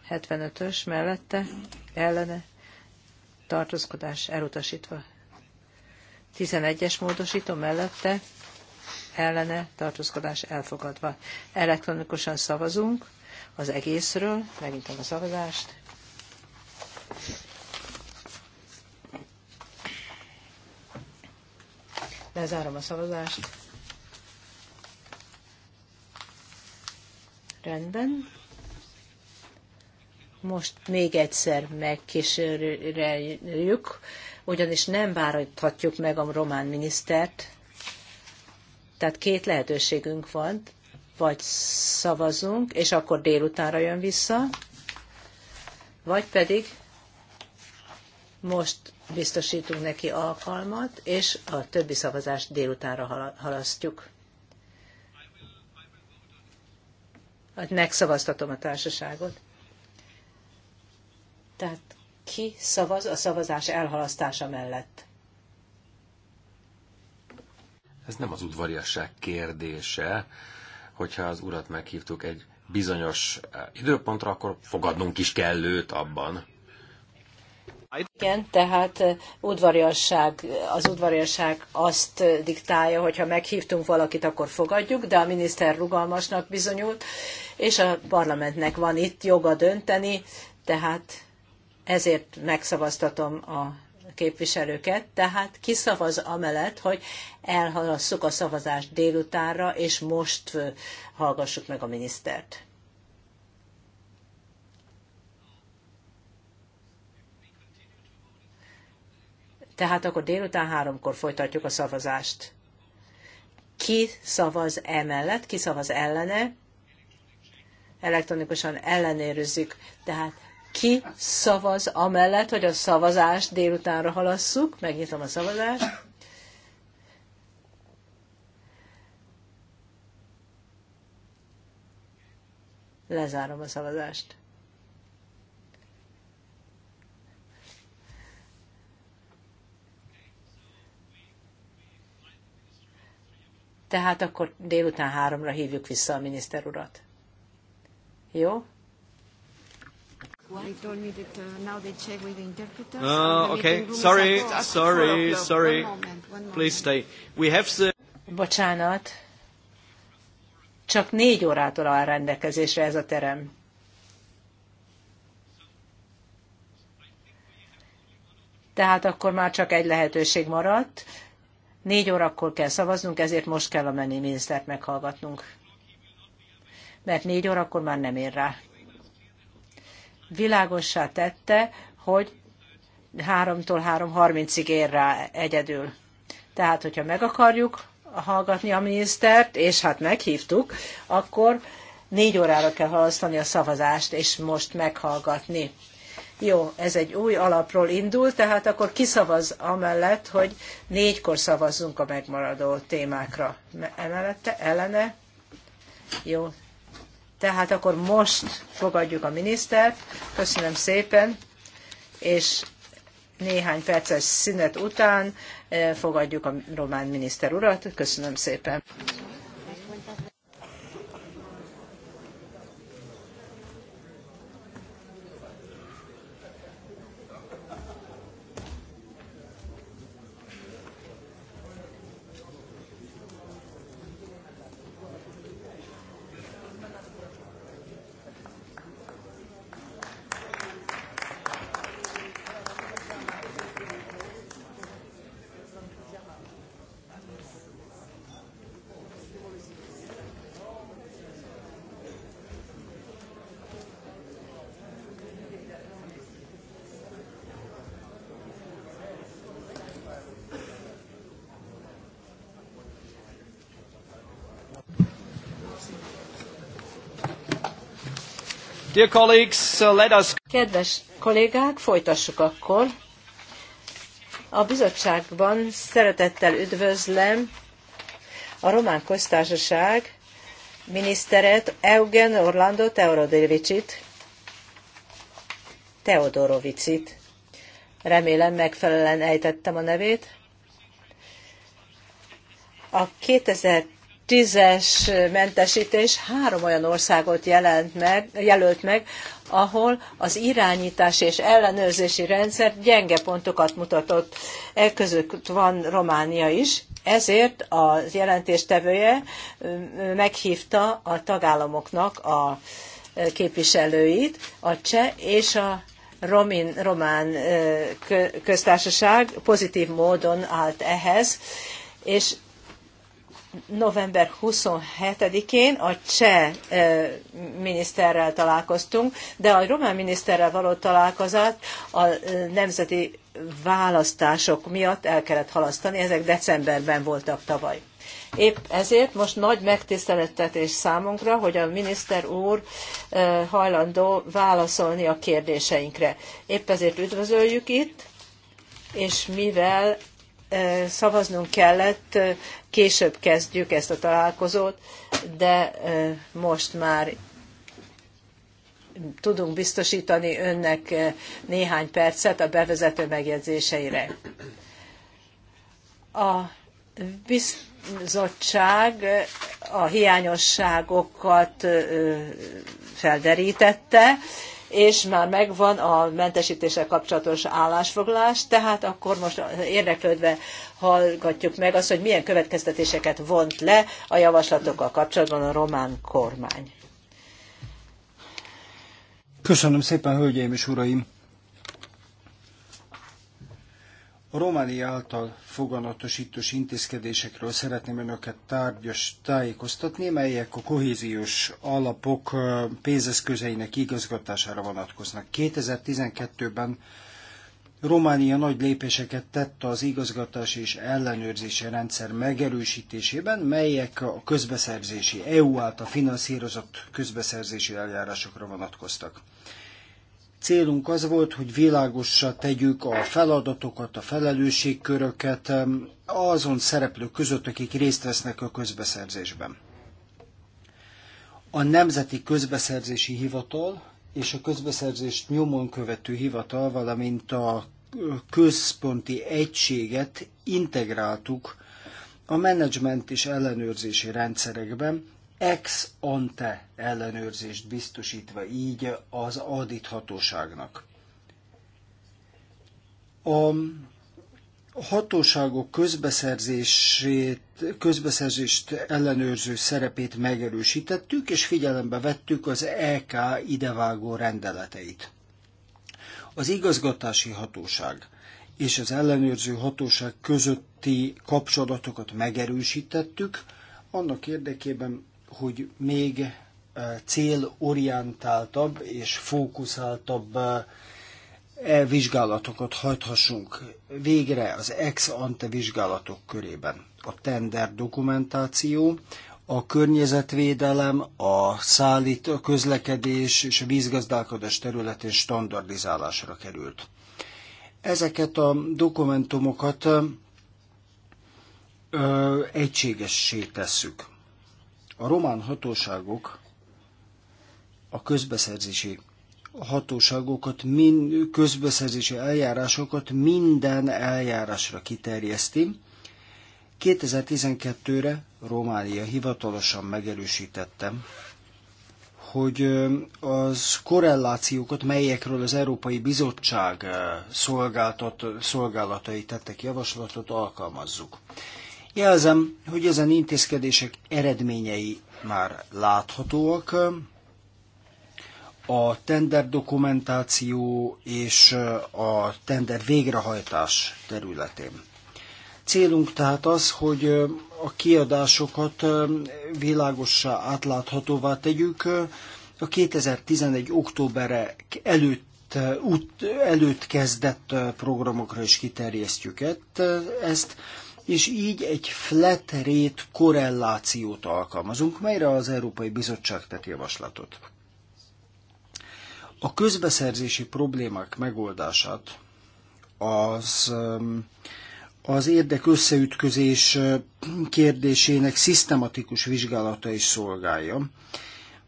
75-ös mellette ellene tartózkodás elutasítva. 11-es módosító mellette ellene tartózkodás elfogadva. Elektronikusan szavazunk az egészről. megint a szavazást. Lezárom a szavazást. Rendben. Most még egyszer megkísérjük, ugyanis nem várhatjuk meg a román minisztert. Tehát két lehetőségünk van, vagy szavazunk, és akkor délutánra jön vissza, vagy pedig most biztosítunk neki alkalmat, és a többi szavazást délutánra halasztjuk. Hát megszavaztatom a társaságot. Tehát ki szavaz a szavazás elhalasztása mellett? Ez nem az udvariasság kérdése, hogyha az urat meghívtuk egy bizonyos eh, időpontra, akkor fogadnunk is kell őt abban. Igen, tehát eh, udvariasság, az udvariasság azt eh, diktálja, hogy ha meghívtunk valakit, akkor fogadjuk, de a miniszter rugalmasnak bizonyult, és a parlamentnek van itt joga dönteni, tehát ezért megszavaztatom a képviselőket, tehát kiszavaz amellett, hogy elhalasszuk a szavazást délutánra, és most hallgassuk meg a minisztert. Tehát akkor délután háromkor folytatjuk a szavazást. Ki szavaz emellett, ki szavaz ellene? Elektronikusan ellenőrizzük. Tehát ki szavaz amellett, hogy a szavazást délutánra halasszuk? Megnyitom a szavazást. Lezárom a szavazást. Tehát akkor délután háromra hívjuk vissza a miniszter urat. Jó? Uh, ah, Bocsánat. Csak négy órától áll rendelkezésre ez a terem. Tehát akkor már csak egy lehetőség maradt. Négy órakor kell szavaznunk, ezért most kell a menni minisztert meghallgatnunk. Mert négy órakor már nem ér rá világossá tette, hogy 3-tól 3.30-ig ér rá egyedül. Tehát, hogyha meg akarjuk hallgatni a minisztert, és hát meghívtuk, akkor négy órára kell halasztani a szavazást, és most meghallgatni. Jó, ez egy új alapról indul, tehát akkor kiszavaz amellett, hogy négykor szavazzunk a megmaradó témákra. Emellette ellene? Jó, tehát akkor most fogadjuk a minisztert. Köszönöm szépen, és néhány perces szünet után eh, fogadjuk a román miniszter urat. Köszönöm szépen. Dear colleagues, uh, let us... Kedves kollégák, folytassuk akkor. A bizottságban szeretettel üdvözlem a Román Köztársaság miniszteret Eugen Orlando Teodorovicsit. Teodorovicsit. Remélem megfelelően ejtettem a nevét. A 2000 tízes mentesítés három olyan országot jelent meg, jelölt meg, ahol az irányítás és ellenőrzési rendszer gyenge pontokat mutatott. E között van Románia is, ezért a jelentéstevője meghívta a tagállamoknak a képviselőit, a cseh és a romin, román köztársaság pozitív módon állt ehhez, és november 27-én a cseh miniszterrel találkoztunk, de a román miniszterrel való találkozat a nemzeti választások miatt el kellett halasztani, ezek decemberben voltak tavaly. Épp ezért most nagy megtiszteltetés számunkra, hogy a miniszter úr hajlandó válaszolni a kérdéseinkre. Épp ezért üdvözöljük itt, és mivel szavaznunk kellett, később kezdjük ezt a találkozót, de most már tudunk biztosítani önnek néhány percet a bevezető megjegyzéseire. A bizottság a hiányosságokat felderítette, és már megvan a mentesítéssel kapcsolatos állásfoglalás, tehát akkor most érdeklődve hallgatjuk meg azt, hogy milyen következtetéseket vont le a javaslatokkal kapcsolatban a román kormány. Köszönöm szépen, hölgyeim és uraim! A Románia által foganatosítós intézkedésekről szeretném önöket tárgyas tájékoztatni, melyek a kohéziós alapok pénzeszközeinek igazgatására vonatkoznak. 2012-ben Románia nagy lépéseket tett az igazgatási és ellenőrzési rendszer megerősítésében, melyek a közbeszerzési, EU által finanszírozott közbeszerzési eljárásokra vonatkoztak. Célunk az volt, hogy világosra tegyük a feladatokat, a felelősségköröket azon szereplők között, akik részt vesznek a közbeszerzésben. A Nemzeti Közbeszerzési Hivatal és a közbeszerzést nyomon követő hivatal, valamint a központi egységet integráltuk a menedzsment és ellenőrzési rendszerekben, ex ante ellenőrzést biztosítva így az adíthatóságnak. A hatóságok közbeszerzését, közbeszerzést ellenőrző szerepét megerősítettük, és figyelembe vettük az EK idevágó rendeleteit. Az igazgatási hatóság és az ellenőrző hatóság közötti kapcsolatokat megerősítettük, annak érdekében, hogy még eh, célorientáltabb és fókuszáltabb eh, e vizsgálatokat hajthassunk végre az ex-ante vizsgálatok körében. A tender dokumentáció, a környezetvédelem, a szállít, a közlekedés és a vízgazdálkodás területén standardizálásra került. Ezeket a dokumentumokat ö, eh, egységessé tesszük. A román hatóságok a közbeszerzési hatóságokat, min közbeszerzési eljárásokat minden eljárásra kiterjeszti. 2012-re Románia hivatalosan megerősítette, hogy az korrelációkat, melyekről az Európai Bizottság szolgáltat, szolgálatai tettek javaslatot, alkalmazzuk. Jelzem, hogy ezen intézkedések eredményei már láthatóak. A tender dokumentáció és a tender végrehajtás területén. Célunk tehát az, hogy a kiadásokat világossá átláthatóvá tegyük. A 2011. októberre előtt, út, előtt kezdett programokra is kiterjesztjük ezt és így egy flat rate korrelációt alkalmazunk, melyre az Európai Bizottság tett javaslatot. A közbeszerzési problémák megoldását az, um, az érdekösszeütközés uh, kérdésének szisztematikus vizsgálata is szolgálja.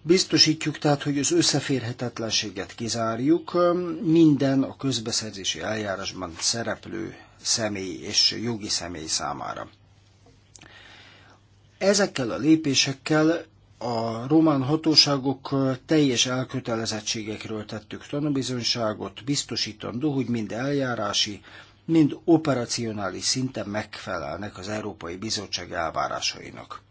Biztosítjuk tehát, hogy az összeférhetetlenséget kizárjuk um, minden a közbeszerzési eljárásban szereplő személy és jogi személy számára. Ezekkel a lépésekkel a román hatóságok teljes elkötelezettségekről tettük tanúbizonyságot, biztosítandó, hogy mind eljárási, mind operacionális szinten megfelelnek az Európai Bizottság elvárásainak.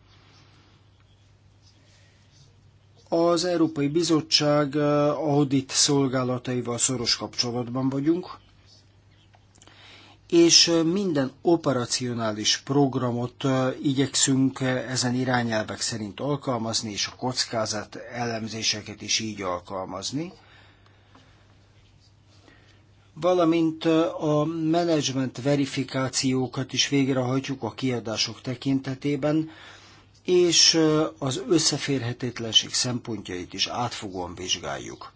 Az Európai Bizottság eh, audit szolgálataival szoros kapcsolatban vagyunk, és minden operacionális programot igyekszünk ezen irányelvek szerint alkalmazni, és a kockázat elemzéseket is így alkalmazni valamint a menedzsment verifikációkat is végrehajtjuk a kiadások tekintetében, és az összeférhetetlenség szempontjait is átfogóan vizsgáljuk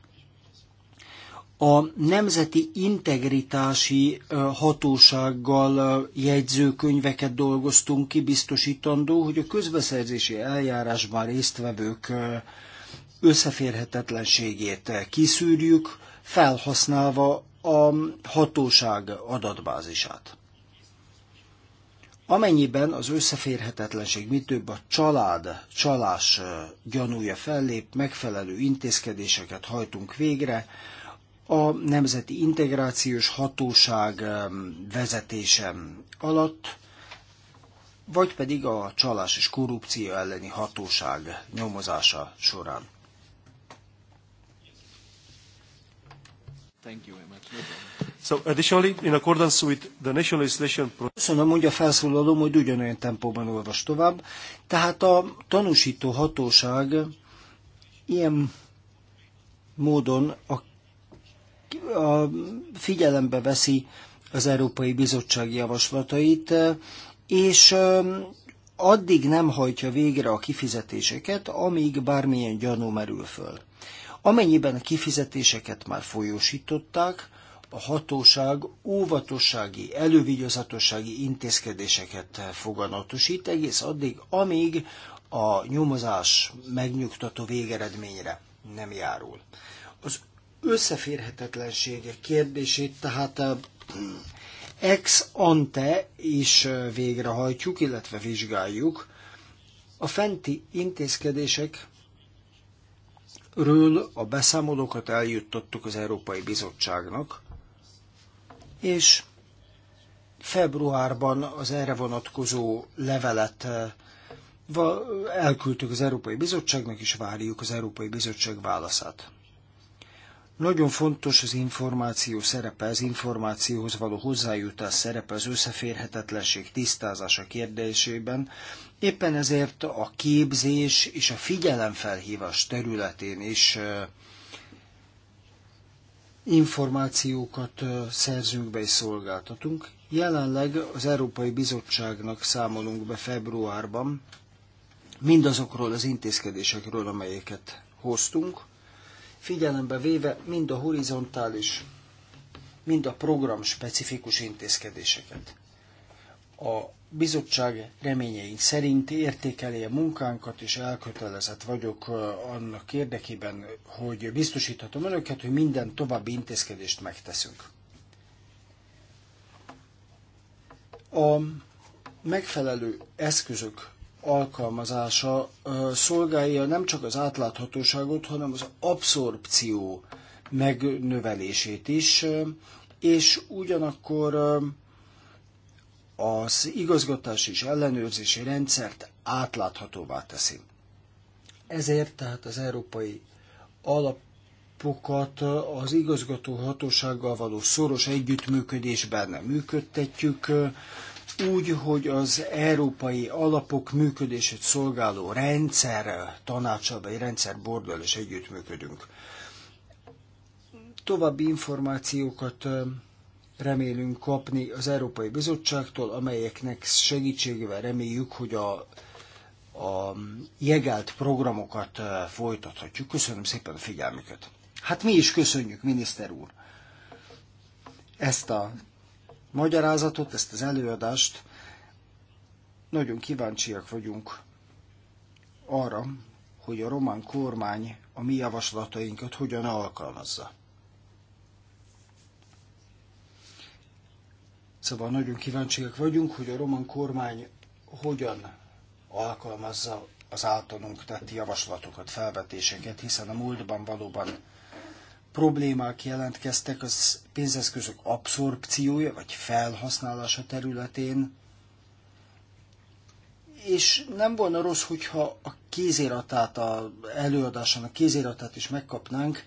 a Nemzeti Integritási Hatósággal jegyzőkönyveket dolgoztunk ki, biztosítandó, hogy a közbeszerzési eljárásban résztvevők összeférhetetlenségét kiszűrjük, felhasználva a hatóság adatbázisát. Amennyiben az összeférhetetlenség mitőbb a család csalás gyanúja fellép, megfelelő intézkedéseket hajtunk végre, a Nemzeti Integrációs Hatóság vezetése alatt, vagy pedig a csalás és korrupció elleni hatóság nyomozása során. Thank you very much. So additionally, in accordance with the national legislation... Köszönöm, mondja felszólalom, hogy ugyanolyan tempóban olvas tovább. Tehát a tanúsító hatóság ilyen módon a a figyelembe veszi az Európai Bizottság javaslatait, és addig nem hajtja végre a kifizetéseket, amíg bármilyen gyanú merül föl. Amennyiben a kifizetéseket már folyósították, a hatóság óvatossági, elővigyazatossági intézkedéseket foganatosít egész addig, amíg a nyomozás megnyugtató végeredményre nem járul. Az összeférhetetlensége kérdését, tehát ex ante is végrehajtjuk, illetve vizsgáljuk. A fenti intézkedések ről a beszámolókat eljuttattuk az Európai Bizottságnak, és februárban az erre vonatkozó levelet elküldtük az Európai Bizottságnak, és várjuk az Európai Bizottság válaszát. Nagyon fontos az információ szerepe, az információhoz való hozzájutás szerepe az összeférhetetlenség tisztázása kérdésében. Éppen ezért a képzés és a figyelemfelhívás területén is információkat szerzünk be és szolgáltatunk. Jelenleg az Európai Bizottságnak számolunk be februárban mindazokról az intézkedésekről, amelyeket hoztunk, figyelembe véve mind a horizontális, mind a program specifikus intézkedéseket. A bizottság reményeink szerint értékeli a munkánkat, és elkötelezett vagyok annak érdekében, hogy biztosíthatom önöket, hogy minden további intézkedést megteszünk. A megfelelő eszközök alkalmazása szolgálja nem csak az átláthatóságot, hanem az abszorpció megnövelését is, és ugyanakkor az igazgatás és ellenőrzési rendszert átláthatóvá teszi. Ezért tehát az európai alapokat az igazgató hatósággal való szoros együttműködésben működtetjük, úgy, hogy az európai alapok működését szolgáló rendszer tanácsa vagy rendszer bordal is együttműködünk. További információkat remélünk kapni az Európai Bizottságtól, amelyeknek segítségével reméljük, hogy a, a jegelt programokat folytathatjuk. Köszönöm szépen a figyelmüket. Hát mi is köszönjük, miniszter úr, ezt a magyarázatot, ezt az előadást. Nagyon kíváncsiak vagyunk arra, hogy a román kormány a mi javaslatainkat hogyan alkalmazza. Szóval nagyon kíváncsiak vagyunk, hogy a román kormány hogyan alkalmazza az általunk tett javaslatokat, felvetéseket, hiszen a múltban valóban problémák jelentkeztek az pénzeszközök abszorpciója vagy felhasználása területén, és nem volna rossz, hogyha a kéziratát, a a kéziratát is megkapnánk,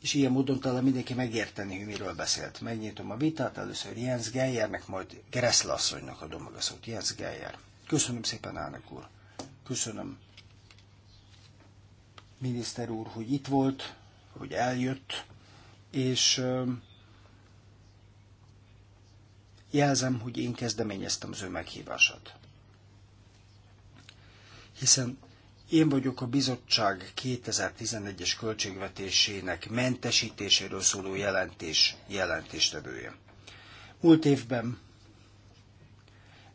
és ilyen módon talán mindenki megérteni, hogy miről beszélt. Megnyitom a vitát, először Jens Geyernek, majd Gressle asszonynak adom meg a szót. Jens Geyer. Köszönöm szépen, elnök úr. Köszönöm, miniszter úr, hogy itt volt, hogy eljött, és jelzem, hogy én kezdeményeztem az ő meghívását. Hiszen én vagyok a bizottság 2011-es költségvetésének mentesítéséről szóló jelentés jelentéstevője. Múlt évben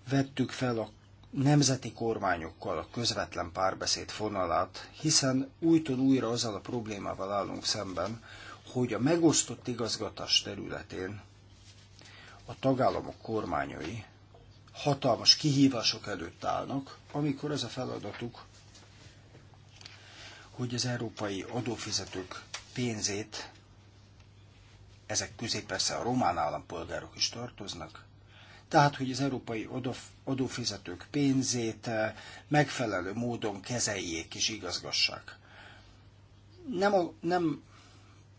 vettük fel a nemzeti kormányokkal a közvetlen párbeszéd fonalát, hiszen újtól újra azzal a problémával állunk szemben, hogy a megosztott igazgatás területén a tagállamok kormányai hatalmas kihívások előtt állnak, amikor ez a feladatuk, hogy az európai adófizetők pénzét, ezek közé persze a román állampolgárok is tartoznak, tehát hogy az európai adófizetők pénzét eh, megfelelő módon kezeljék és igazgassák. Nem, a, nem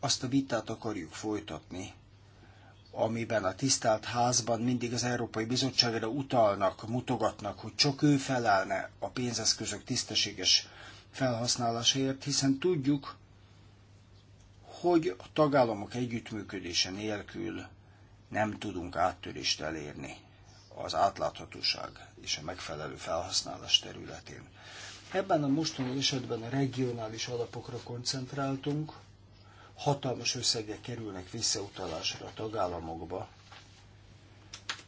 azt a vitát akarjuk folytatni, amiben a tisztelt házban mindig az Európai Bizottságra utalnak, mutogatnak, hogy csak ő felelne a pénzeszközök tisztességes felhasználásáért, hiszen tudjuk, hogy a tagállamok együttműködése nélkül nem tudunk áttörést elérni az átláthatóság és a megfelelő felhasználás területén. Ebben a mostani esetben a regionális alapokra koncentráltunk, hatalmas összegek kerülnek visszautalásra a tagállamokba,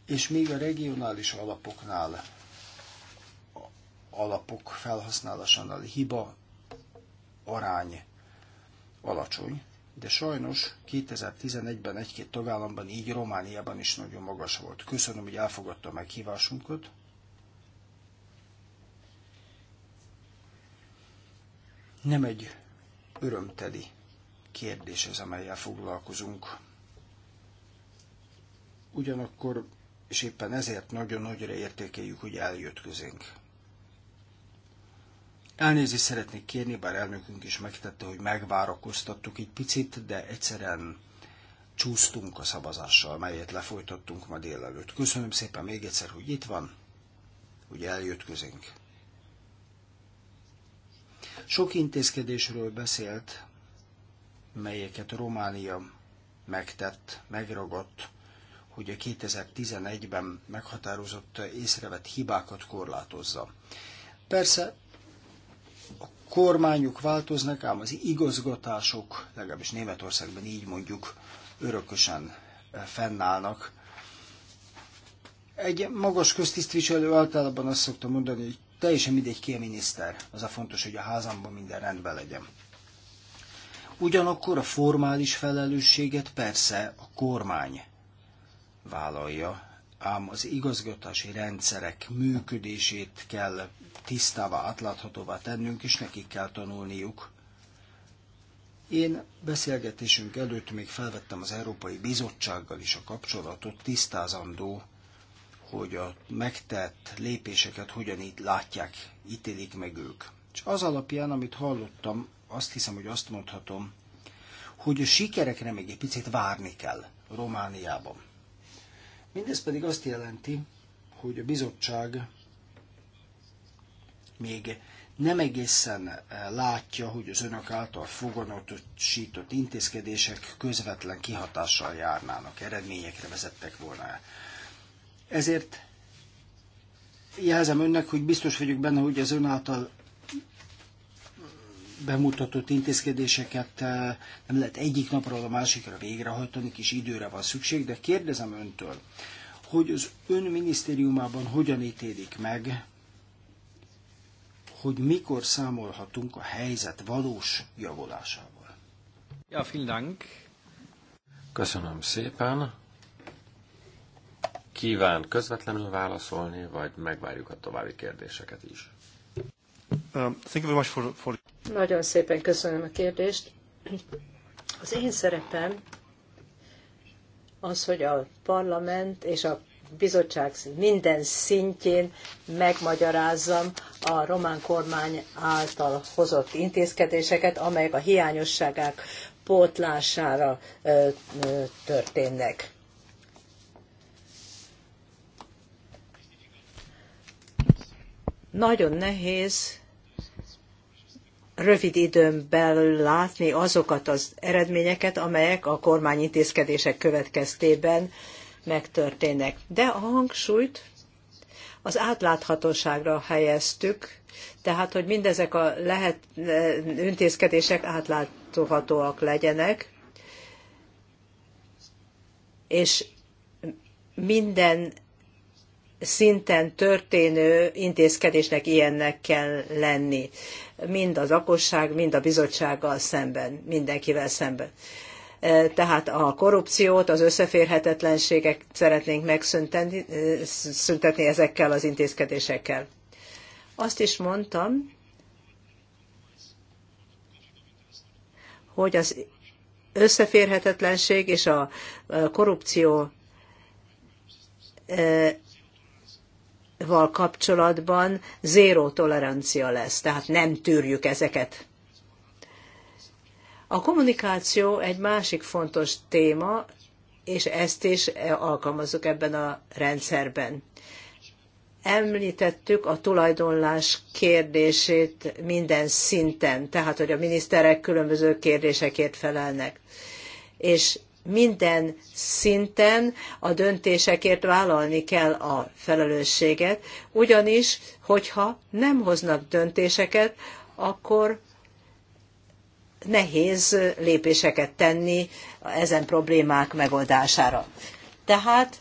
és még a regionális alapoknál, alapok felhasználásánál hiba arány alacsony, de sajnos 2011-ben egy-két tagállamban, így Romániában is nagyon magas volt. Köszönöm, hogy elfogadta a meghívásunkat. Nem egy örömteli kérdés ez, amelyel foglalkozunk. Ugyanakkor, és éppen ezért nagyon nagyra értékeljük, hogy eljött közénk. Elnézést szeretnék kérni, bár elnökünk is megtette, hogy megvárakoztattuk egy picit, de egyszerűen csúsztunk a szavazással, melyet lefolytattunk ma délelőtt. Köszönöm szépen még egyszer, hogy itt van, hogy eljött közénk. Sok intézkedésről beszélt, melyeket Románia megtett, megragadt, hogy a 2011-ben meghatározott észrevett hibákat korlátozza. Persze a kormányuk változnak, ám az igazgatások, legalábbis Németországban így mondjuk, örökösen eh, fennállnak. Egy magas köztisztviselő általában azt szokta mondani, hogy teljesen mindegy ki a miniszter, az a fontos, hogy a házamban minden rendben legyen. Ugyanakkor a formális felelősséget persze a kormány vállalja, ám az igazgatási rendszerek működését kell tisztává, átláthatóvá tennünk, és nekik kell tanulniuk. Én beszélgetésünk előtt még felvettem az Európai Bizottsággal is a kapcsolatot, tisztázandó, hogy a megtett lépéseket hogyan így látják, ítélik meg ők. És az alapján, amit hallottam, azt hiszem, hogy azt mondhatom, hogy a sikerekre még egy picit várni kell Romániában. Mindez pedig azt jelenti, hogy a bizottság még nem egészen eh, látja, hogy az önök által foganatosított intézkedések közvetlen kihatással járnának, eredményekre vezettek volna el. Ezért jelzem önnek, hogy biztos vagyok benne, hogy az ön által bemutatott intézkedéseket eh, nem lehet egyik napról a másikra végrehajtani, kis időre van szükség, de kérdezem öntől, hogy az ön minisztériumában hogyan ítélik meg, hogy mikor számolhatunk a helyzet valós javulásával. Ja, vielen Dank. Köszönöm szépen. Kíván közvetlenül válaszolni, vagy megvárjuk a további kérdéseket is? Um, thank you very much for, for... Nagyon szépen köszönöm a kérdést. Az én szerepem az, hogy a parlament és a bizottság minden szintjén megmagyarázzam a román kormány által hozott intézkedéseket, amelyek a hiányosságák pótlására történnek. Nagyon nehéz rövid időn belül látni azokat az eredményeket, amelyek a kormányintézkedések következtében megtörténnek. De a hangsúlyt az átláthatóságra helyeztük, tehát, hogy mindezek a lehet, e, intézkedések átláthatóak legyenek, és minden szinten történő intézkedésnek ilyennek kell lenni. Mind az lakosság, mind a bizottsággal szemben, mindenkivel szemben. E, tehát a korrupciót, az összeférhetetlenségek szeretnénk megszüntetni e, ezekkel az intézkedésekkel. Azt is mondtam, hogy az összeférhetetlenség és a korrupció e, val kapcsolatban zéró tolerancia lesz, tehát nem tűrjük ezeket. A kommunikáció egy másik fontos téma, és ezt is alkalmazzuk ebben a rendszerben. Említettük a tulajdonlás kérdését minden szinten, tehát hogy a miniszterek különböző kérdésekért felelnek. És minden szinten a döntésekért vállalni kell a felelősséget, ugyanis, hogyha nem hoznak döntéseket, akkor nehéz lépéseket tenni ezen problémák megoldására. Tehát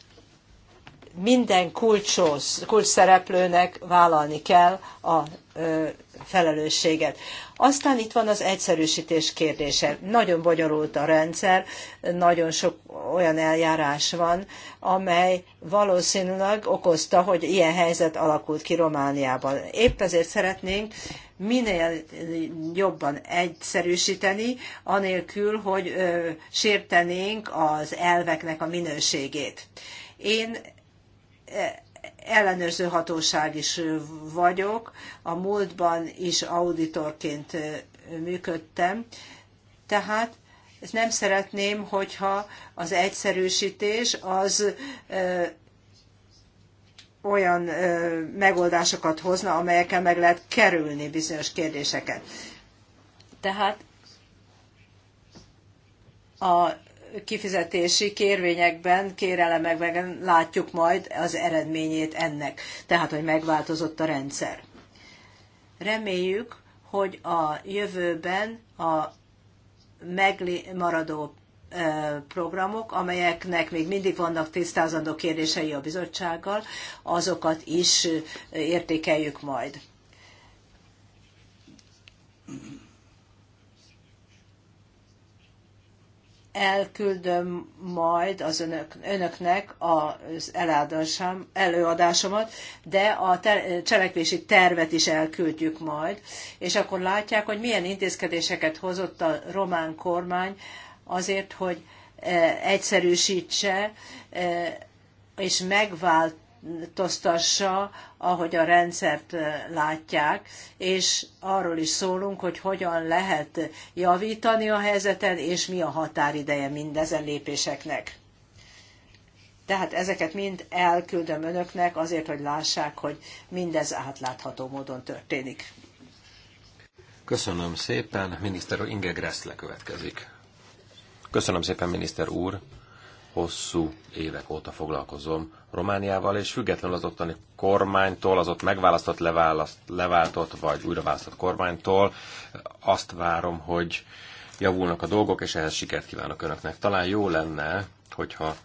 minden kulcsos, kulcs szereplőnek vállalni kell a felelősséget. Aztán itt van az egyszerűsítés kérdése. Nagyon bonyolult a rendszer, nagyon sok olyan eljárás van, amely valószínűleg okozta, hogy ilyen helyzet alakult ki Romániában. Épp ezért szeretnénk minél jobban egyszerűsíteni, anélkül, hogy ö, sértenénk az elveknek a minőségét. Én ellenőrző hatóság is vagyok, a múltban is auditorként működtem, tehát nem szeretném, hogyha az egyszerűsítés az ö, olyan ö, megoldásokat hozna, amelyekkel meg lehet kerülni bizonyos kérdéseket. Tehát a kifizetési kérvényekben, kérelemekben látjuk majd az eredményét ennek, tehát hogy megváltozott a rendszer. Reméljük, hogy a jövőben a megmaradó programok, amelyeknek még mindig vannak tisztázandó kérdései a bizottsággal, azokat is értékeljük majd. elküldöm majd az önök, önöknek az eladásom, előadásomat, de a ter, cselekvési tervet is elküldjük majd, és akkor látják, hogy milyen intézkedéseket hozott a román kormány azért, hogy e, egyszerűsítse e, és megvált változtassa, ahogy a rendszert eh, látják, és arról is szólunk, hogy hogyan lehet javítani a helyzeten, és mi a határideje mindezen lépéseknek. Tehát ezeket mind elküldöm önöknek azért, hogy lássák, hogy mindez átlátható módon történik. Köszönöm szépen. Miniszter Inge Gressle következik. Köszönöm szépen, miniszter úr hosszú évek óta foglalkozom Romániával, és függetlenül az ottani kormánytól, az ott megválasztott, leválaszt, leváltott vagy újraválasztott kormánytól azt várom, hogy javulnak a dolgok, és ehhez sikert kívánok Önöknek. Talán jó lenne, hogyha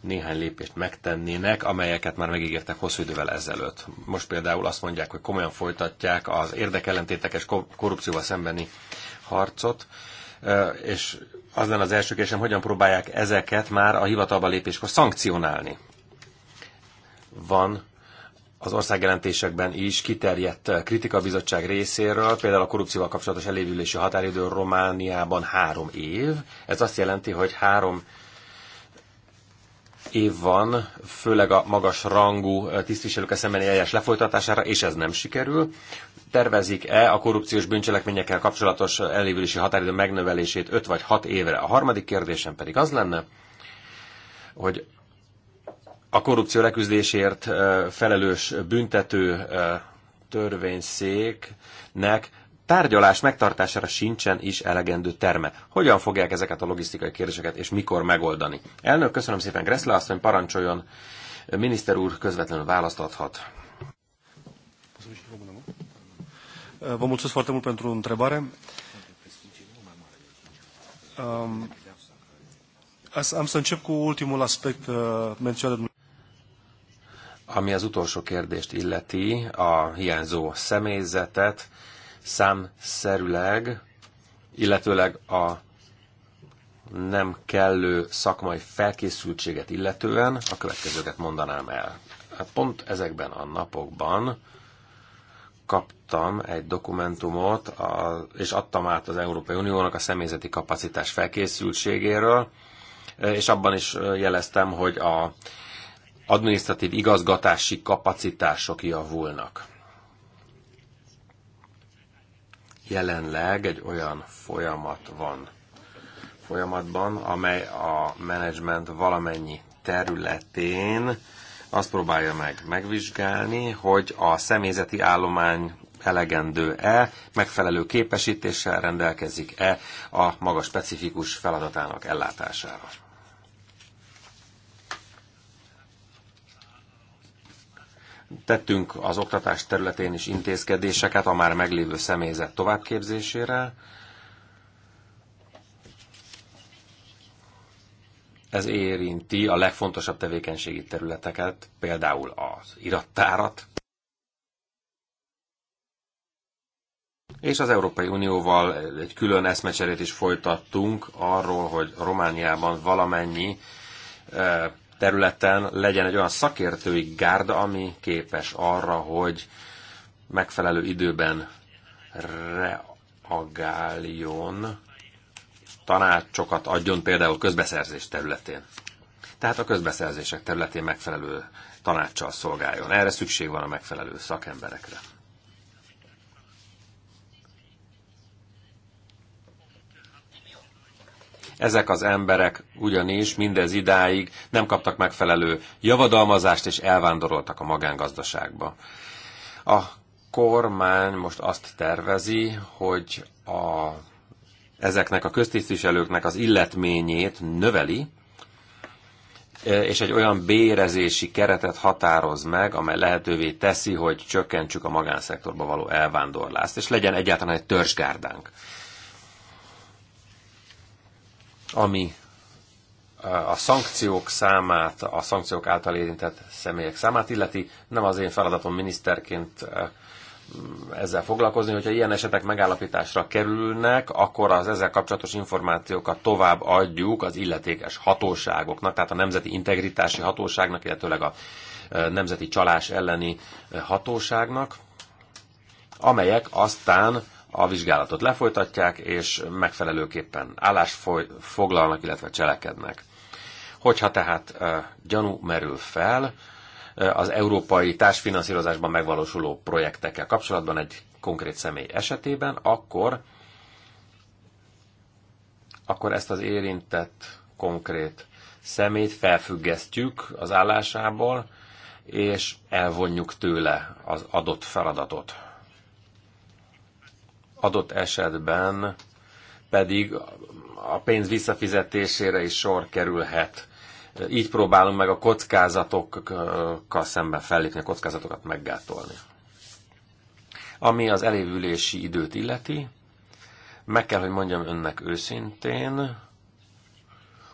néhány lépést megtennének, amelyeket már megígértek hosszú idővel ezelőtt. Most például azt mondják, hogy komolyan folytatják az érdekellentétekes korrupcióval szembeni harcot, és az lenne az első kérdésem, hogyan próbálják ezeket már a hivatalba lépéskor szankcionálni? Van az országjelentésekben is kiterjedt kritikabizottság bizottság részéről, például a korrupcióval kapcsolatos elévülési határidő Romániában három év. Ez azt jelenti, hogy három év van, főleg a magas rangú tisztviselők szembeni eljárás lefolytatására, és ez nem sikerül. Tervezik-e a korrupciós bűncselekményekkel kapcsolatos elévülési határidő megnövelését 5 vagy 6 évre? A harmadik kérdésem pedig az lenne, hogy a korrupció leküzdésért felelős büntető törvényszéknek tárgyalás megtartására sincsen is elegendő terme. Hogyan fogják ezeket a logisztikai kérdéseket, és mikor megoldani? Elnök, köszönöm szépen, Gressle asszony, parancsoljon, miniszter úr közvetlenül választ adhat. Vă mulțumesc foarte mult pentru întrebare. Um, am să încep cu ultimul aspect uh, menționat Ami az utolsó kérdést illeti, a hiányzó személyzetet, számszerűleg, illetőleg a nem kellő szakmai felkészültséget illetően a következőket mondanám el. Hát pont ezekben a napokban kaptam egy dokumentumot, a, és adtam át az Európai Uniónak a személyzeti kapacitás felkészültségéről, és abban is jeleztem, hogy a administratív igazgatási kapacitások javulnak. jelenleg egy olyan folyamat van folyamatban, amely a menedzsment valamennyi területén azt próbálja meg megvizsgálni, hogy a személyzeti állomány elegendő-e, megfelelő képesítéssel rendelkezik-e a maga specifikus feladatának ellátására. tettünk az oktatás területén is intézkedéseket a már meglévő személyzet továbbképzésére. Ez érinti a legfontosabb tevékenységi területeket, például az irattárat, És az Európai Unióval egy külön eszmecserét is folytattunk arról, hogy Romániában valamennyi eh, területen legyen egy olyan szakértői gárda, ami képes arra, hogy megfelelő időben reagáljon, tanácsokat adjon például közbeszerzés területén. Tehát a közbeszerzések területén megfelelő tanácssal szolgáljon. Erre szükség van a megfelelő szakemberekre. Ezek az emberek ugyanis mindez idáig nem kaptak megfelelő javadalmazást, és elvándoroltak a magángazdaságba. A kormány most azt tervezi, hogy a, ezeknek a köztisztviselőknek az illetményét növeli, e, és egy olyan bérezési keretet határoz meg, amely lehetővé teszi, hogy csökkentsük a magánszektorba való elvándorlást, és legyen egyáltalán egy törzsgárdánk ami a szankciók számát, a szankciók által érintett személyek számát illeti. Nem az én feladatom miniszterként ezzel foglalkozni, hogyha ilyen esetek megállapításra kerülnek, akkor az ezzel kapcsolatos információkat tovább adjuk az illetékes hatóságoknak, tehát a Nemzeti Integritási Hatóságnak, illetőleg a Nemzeti Csalás elleni hatóságnak, amelyek aztán a vizsgálatot lefolytatják, és megfelelőképpen állást foglalnak, illetve cselekednek. Hogyha tehát gyanú merül fel, az európai társfinanszírozásban megvalósuló projektekkel kapcsolatban egy konkrét személy esetében, akkor, akkor ezt az érintett konkrét szemét felfüggesztjük az állásából, és elvonjuk tőle az adott feladatot adott esetben pedig a pénz visszafizetésére is sor kerülhet. Így próbálunk meg a kockázatokkal szemben fellépni, a kockázatokat meggátolni. Ami az elévülési időt illeti, meg kell, hogy mondjam önnek őszintén,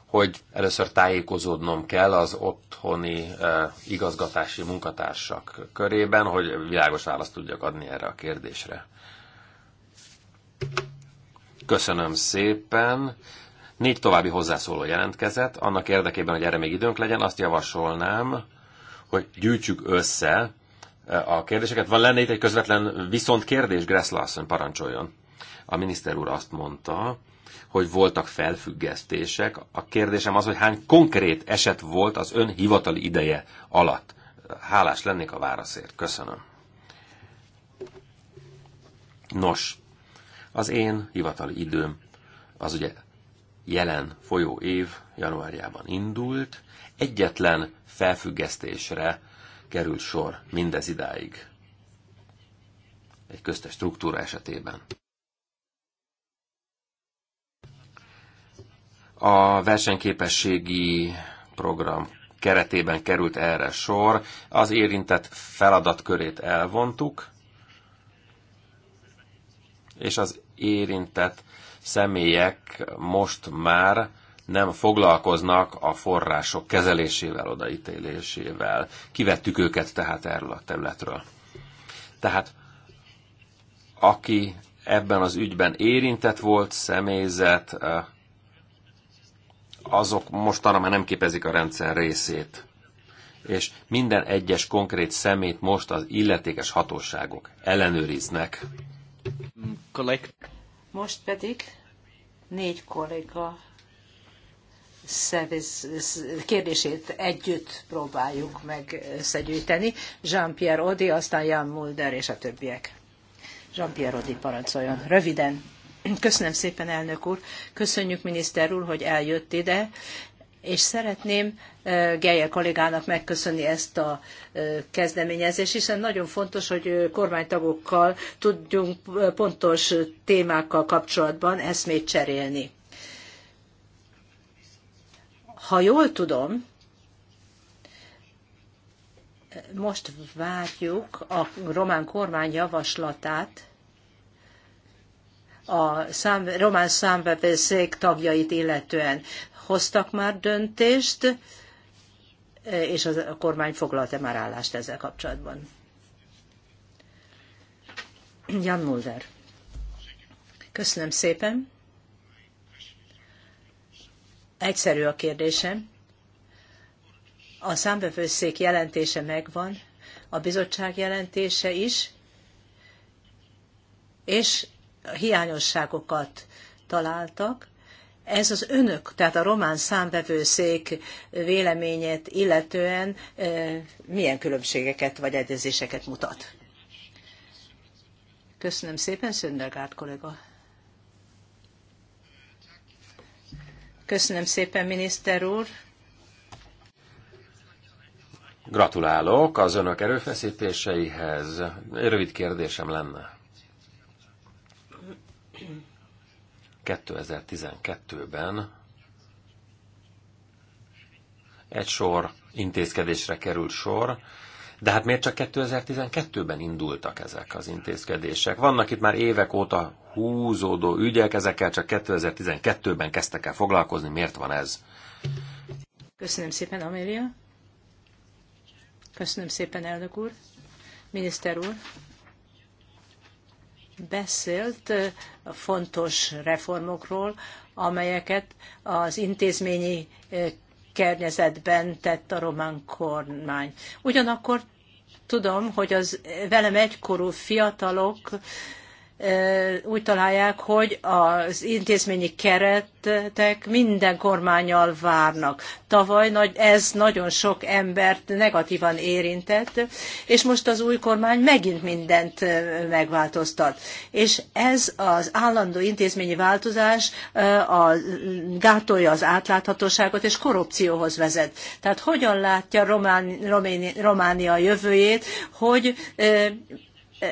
hogy először tájékozódnom kell az otthoni eh, igazgatási munkatársak körében, hogy világos választ tudjak adni erre a kérdésre. Köszönöm szépen. Négy további hozzászóló jelentkezett. Annak érdekében, hogy erre még időnk legyen, azt javasolnám, hogy gyűjtsük össze eh, a kérdéseket. Van lenne itt egy közvetlen viszont kérdés, Gressla asszony parancsoljon. A miniszter úr azt mondta, hogy voltak felfüggesztések. A kérdésem az, hogy hány konkrét eset volt az ön hivatali ideje alatt. Hálás lennék a válaszért. Köszönöm. Nos, az én hivatali időm az ugye jelen folyó év januárjában indult, egyetlen felfüggesztésre került sor mindez idáig egy köztes struktúra esetében. A versenyképességi program keretében került erre sor. Az érintett feladatkörét elvontuk, és az érintett személyek most már nem foglalkoznak a források kezelésével, odaítélésével. Kivettük őket tehát erről a területről. Tehát aki ebben az ügyben érintett volt, személyzet, azok mostanra már nem képezik a rendszer részét. És minden egyes konkrét szemét most az illetékes hatóságok ellenőriznek. Most pedig négy kolléga kérdését együtt próbáljuk meg szegyűjteni. Jean-Pierre Odi, aztán Jan Mulder és a többiek. Jean-Pierre Odi parancsoljon. Röviden. Köszönöm szépen, elnök úr. Köszönjük, miniszter úr, hogy eljött ide, és szeretném Geyer kollégának megköszönni ezt a kezdeményezést, hiszen nagyon fontos, hogy kormánytagokkal tudjunk pontos témákkal kapcsolatban eszmét cserélni. Ha jól tudom, most várjuk a román kormány javaslatát, a szám, román számvevőszék tagjait illetően hoztak már döntést, és a kormány foglalta már állást ezzel kapcsolatban. Jan Mulder. Köszönöm szépen. Egyszerű a kérdésem. A számbevőszék jelentése megvan, a bizottság jelentése is, és hiányosságokat találtak, ez az önök, tehát a román számvevőszék véleményét illetően milyen különbségeket vagy egyezéseket mutat? Köszönöm szépen, Szöndergárd kollega. Köszönöm szépen, miniszter úr. Gratulálok az önök erőfeszítéseihez. Rövid kérdésem lenne. 2012-ben egy sor intézkedésre került sor, de hát miért csak 2012-ben indultak ezek az intézkedések? Vannak itt már évek óta húzódó ügyek, ezekkel csak 2012-ben kezdtek el foglalkozni. Miért van ez? Köszönöm szépen, Amélia. Köszönöm szépen, elnök úr, miniszter úr beszélt fontos reformokról, amelyeket az intézményi környezetben tett a román kormány. Ugyanakkor tudom, hogy az velem egykorú fiatalok úgy találják, hogy az intézményi keretek minden kormányal várnak. Tavaly ez nagyon sok embert negatívan érintett, és most az új kormány megint mindent megváltoztat. És ez az állandó intézményi változás a, gátolja az átláthatóságot, és korrupcióhoz vezet. Tehát hogyan látja Román, Romén, Románia jövőjét, hogy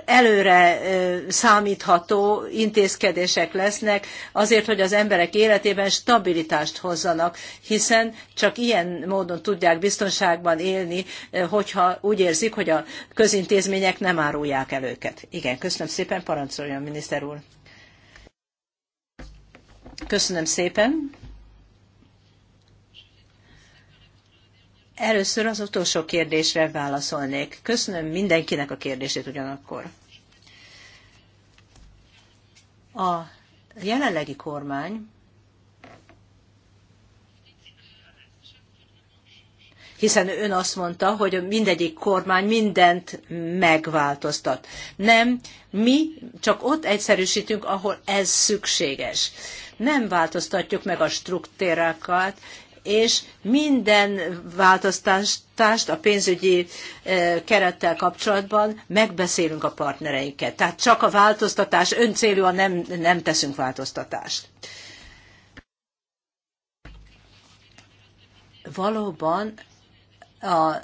előre számítható intézkedések lesznek azért, hogy az emberek életében stabilitást hozzanak, hiszen csak ilyen módon tudják biztonságban élni, hogyha úgy érzik, hogy a közintézmények nem árulják el őket. Igen, köszönöm szépen, parancsoljon miniszter úr. Köszönöm szépen. Először az utolsó kérdésre válaszolnék. Köszönöm mindenkinek a kérdését ugyanakkor. A jelenlegi kormány hiszen ön azt mondta, hogy mindegyik kormány mindent megváltoztat. Nem, mi csak ott egyszerűsítünk, ahol ez szükséges. Nem változtatjuk meg a struktúrákat, és minden változtatást a pénzügyi eh, kerettel kapcsolatban megbeszélünk a partnereinkkel. Tehát csak a változtatás öncélúan nem, nem teszünk változtatást. Valóban a eh,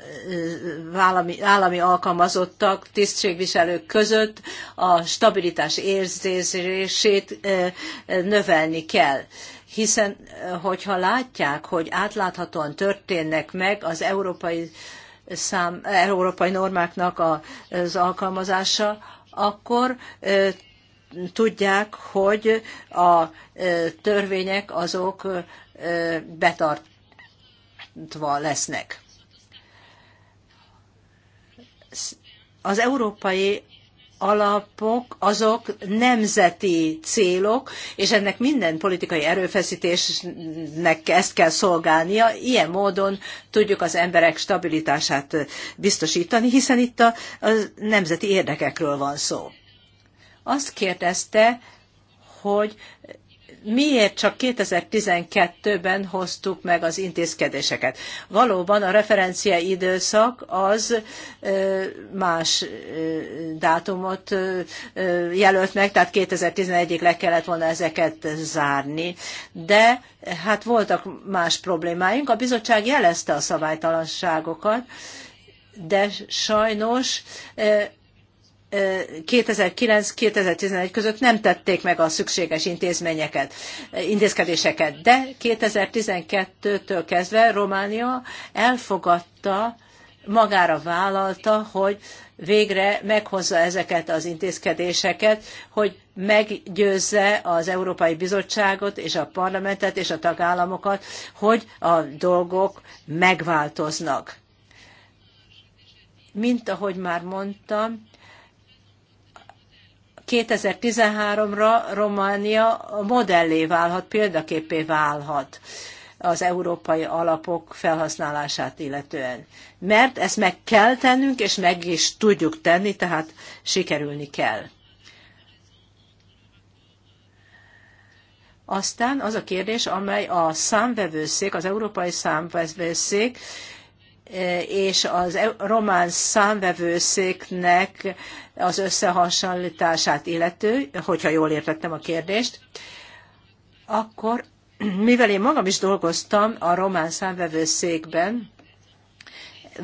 állami, állami alkalmazottak, tisztségviselők között a stabilitás érzését eh, növelni kell hiszen eh, hogyha látják, hogy átláthatóan történnek meg az európai, szám, eh, európai normáknak az alkalmazása, akkor eh, tudják, hogy a törvények azok betartva lesznek. Az európai alapok azok nemzeti célok, és ennek minden politikai erőfeszítésnek ezt kell szolgálnia. Ilyen módon tudjuk az emberek stabilitását biztosítani, hiszen itt a, a nemzeti érdekekről van szó. Azt kérdezte, hogy miért csak 2012-ben hoztuk meg az intézkedéseket. Valóban a referencia időszak az más dátumot jelölt meg, tehát 2011-ig le kellett volna ezeket zárni. De hát voltak más problémáink. A bizottság jelezte a szabálytalanságokat, de sajnos 2009-2011 között nem tették meg a szükséges intézményeket, intézkedéseket, de 2012-től kezdve Románia elfogadta, magára vállalta, hogy végre meghozza ezeket az intézkedéseket, hogy meggyőzze az Európai Bizottságot és a parlamentet és a tagállamokat, hogy a dolgok megváltoznak. Mint ahogy már mondtam, 2013-ra Románia modellé válhat, példaképé válhat az európai alapok felhasználását illetően. Mert ezt meg kell tennünk, és meg is tudjuk tenni, tehát sikerülni kell. Aztán az a kérdés, amely a számvevőszék, az európai számvevőszék Eh, és az e- román számvevőszéknek az összehasonlítását illető, hogyha jól értettem a kérdést, akkor mivel én magam is dolgoztam a román számvevőszékben,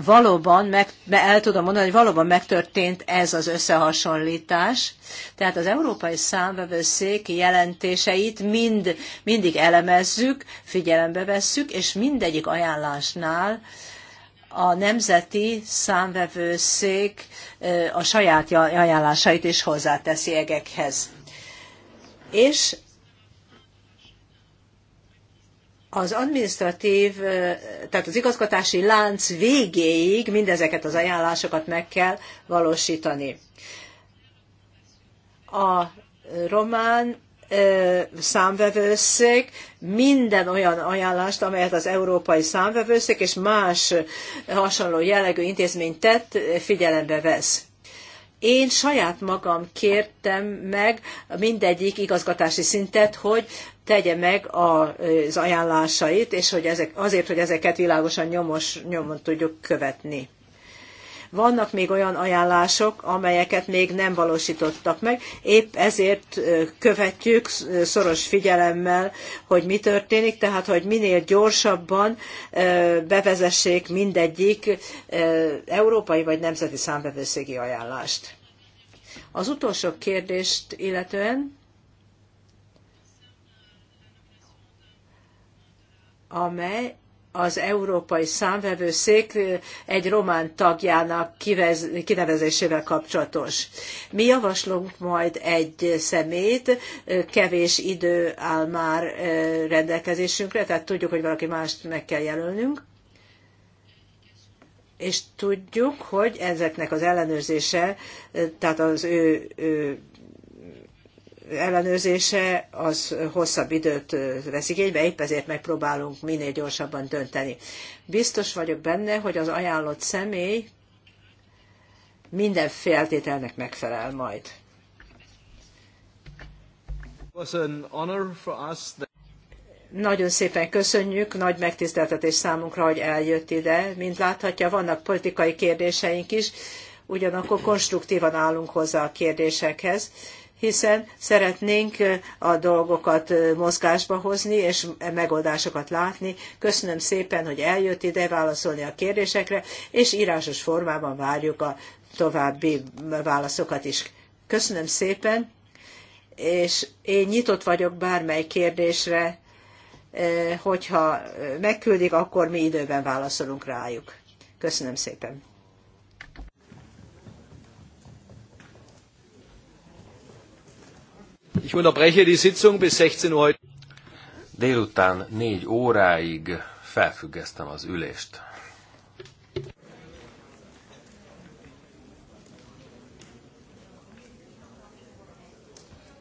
valóban meg, el tudom mondani, hogy valóban megtörtént ez az összehasonlítás. Tehát az Európai Számvevőszék jelentéseit mind, mindig elemezzük, figyelembe vesszük, és mindegyik ajánlásnál uh, a nemzeti számvevőszék a saját ajánlásait is hozzáteszi egekhez. És az administratív, tehát az igazgatási lánc végéig mindezeket az ajánlásokat meg kell valósítani. A román számvevőszék minden olyan ajánlást, amelyet az Európai Számvevőszék és más hasonló jellegű intézmény tett, figyelembe vesz. Én saját magam kértem meg mindegyik igazgatási szintet, hogy tegye meg az ajánlásait, és hogy ezek, azért, hogy ezeket világosan nyomos, nyomon tudjuk követni. Vannak még olyan ajánlások, amelyeket még nem valósítottak meg, épp ezért követjük szoros figyelemmel, hogy mi történik, tehát hogy minél gyorsabban bevezessék mindegyik európai vagy nemzeti számbevőszégi ajánlást. Az utolsó kérdést illetően, amely az Európai Számvevőszék egy román tagjának kivez, kinevezésével kapcsolatos. Mi javaslunk majd egy szemét, kevés idő áll már rendelkezésünkre, tehát tudjuk, hogy valaki mást meg kell jelölnünk és tudjuk, hogy ezeknek az ellenőrzése, tehát az ő, ő ellenőrzése az hosszabb időt vesz igénybe, épp ezért megpróbálunk minél gyorsabban dönteni. Biztos vagyok benne, hogy az ajánlott személy minden feltételnek megfelel majd. Nagyon szépen köszönjük, nagy megtiszteltetés számunkra, hogy eljött ide. Mint láthatja, vannak politikai kérdéseink is, ugyanakkor konstruktívan állunk hozzá a kérdésekhez hiszen szeretnénk a dolgokat mozgásba hozni és e, megoldásokat látni. Köszönöm szépen, hogy eljött ide válaszolni a kérdésekre, és írásos formában várjuk a további válaszokat is. Köszönöm szépen, és én nyitott vagyok bármely kérdésre, hogyha megküldik, akkor mi időben válaszolunk rájuk. Köszönöm szépen. Ich unterbreche die Sitzung bis 16 Uhr. Délután négy óráig felfüggesztem az ülést.